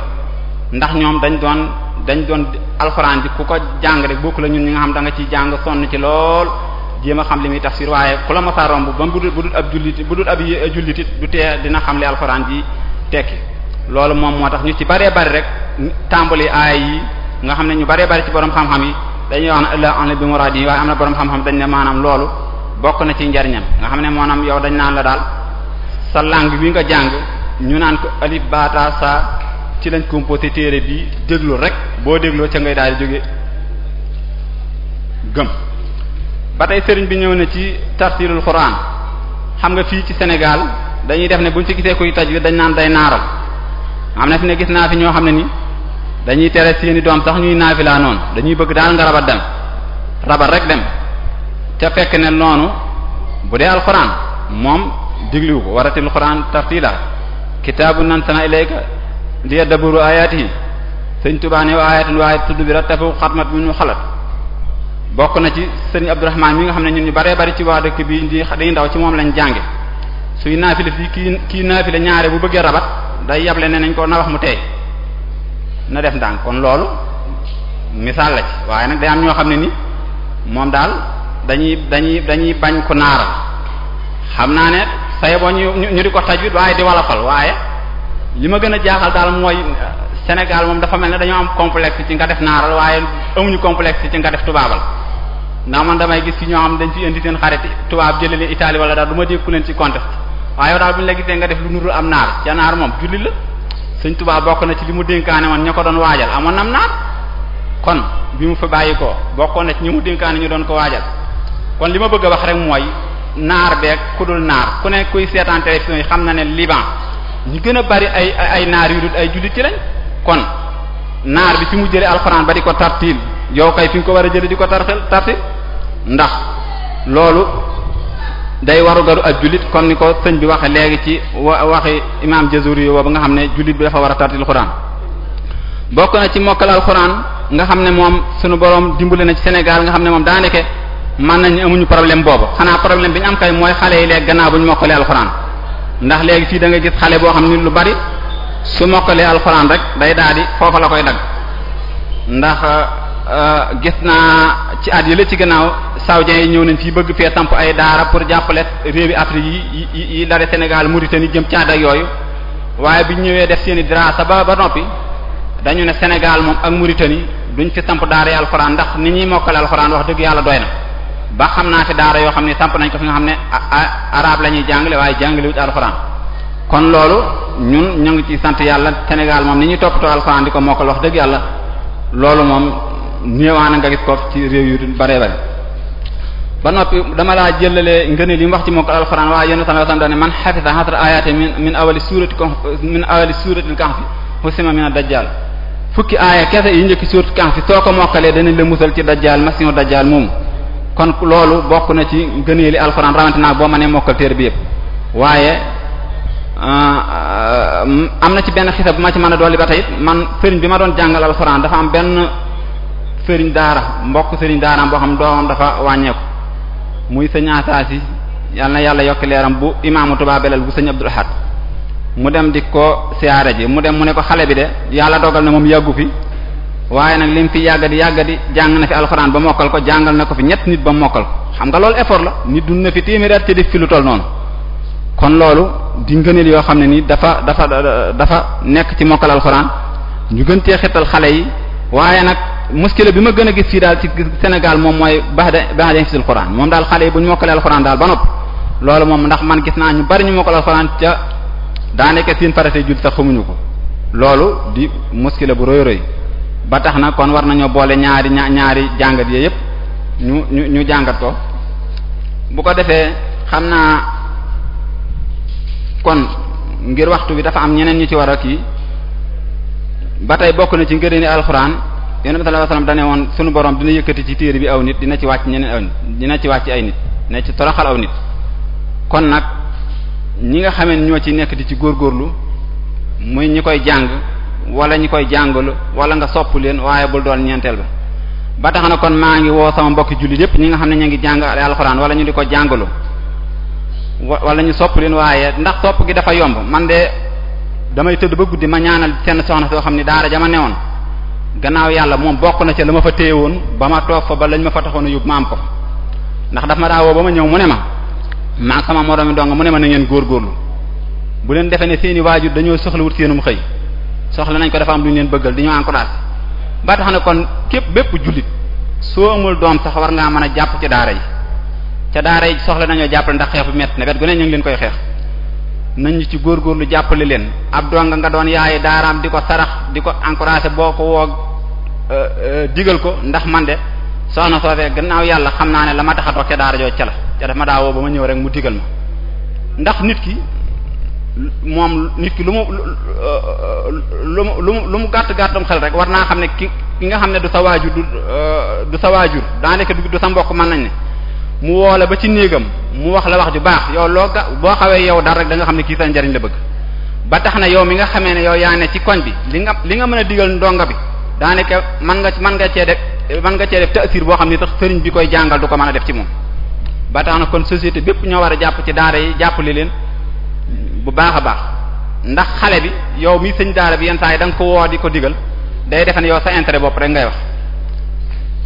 ndax ñoom dañ doon dañ doon alxuraan bi ku ko jàng rek bokku la ñun ñi nga xam da nga ciy jàng sonn ci lool jéem a xam li muy tafsir waaye ku la masaa romb ba bu dul ab jullit bu dul ab jullitit du tee dina xam li alxuraan ji tekki loolu moom moo tax ñu ci baree bari rek tàmbali aay yi nga xam ne ñu bare bari ci borom xam-xam yi dañuy wax na illa an bi muraad yi waaye am na borom xam-xam dañ ne maanaam loolu bokk na ci njariñam nga xam ne maanaam yow dañ naan la daal sa langue bi nga jàng ñu naan ko alif bata sa ci lañ composé téere bi déglu rek boo dégloo ca ngay daal di jóge gëm ba tey sëriñ bi ñëw na ci tartilul quran xam nga fii ci senegal dañuy def ne buñ ci gisee kuy dañ naan day naaral am na fi ne gis naa fi ñoo xam ne ni dañuy tere seeni doom sax ñuy naafilaa noonu dañuy bëgg daal nga rabat dem rabat rek dem ca fekk ne noonu bu dee alxuraan moom digliwu ko waratil xuraan tartiila kitaabu nan sana ilayka liya daburu ayatihi sëñ Tuubaa ne ayatun waaye tudd bi rattafu xatmat bu ñu xalaat bokk na ci sëñ Abdurahmaan bi nga xam ne ñun ñu baree bari ci waa dëkk bi di ndaw ci moom lañ jànge suy naafile fii kii kii naafile ñaare bu bëggee rabat day yable ne nañ ko na wax mu tey na def ndànk kon loolu misaal la ci waaye nag day am ñoo xam ne ni moom daal dañuy dañuy dañuy bañ ko naaral xam naa ne saye boo ñu ñu di ko taj wit waaye di walafal waaye li ma gën a jaaxal daal mooy euh, Sénégal moom dafa mel ne dañoo am complexe ci nga def naaral waaye amuñu complexe ci nga def tubaabal ndax man damay gis ci ñoo xam dañ fi indi seen xarit tubaab jëlee leen wala daal ma dégg leen ci contexte waaye yow daal bu ñu la gisee nga def lu nuru am naar ca naar moom julli la suñ Tuubaa bokk na ci li mu dénkaane woon ña ko doon waajal amoon am naar kon bi mu fa bàyyi ko bokkoon na ci ñi mu dénkaane ñu doon ko waajal kon li ma bëgg a wax rek mooy naar beeg ku dul naar ku ne kuy seetaan télévision yi xam na ne Liban ñu gën a bari ay ay naar yu dul ay jullit ci lañ kon naar bi fi mu jëlee alxuraan ba di ko tartil yow kay fi nga ko war a jëlee di ko tartil tartil ndax loolu day warugaru ak jullit comme ni ko sëñ bi waxe léegi ci wa waxi imam Jazuri yo boobu nga xam ne jullit bi dafa war a tartil xuraan bokk na ci mokkal alxuraan nga xam ne moom sunu borom dimbale na ci Sénégal nga xam ne moom daanaka mën nañu amuñu problème boobu xanaa problème bi ñu am kay mooy xale yi léegi gannaaw buñ ñu mokkalee alxuraan ndax léegi fii da nga gis xale boo xam ni lu bari su mokkalee alxuraan rek day daal di foofa la koy dagg ndax euh, ci at yële ci gannaaw. saoudiens yi ñëw nañ fii bëgg fee samp ay daara pour jàppale réewi Afrique yi yi yi dare Sénégal Mauritanie jëm Tchad ak yooyu waaye bi ñu ñëwee def seen i dirasa ba ba noppi dañu ne Sénégal moom ak Mauritanie duñ fi samp daara yi alxuraan ndax ni ñuy mokkale alxuraan wax dëgg yàlla doy na ba xam naa fi daara yoo xam ne samp nañ ko fi nga xam ne arabe la ñuy jàngale waaye jàngale wu ci alxuraan kon loolu ñun ñu ngi ci sant yàlla Sénégal moom ni ñuy toppatoo alxuraan di ko mokkal wax dëgg yàlla loolu moom ñëwaan nga gis ko ci réew yu bare bare ba noppi dama laa jëlalee ngëne yi mu wax ci mokkal alxuraan waaye yéen a sànni waxtaan daal ne man xafisa xasra ayaati min min awali suurati min awali suuratil kahfi husima min dajjal fukki aaya kese yi njëkk suuratul kahfi soo ko mokkalee danañ la musal ci dajjal masiihu dajjal moom kon loolu bokk na ci ngëneeli alxuraan rawante naa boo ma nee mokkal téere bi yëpp waaye ah, am na ci benn xisa bu ma ci mën a dolli ba tey man sëriñ bi ma doon jàngal alxuraan dafa am benn sëriñ daara mbokk sëriñ daaraam boo xam doomam dafa wàññeeku. muy sëñ Ataasi yal na yàlla yokki leeram bu imaamu Tuubaa belal bu sëñ Abdul Ahad mu dem di ko siyaare ji mu dem mu ne ko xale bi de yàlla dogal na moom yàggu fi waaye nag lim fi di yàggadi di jàng na fi alxuraan ba mokkal ko jàngal na ko fi ñett nit ba mokkal ko xam nga loolu effort la nit dund na fi téeméeri ci def fi lu toll noonu kon loolu di ngëneel yoo xam ne nii dafa dafa dafa nekk ci mokkal alxuraan ñu gën cee xale yi waaye nag muskila bi ma gën a gis fii daal ci senegal moom mooy ba'da ba'da hifzul Qur'an moom daal xale yi bu ñu mokkalee alxuraan daal ba nopp loolu moom ndax man gis naa ñu bari ñu mokkal alxuraan ca daanaka seen farate jul sax xamuñu ko loolu di muskila bu rëy rëy ba tax na kon war nañoo boole ñaari ña ñaari jàngat yee yépp ñu ñu ñu jàngat ko bu ko defee xam naa kon ngir waxtu bi dafa am ñeneen ñu ci war a kii ba tey bokk na ci ngëreeni alxuraan. yonent bi sallallahu alayhi wasallam suñu woon sunu borom dina yëkkati ci téere bi aw nit dina ci wàcc ñeneen aw nit dina ci wàcc ay nit dina ci toroxal aw nit kon nag ñi nga xamee ñoo ci nekk di ci góor góorlu muy ñi koy jàng wala ñi koy jàngalu wala nga sopp leen waaye bul doon ñeenteel ba ba tax na kon maa ngi woo sama mbokki jullit yépp ñi nga xam ne ñu ngi jàng alxuraan wala ñu di ko wa wala ñu sopp leen waaye ndax sopp gi dafa yomb man de damay tëdd ba guddi ma ñaanal seen soxna soo xam ne daara jama woon gannaaw yàlla moom bokk na ca la ma fa téye woon ba ma toog fa ba lañ ma fa taxoon a yóbbu ma am ko ndax daf ma daa ba ma ñëw mu ne ma maa sama moromi dong mu ne ma na góor góorgóorlu bu leen defe ne seeni waajur dañoo soxla soxlawut seenum xëy soxla nañ ko dafa am lu ñu leen bëggal di ñu encourage ba tax na kon képp bépp jullit soo amul doom sax war ngaa mën a jàpp ci daara yi ca daara yi soxla nañoo jàppale ndax xeex bu metti na wet gu ne ñu ngi leen koy xeex nañ ci góor góor lu jàppale leen ab dong nga doon yaayi daaraam di ko sarax di ko encourager boo ko woo euh, euh, digal ko ndax man de soxna soofee gannaaw yàlla xam naa ne la ma taxatoo a toog ca daara joo ca la ca def ma daa woo ba ma ñëw rek mu digal ma ndax nit ki moom nit ki lu mu lu mu lu lu mu gàtt gàttam xel rek war naa xam ne ki ki nga xam ne du sa waajur du euh, du sa waajur daanaka du sa mbokk mën nañ ne mu woo la ba ci néegam mu wax la wax ju baax yow loo ga boo xawee yow dara rek da xam ne kii sa njariñ la bëgg ba tax na yow mi nga xamee ne yow yaa ne ci koñ bi li nga li nga mën a digal ndonga bi daanaka mën nga mën nga cee def mën nga cee def taasir boo xam ne tax sëriñ bi koy jàngal du ko mën a def ci moom ba tax na kon société bépp ñoo war a jàpp ci daara yi jàppale leen bu baax a baax ndax xale bi yow mi sëñ daara bi yenn saa yi da nga ko woo di ko digal day defe yow sa intérêt bopp rek ngay wax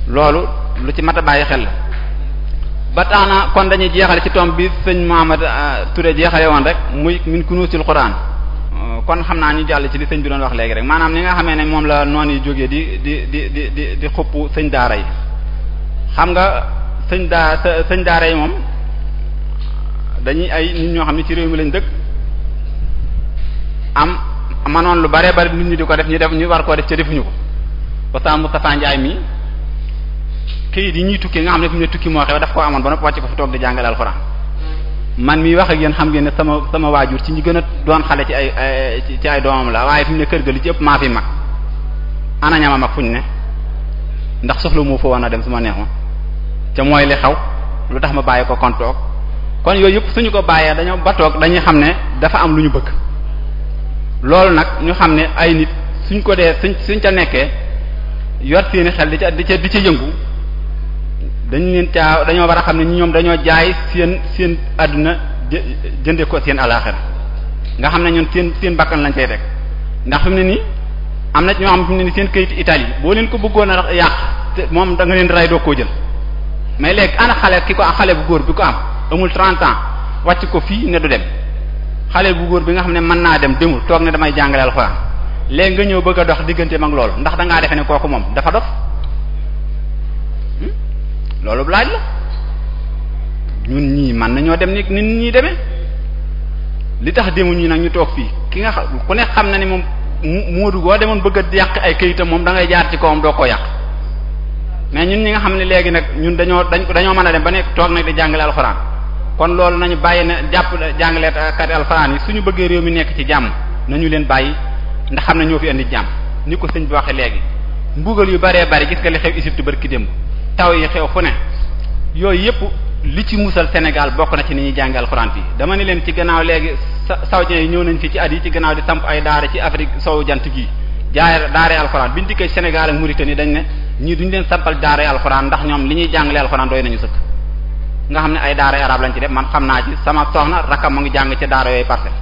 loolu lu ci mat a xel la ba tax na kon dañuy jeexale ci tomb bi sëñ Muhammad euh, Touré jeexale woon rek muy min kunuusil Qur'an euh, kon xam naa ñu jàll ci li sëñ bi doon wax léegi rek maanaam ni nga xamee ne moom la noon yi jógee di di di di di di xupp sëñ daara yi xam nga sëñ daa sëñ daara yi moom dañuy ay nit ñoo xam ne ci réew mi lañ dëkk am manoon lu bare bare nit ñi di ko def ñu def ñu war koo def ca defuñu ko Oustaz Moustapha Ndiaye mi këyit yi ñuy tukki nga xam ne fi mu ne tukki moo xew daf ko amoon ba noppi wàcc ko fi toog di jàngale alxuraan man mii wax a yéen xam ngeen ne sama sama waajur ci ñu gën a doon xale ci ay ci ay doomam la waaye fi mu ne kër ga li ci ëpp maa fi mag ana ñama mag fuñ ne ndax soxla moo fa woon a dem su ma neexoon ca mooy li xaw lu tax ma bàyyi ko kon toog kon yooyu yëpp suñu ko bàyyee dañoo ba toog dañuy xam ne dafa am lu ñu bëgg loolu nag ñu xam ne ay nit suñ ko dee suñ suñ ca nekkee yor seeni xel di ca di ca di ca yëngu dañu leen caa dañoo war a xam ne ñoom dañoo jaay seen seen àdduna jë jënde ko seen alaaxira nga xam ne ñun seen seen bàkkan lañ cay rek ndax fi mu ne nii am na ñoo xam fi ne nii seen kayit Italie boo leen ko bëggoon a yàq te moom danga leen ray doo koo jël mais léegi ana xale ki ko xale bu góor bi ko am amul 30 ans wàcc ko fii ne du dem xale bu góor bi nga xam ne mën naa dem demul toog ne damay jàngale alxuraan léegi nga ñëw bëgg a dox diggante mag loolu ndax da ngaa defe ne kooku moom dafa dof loolu laaj la ñun ñii mën nañoo dem ni nit ñi demee li tax demu ñi nag ñu toog fii ki nga xam ku ne xam na ni moom moodu boo demoon bëgg a yàq ay kayitam moom da ngay jaar ci kawam doo ko yàq mais ñun ñi nga xam ne léegi nag ñun dañoo dañ dañoo mën a dem ba nekk toog nag di jàngale alxuraan kon loolu nañu bàyyi na jàpp jàngaleet kat alxuraan yi suñu bëggee réew mi nekk ci jàmm nañu leen bàyyi ndax xam ne ñoo fi indi jàmm ni ko sëñ bi waxee léegi mbugal yu baree bari gis nga li xew Égypte barki démb taw yi xew fu ne yooyu yëpp li ci musal Sénégal bokk na ci ni ñuy jànge alxuraan bi dama ne leen ci gannaaw léegi saoudien yi ñëw nañ fii ci at yi ci gannaaw di samp ay daara ci Afrique sowu jant gii jaay daaree alxuraan bi ñu dikkee Sénégal ak Mauritanie dañ ne ñii duñu leen sampal daaree alxuraan ndax ñoom li ñuy jàngalee alxuraan doy nañu sëkk nga xam ne ay daara arab lañ ci def man xam naa ci sama soxna rakam mu ngi jàng ci daara yooyu parcelle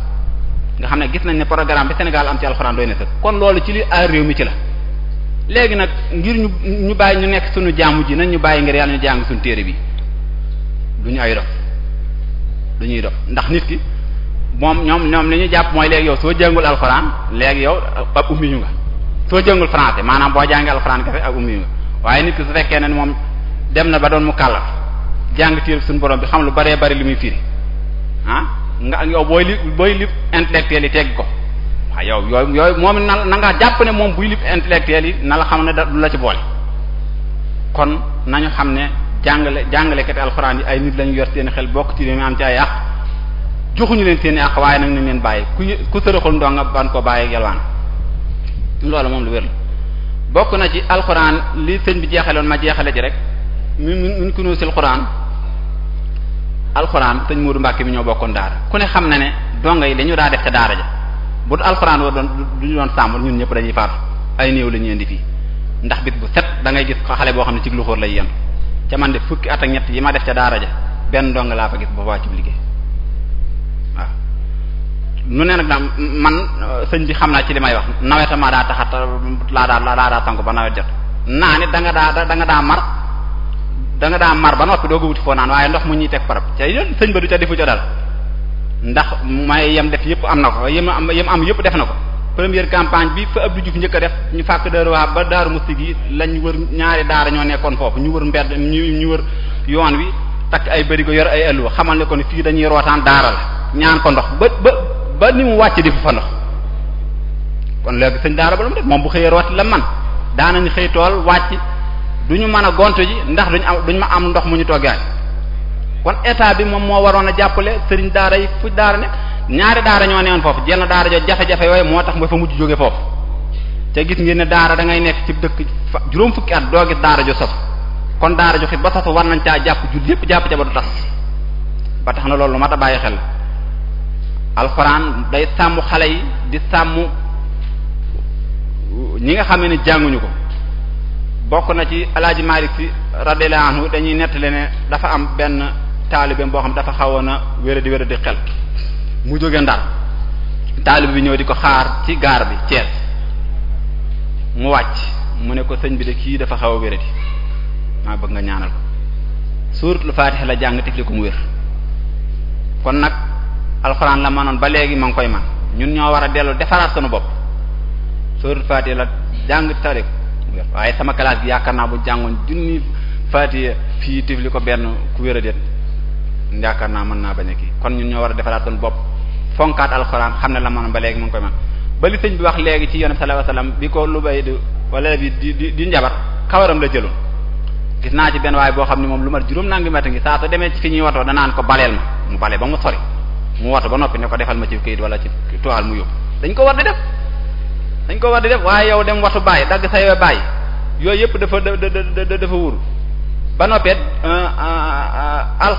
nga xam ne gis nañ ne programme bi Sénégal am ci alxuraan doy kon loolu ci li mi ci la léegi nag ngir ñu ñu bàyyi ñu nekk suñu jaamu ji nañ ñu bàyyi ngir yàlla ñu jàng suñu téere bi du ñu ay dof du ñuy dof ndax nit ki moom ñoom ñoom li ñu jàpp mooy léegi yow soo jàngul alxuraan léegi yow ab ummi ñu nga soo jàngul français maanaam boo jàngee alxuraan kafe ak ummi ñu nga waaye nit ki su fekkee ne moom dem na ba doon mu kàllaf jàng téere suñu borom bi xam lu baree bari li muy firi ah nga yow booy li booy li intellectuel yi teg ko waaw yow yooyu yooyu moom na na ngaa jàpp ne moom buy lib intellectuel yi na la xam ne da du la ci boole kon nañu xam ne jàngale jàngalekat alxuraan yi ay nit lañu yor seen xel bokk ci li ñu am ci ay àq joxuñu leen seen i àq waaye nag nañ leen bàyyi ku ku sërëxul ndoo nga ban ko bàyyi yelwaan loolu moom lu wér la bokk na ci alxuraan li sëñ bi jeexaloon ma jeexale ji rek mi min ku nuusil xuraan alxuraan sëñ Moodu Mbàkke mi ñoo bokkoon daara ku ne xam na ne donga yi dañu daa def ca daara bu alxuraan wa doon du ñu doon sàmm ñun ñëpp dañuy faatu ay néew la ñuy indi fii ndax bis bu set da ngay gis xale boo xam ne ci lu xóor lay yendu ca man de fukki at ak ñett yi ma def ca daara ja benn dong laa fa gis ba wàccu liggéey waaw. nu ne nag man sëñ bi xam naa ci li may wax nawet maa daa taxat laa daa laa daa ba naa ne da nga daa da daa mar da daa mar ba noppi doo ko wuti foo naan waaye ndox mu ñuy teg parab ca sëñ ba du ca defu ca dal. ndax may yem def yëpp am na ko yam am yem am yëpp def na ko première campagne bi fa Abdou Diouf njëkk a def ñu fàkk Darou waa ba Darou Moukhty gi lañ wër ñaari daara ñoo nekkoon foofu ñu wër mbedd ñu ñu wër yoon wi takk ay bërigo yor ay alluwa xamal ne ko ne fii dañuy rootaan daara la ñaan ko ndox ba ba ba ni mu wàcc di fa ndox kon léegi sëñ daara ba la mu def moom bu xëyee rooti la man daanañ xëy tool wàcc duñu mën a gontu ji ndax duñu am duñu ma am ndox mu ñu toggaay kon état bi moom moo waroon a jàppale sëriñ daara yi fu daara ne ñaari daara ñoo newoon foofu jenn daara jo jafe-jafe yooyu moo tax ma fa mujj jóge foofu te gis ngeen ne daara da ngay nekk ci dëkk juróom fukki at doo gis daara jo sasu kon daara jo xit ba sasu war nañ caa jàpp jul yépp jàpp ca ba du tas ba tax na loolu mat a bàyyi xel alxuraan day sàmm xale yi di sàmm ñi nga xam ne jànguñu ko bokk na ci alaaji Malik si radiyallahu dañuy nettali ne dafa am benn taalibeem boo xam dafa xawoon a wéradi wéradi xel mu jóge ndar taalibe bi ñëw di ko xaar ci gaar bi Thiès mu wàcc mu ne ko sëñ bi de kii dafa xaw a wéradi maa bëgg nga ñaanal ko lu Faatiha la jàng tifli ko mu wér kon nag alxuraan la manoon ba léegi ma ngi koy man ñun ñoo war a dellu defaraat sunu bopp suuratul la jàng tari ko waaye sama classe bi yaakaar naa bu jàngoon junni Faatiha fii tifli ko benn ku wéradéet yaakaar naa mën naa bañ a kii kon ñun ñoo war a defaraat suñu bopp fonkaat alxuraan xam ne la man ba léegi mu ngi koy man ba li sëñ bi wax léegi ci yonent sallallahu alayhi wasallam bi ko lu bay di wala bi di di di njabar xawaram la jëloon gis naa ci benn waaye boo xam ne moom lu ma juróom nangi mata ngi saa su demee ci fi ñuy watoo danaan ko baleel ma mu bale ba mu sori mu woto ba noppi ne ko defal ma ci kayit wala ci toile mu yóbbu dañ ko war di def dañ ko war di waaye yow dem watu bàyyi dagg sa yoo yooyu yëpp dafa da dafa wóoru ba noppeet euh, euh, euh, al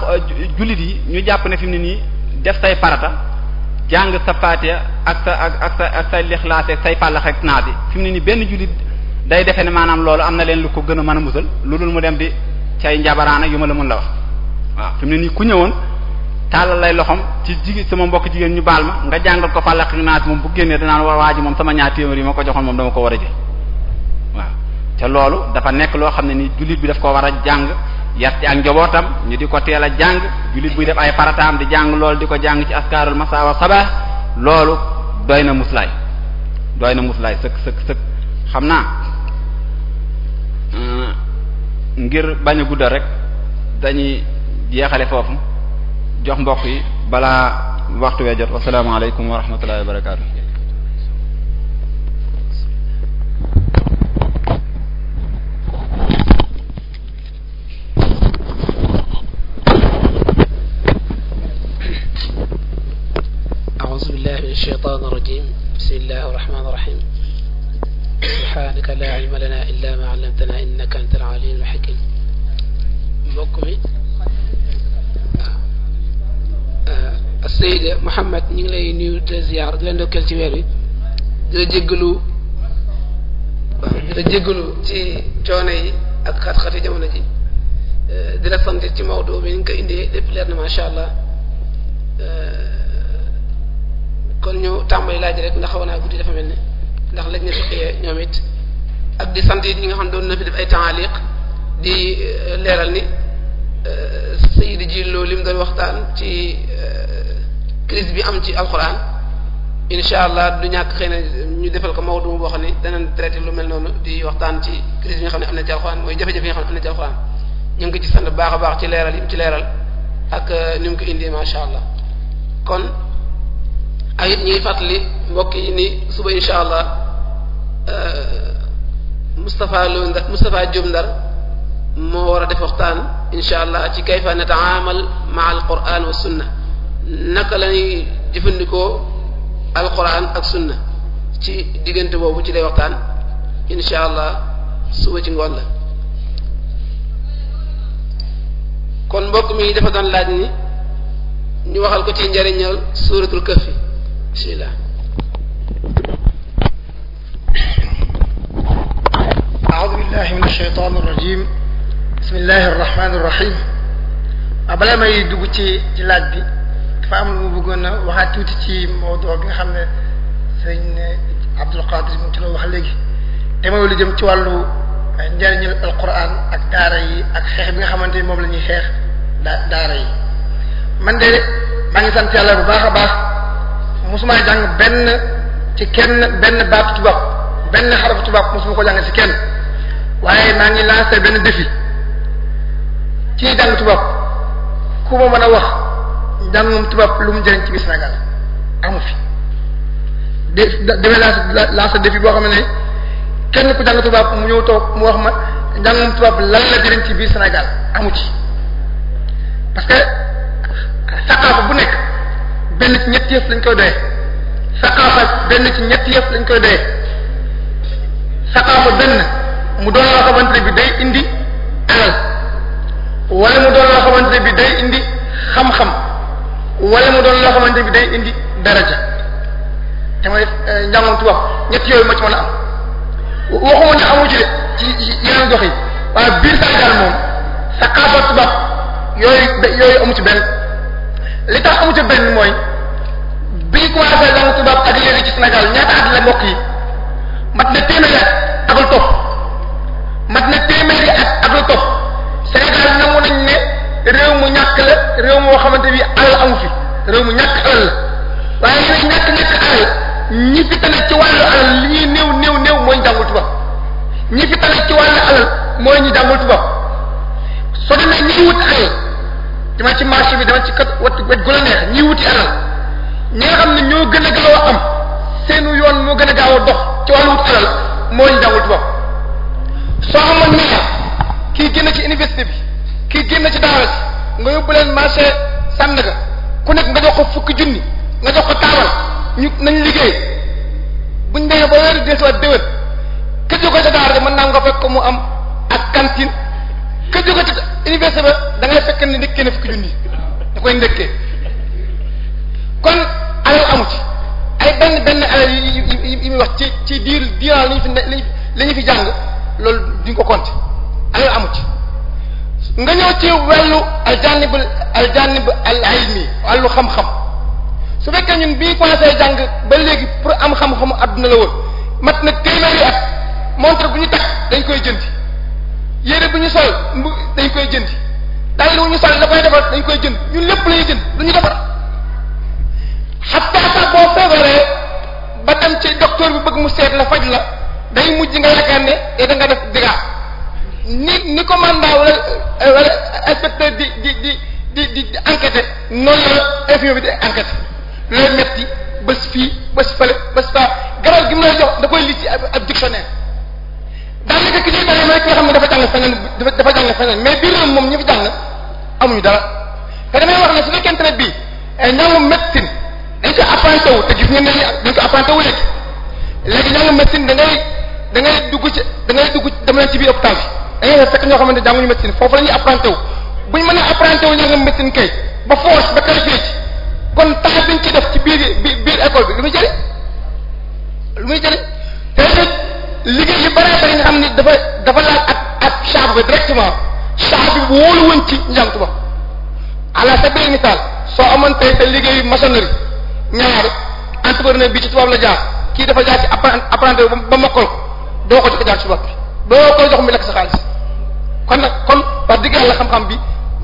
jullit yi ñu jàpp ne fi mu ne nii def say parata jàng sa faatiya ak sa ak ak sa ak say lixlaas ak say pàllax ak naas yi fi mu ne nii benn jullit day defe ne maanaam loolu am na leen lu ko gën a mën a musal lu dul mu dem di cay njabaraana yu ma la mën la wax waaw fi ne nii ku ñëwoon tàllal lay loxom ci jigéen sama mbokk jigéen ñu baal ma nga jàngal ko pàllax ak naas moom bu génnee danaan waa waa ji moom sama ñaar téeméer yi ma ko joxoon moom dama ko war te loolu dafa nekk loo xam ne ni jullit bi daf ko war a jàng yat ci ak njobootam ñu di ko teel a jàng jullit buy def ay farataam di jàng loolu di ko jàng ci askaarul masaawa sabah loolu doy na muslaay doy na muslaay sëkk sëkk sëkk xam naa euh, ngir bañ guddal rek dañuy yéexale foofu jox mbokk yi balaa waxtu wee jot wasalaamaaleykum wa rahmatullahi ndokkeel ci weer wi di la waaw di la ci coono yi ak xat-xati jamono ji eh, di la ci Maodo bi ni nga ko indee leer na macha allah eh, kon ñu tàmbali laaj rek ndax xaw naa guddi dafa mel ni ndax lañ na fiqee ñoom it ak di sant yi nga xam doon na fi def ay taaliq di eh, leeral ni Sayyid ji loolu lim doon waxtaan ci crise bi am ci alquran incha allah du ñàkk xëy na ñu defal ko mawdu boo xam ne danañ traité lu mel noonu di waxtaan ci crise yi nga xam ne am na ci alxuraan mooy jafe-jafe yi nga xam ne am na ci alxuraan ñu baax a baax leeral yi ci leeral ak euh, ko indee macha allah kon ak mbokk yi ni suba incha allah euh, Moustapha Lo Ndar Ndar moo war a def waxtaan incha allah ci kayfa nataamal ma al quran wa sunna naka lañuy jëfandikoo alquran ak sunna ci diggante boobu ci lay waxtaan insha allah suba ci ngoon la kon mbokk mi dafa doon laaj ni ñu waxal ko ci njariñal suuratul kahfi bismillah أعوذ ah, may dugg ci ci laaj bi dafa am lu bëggoon a waxaat tuuti ci mawdoo bi nga xam ne sëñ Abdul Qadir mu ci la wax léegi te mooy lu jëm ci wàllu eh, njariñul alquran ak daara yi ak xeex bi nga xamante ni moom la ñuy xeex da daara yi man de maa ngi sant yàlla bu baax a baax mosuma jàng benn ci kenn benn baatu tubaab benn xarafu tubaab mosuma ko jàng ci kenn waaye maa ngi lancé benn défi ci jàng tubaab ku ma mën a wax. daan moom tubaab lu mu jëriñ ci biir Sénégal amu fi de demee laa laa sa défi boo xam ne kenn ku jàng tubaab mu ñëw toog mu wax ma jàng moom tubaab lan la jëriñ ci biir Sénégal amu ci parce que saqaafa bu nekk benn ci ñetti yëf lañ koy doyee saqaafa benn ci ñetti yëf lañ koy doyee saqaafa benn mu doon loo xamante bi day indi alal wala mu doon loo xamante bi day indi xam-xam wala mu doon loo xamante bi day indi daraja te mooy eh, njàngam tubaab ñett yooyu ma ci mën a am waxuma ne amu ci de ci yeneen gox yi waaye biir Sénégal moom saqaafa tubaab yooyu yooyu amu ci benn li tax amu ci benn mooy bi ñu commencé langue ak léegi ci Sénégal ñaata at la mbokk yi mat na téeméeri at ak lu topp mat na téeméeri at ne réew mu ñàkk la réew moo xamante bi alal amu fi réew mu ñàkk alal waaye ñàkk ñàkk alal ñi fi tamit ci wàllu alal li néew néew néew mooy ñu jàngul tubaab ñi fi tamit ci wàllu soo demee ci marché bi dama kat wet wet gu neex wuti ñi nga xam ne ñoo yoon moo gën a gaaw dox ci wàllu wut moo ñu jàngul tubaab kii génn ci université bi kii génn ci daara nga yóbbu leen marché Sandaga ku nekk nga jox ko fukki junni nga jox ko taabal ñu nañ liggéey buñ demee ba weer des waat déwén kër jógee ca daara mën naa nga fekk ko mu am ak cantine kër jógee ca université ba da ngay fekk ne ndekkee na fukki junni da koy ndekkee kon alal amu ci ay benn benn alal yi yi yi muy wax ci ci diir diiran li ñu fi ne lañu ñu fi jàng loolu duñ ko compter alal amu ci. nga ñëw ci wàllu aljanib aljanib al ilmi wàllu xam-xam su fekkee ñun bii commencé jàng ba léegi pour am xam-xamu àdduna la woon mat na téeméeri at montre bu ñu takk dañ koy jëndi yére bu ñu sol dañ koy jëndi dàll wu ñu sol da koy defar dañ koy jënd ñun lépp la jën lu ñu defar xataa sax boo feebaree ba dem ci docteur bi bëgg mu seet la faj la day mujj nga yaakaar ne eh, da nga def dégâts ni ni commandant wala wala inspecteur di di di di di di enquêté noonu la infirmier bi di enquête lay metti bés fii bés fële bés faa garab gi mu lay jox da koy lii ci ab dictionnaire daanaka ki ñuy tànn mooy ki nga xam ne dafa jàng feneen dafa dafa jàng feneen mais biir moom ñi fi jàng amuñu dara te damay wax ne su fekkente ne bii njàngum médecine dañ ko apprenti wu te gis ngeen ne dañ ko apprenti wu léegi léegi njàngum médecine da ngay da ngay dugg ci da ngay dugg dem leen ci biir hôpital bi dañuy fekk ñoo xamante ne jànguñu médecine foofu la ñuy apprenti wu bu ñu mënee apprenti wu ñoo kay ba force ba qualifié ci kon taxaw bi ñu ci def ci biir biir école bi lu muy jëriñ lu muy jëriñ te it liggéey yu bëree bëri nga xam ni dafa dafa laaj ak ak chaabu bi directement chaabu bi wóolu woon ci njàntu ba ala sa biir misaal soo amoon tey sa liggéeyu maçonnerie ñaar entrepreneur bi ci tubaab la jaar kii dafa jaar ci apprenti apprenti ba mokkal ko doo ko jox ko doo ko jox mi lekk sa xaalis. kon nag kon wax dëgg yàlla xam-xam bi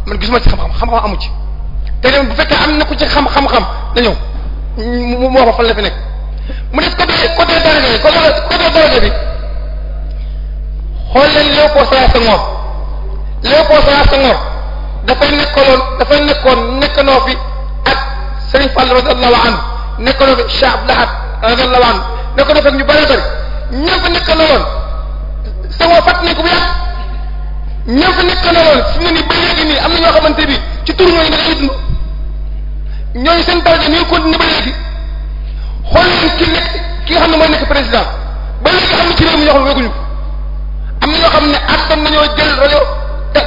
man gisuma ci xam-xam xam-xam amu ci te dem bu fekkee am na ku ci xam-xam-xam na ñëw mu wax ma fan la fi nekk mu des côté côté danger bi côté côté danger bi xool leen Léopold Sédar Senghor nekkoon dafay nekkoon nekkanoo fi ak Serigne Fall radiyallahu anhu nekkanoo fi Cheikh Abdou Lahad radiyallahu anhu ñu bëri bëri ñëpp nekkanoo woon bu yàgg. ñoo fa nekk na fi mu nii ba léegi nii am na ñoo xamante bi ci tur ñooñu dañuy dund ñooñu seen daraja ñooy continuer ba léegi xool leen ki nekk ki nga xam ne mooy nekk président ba léegi xam ne ci réew mi ñoo xam ne wéguñu ko am na ñoo xam ne attan nañoo jël rajo te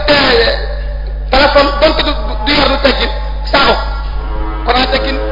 téléphone donte du du yor du teggin kon a teggin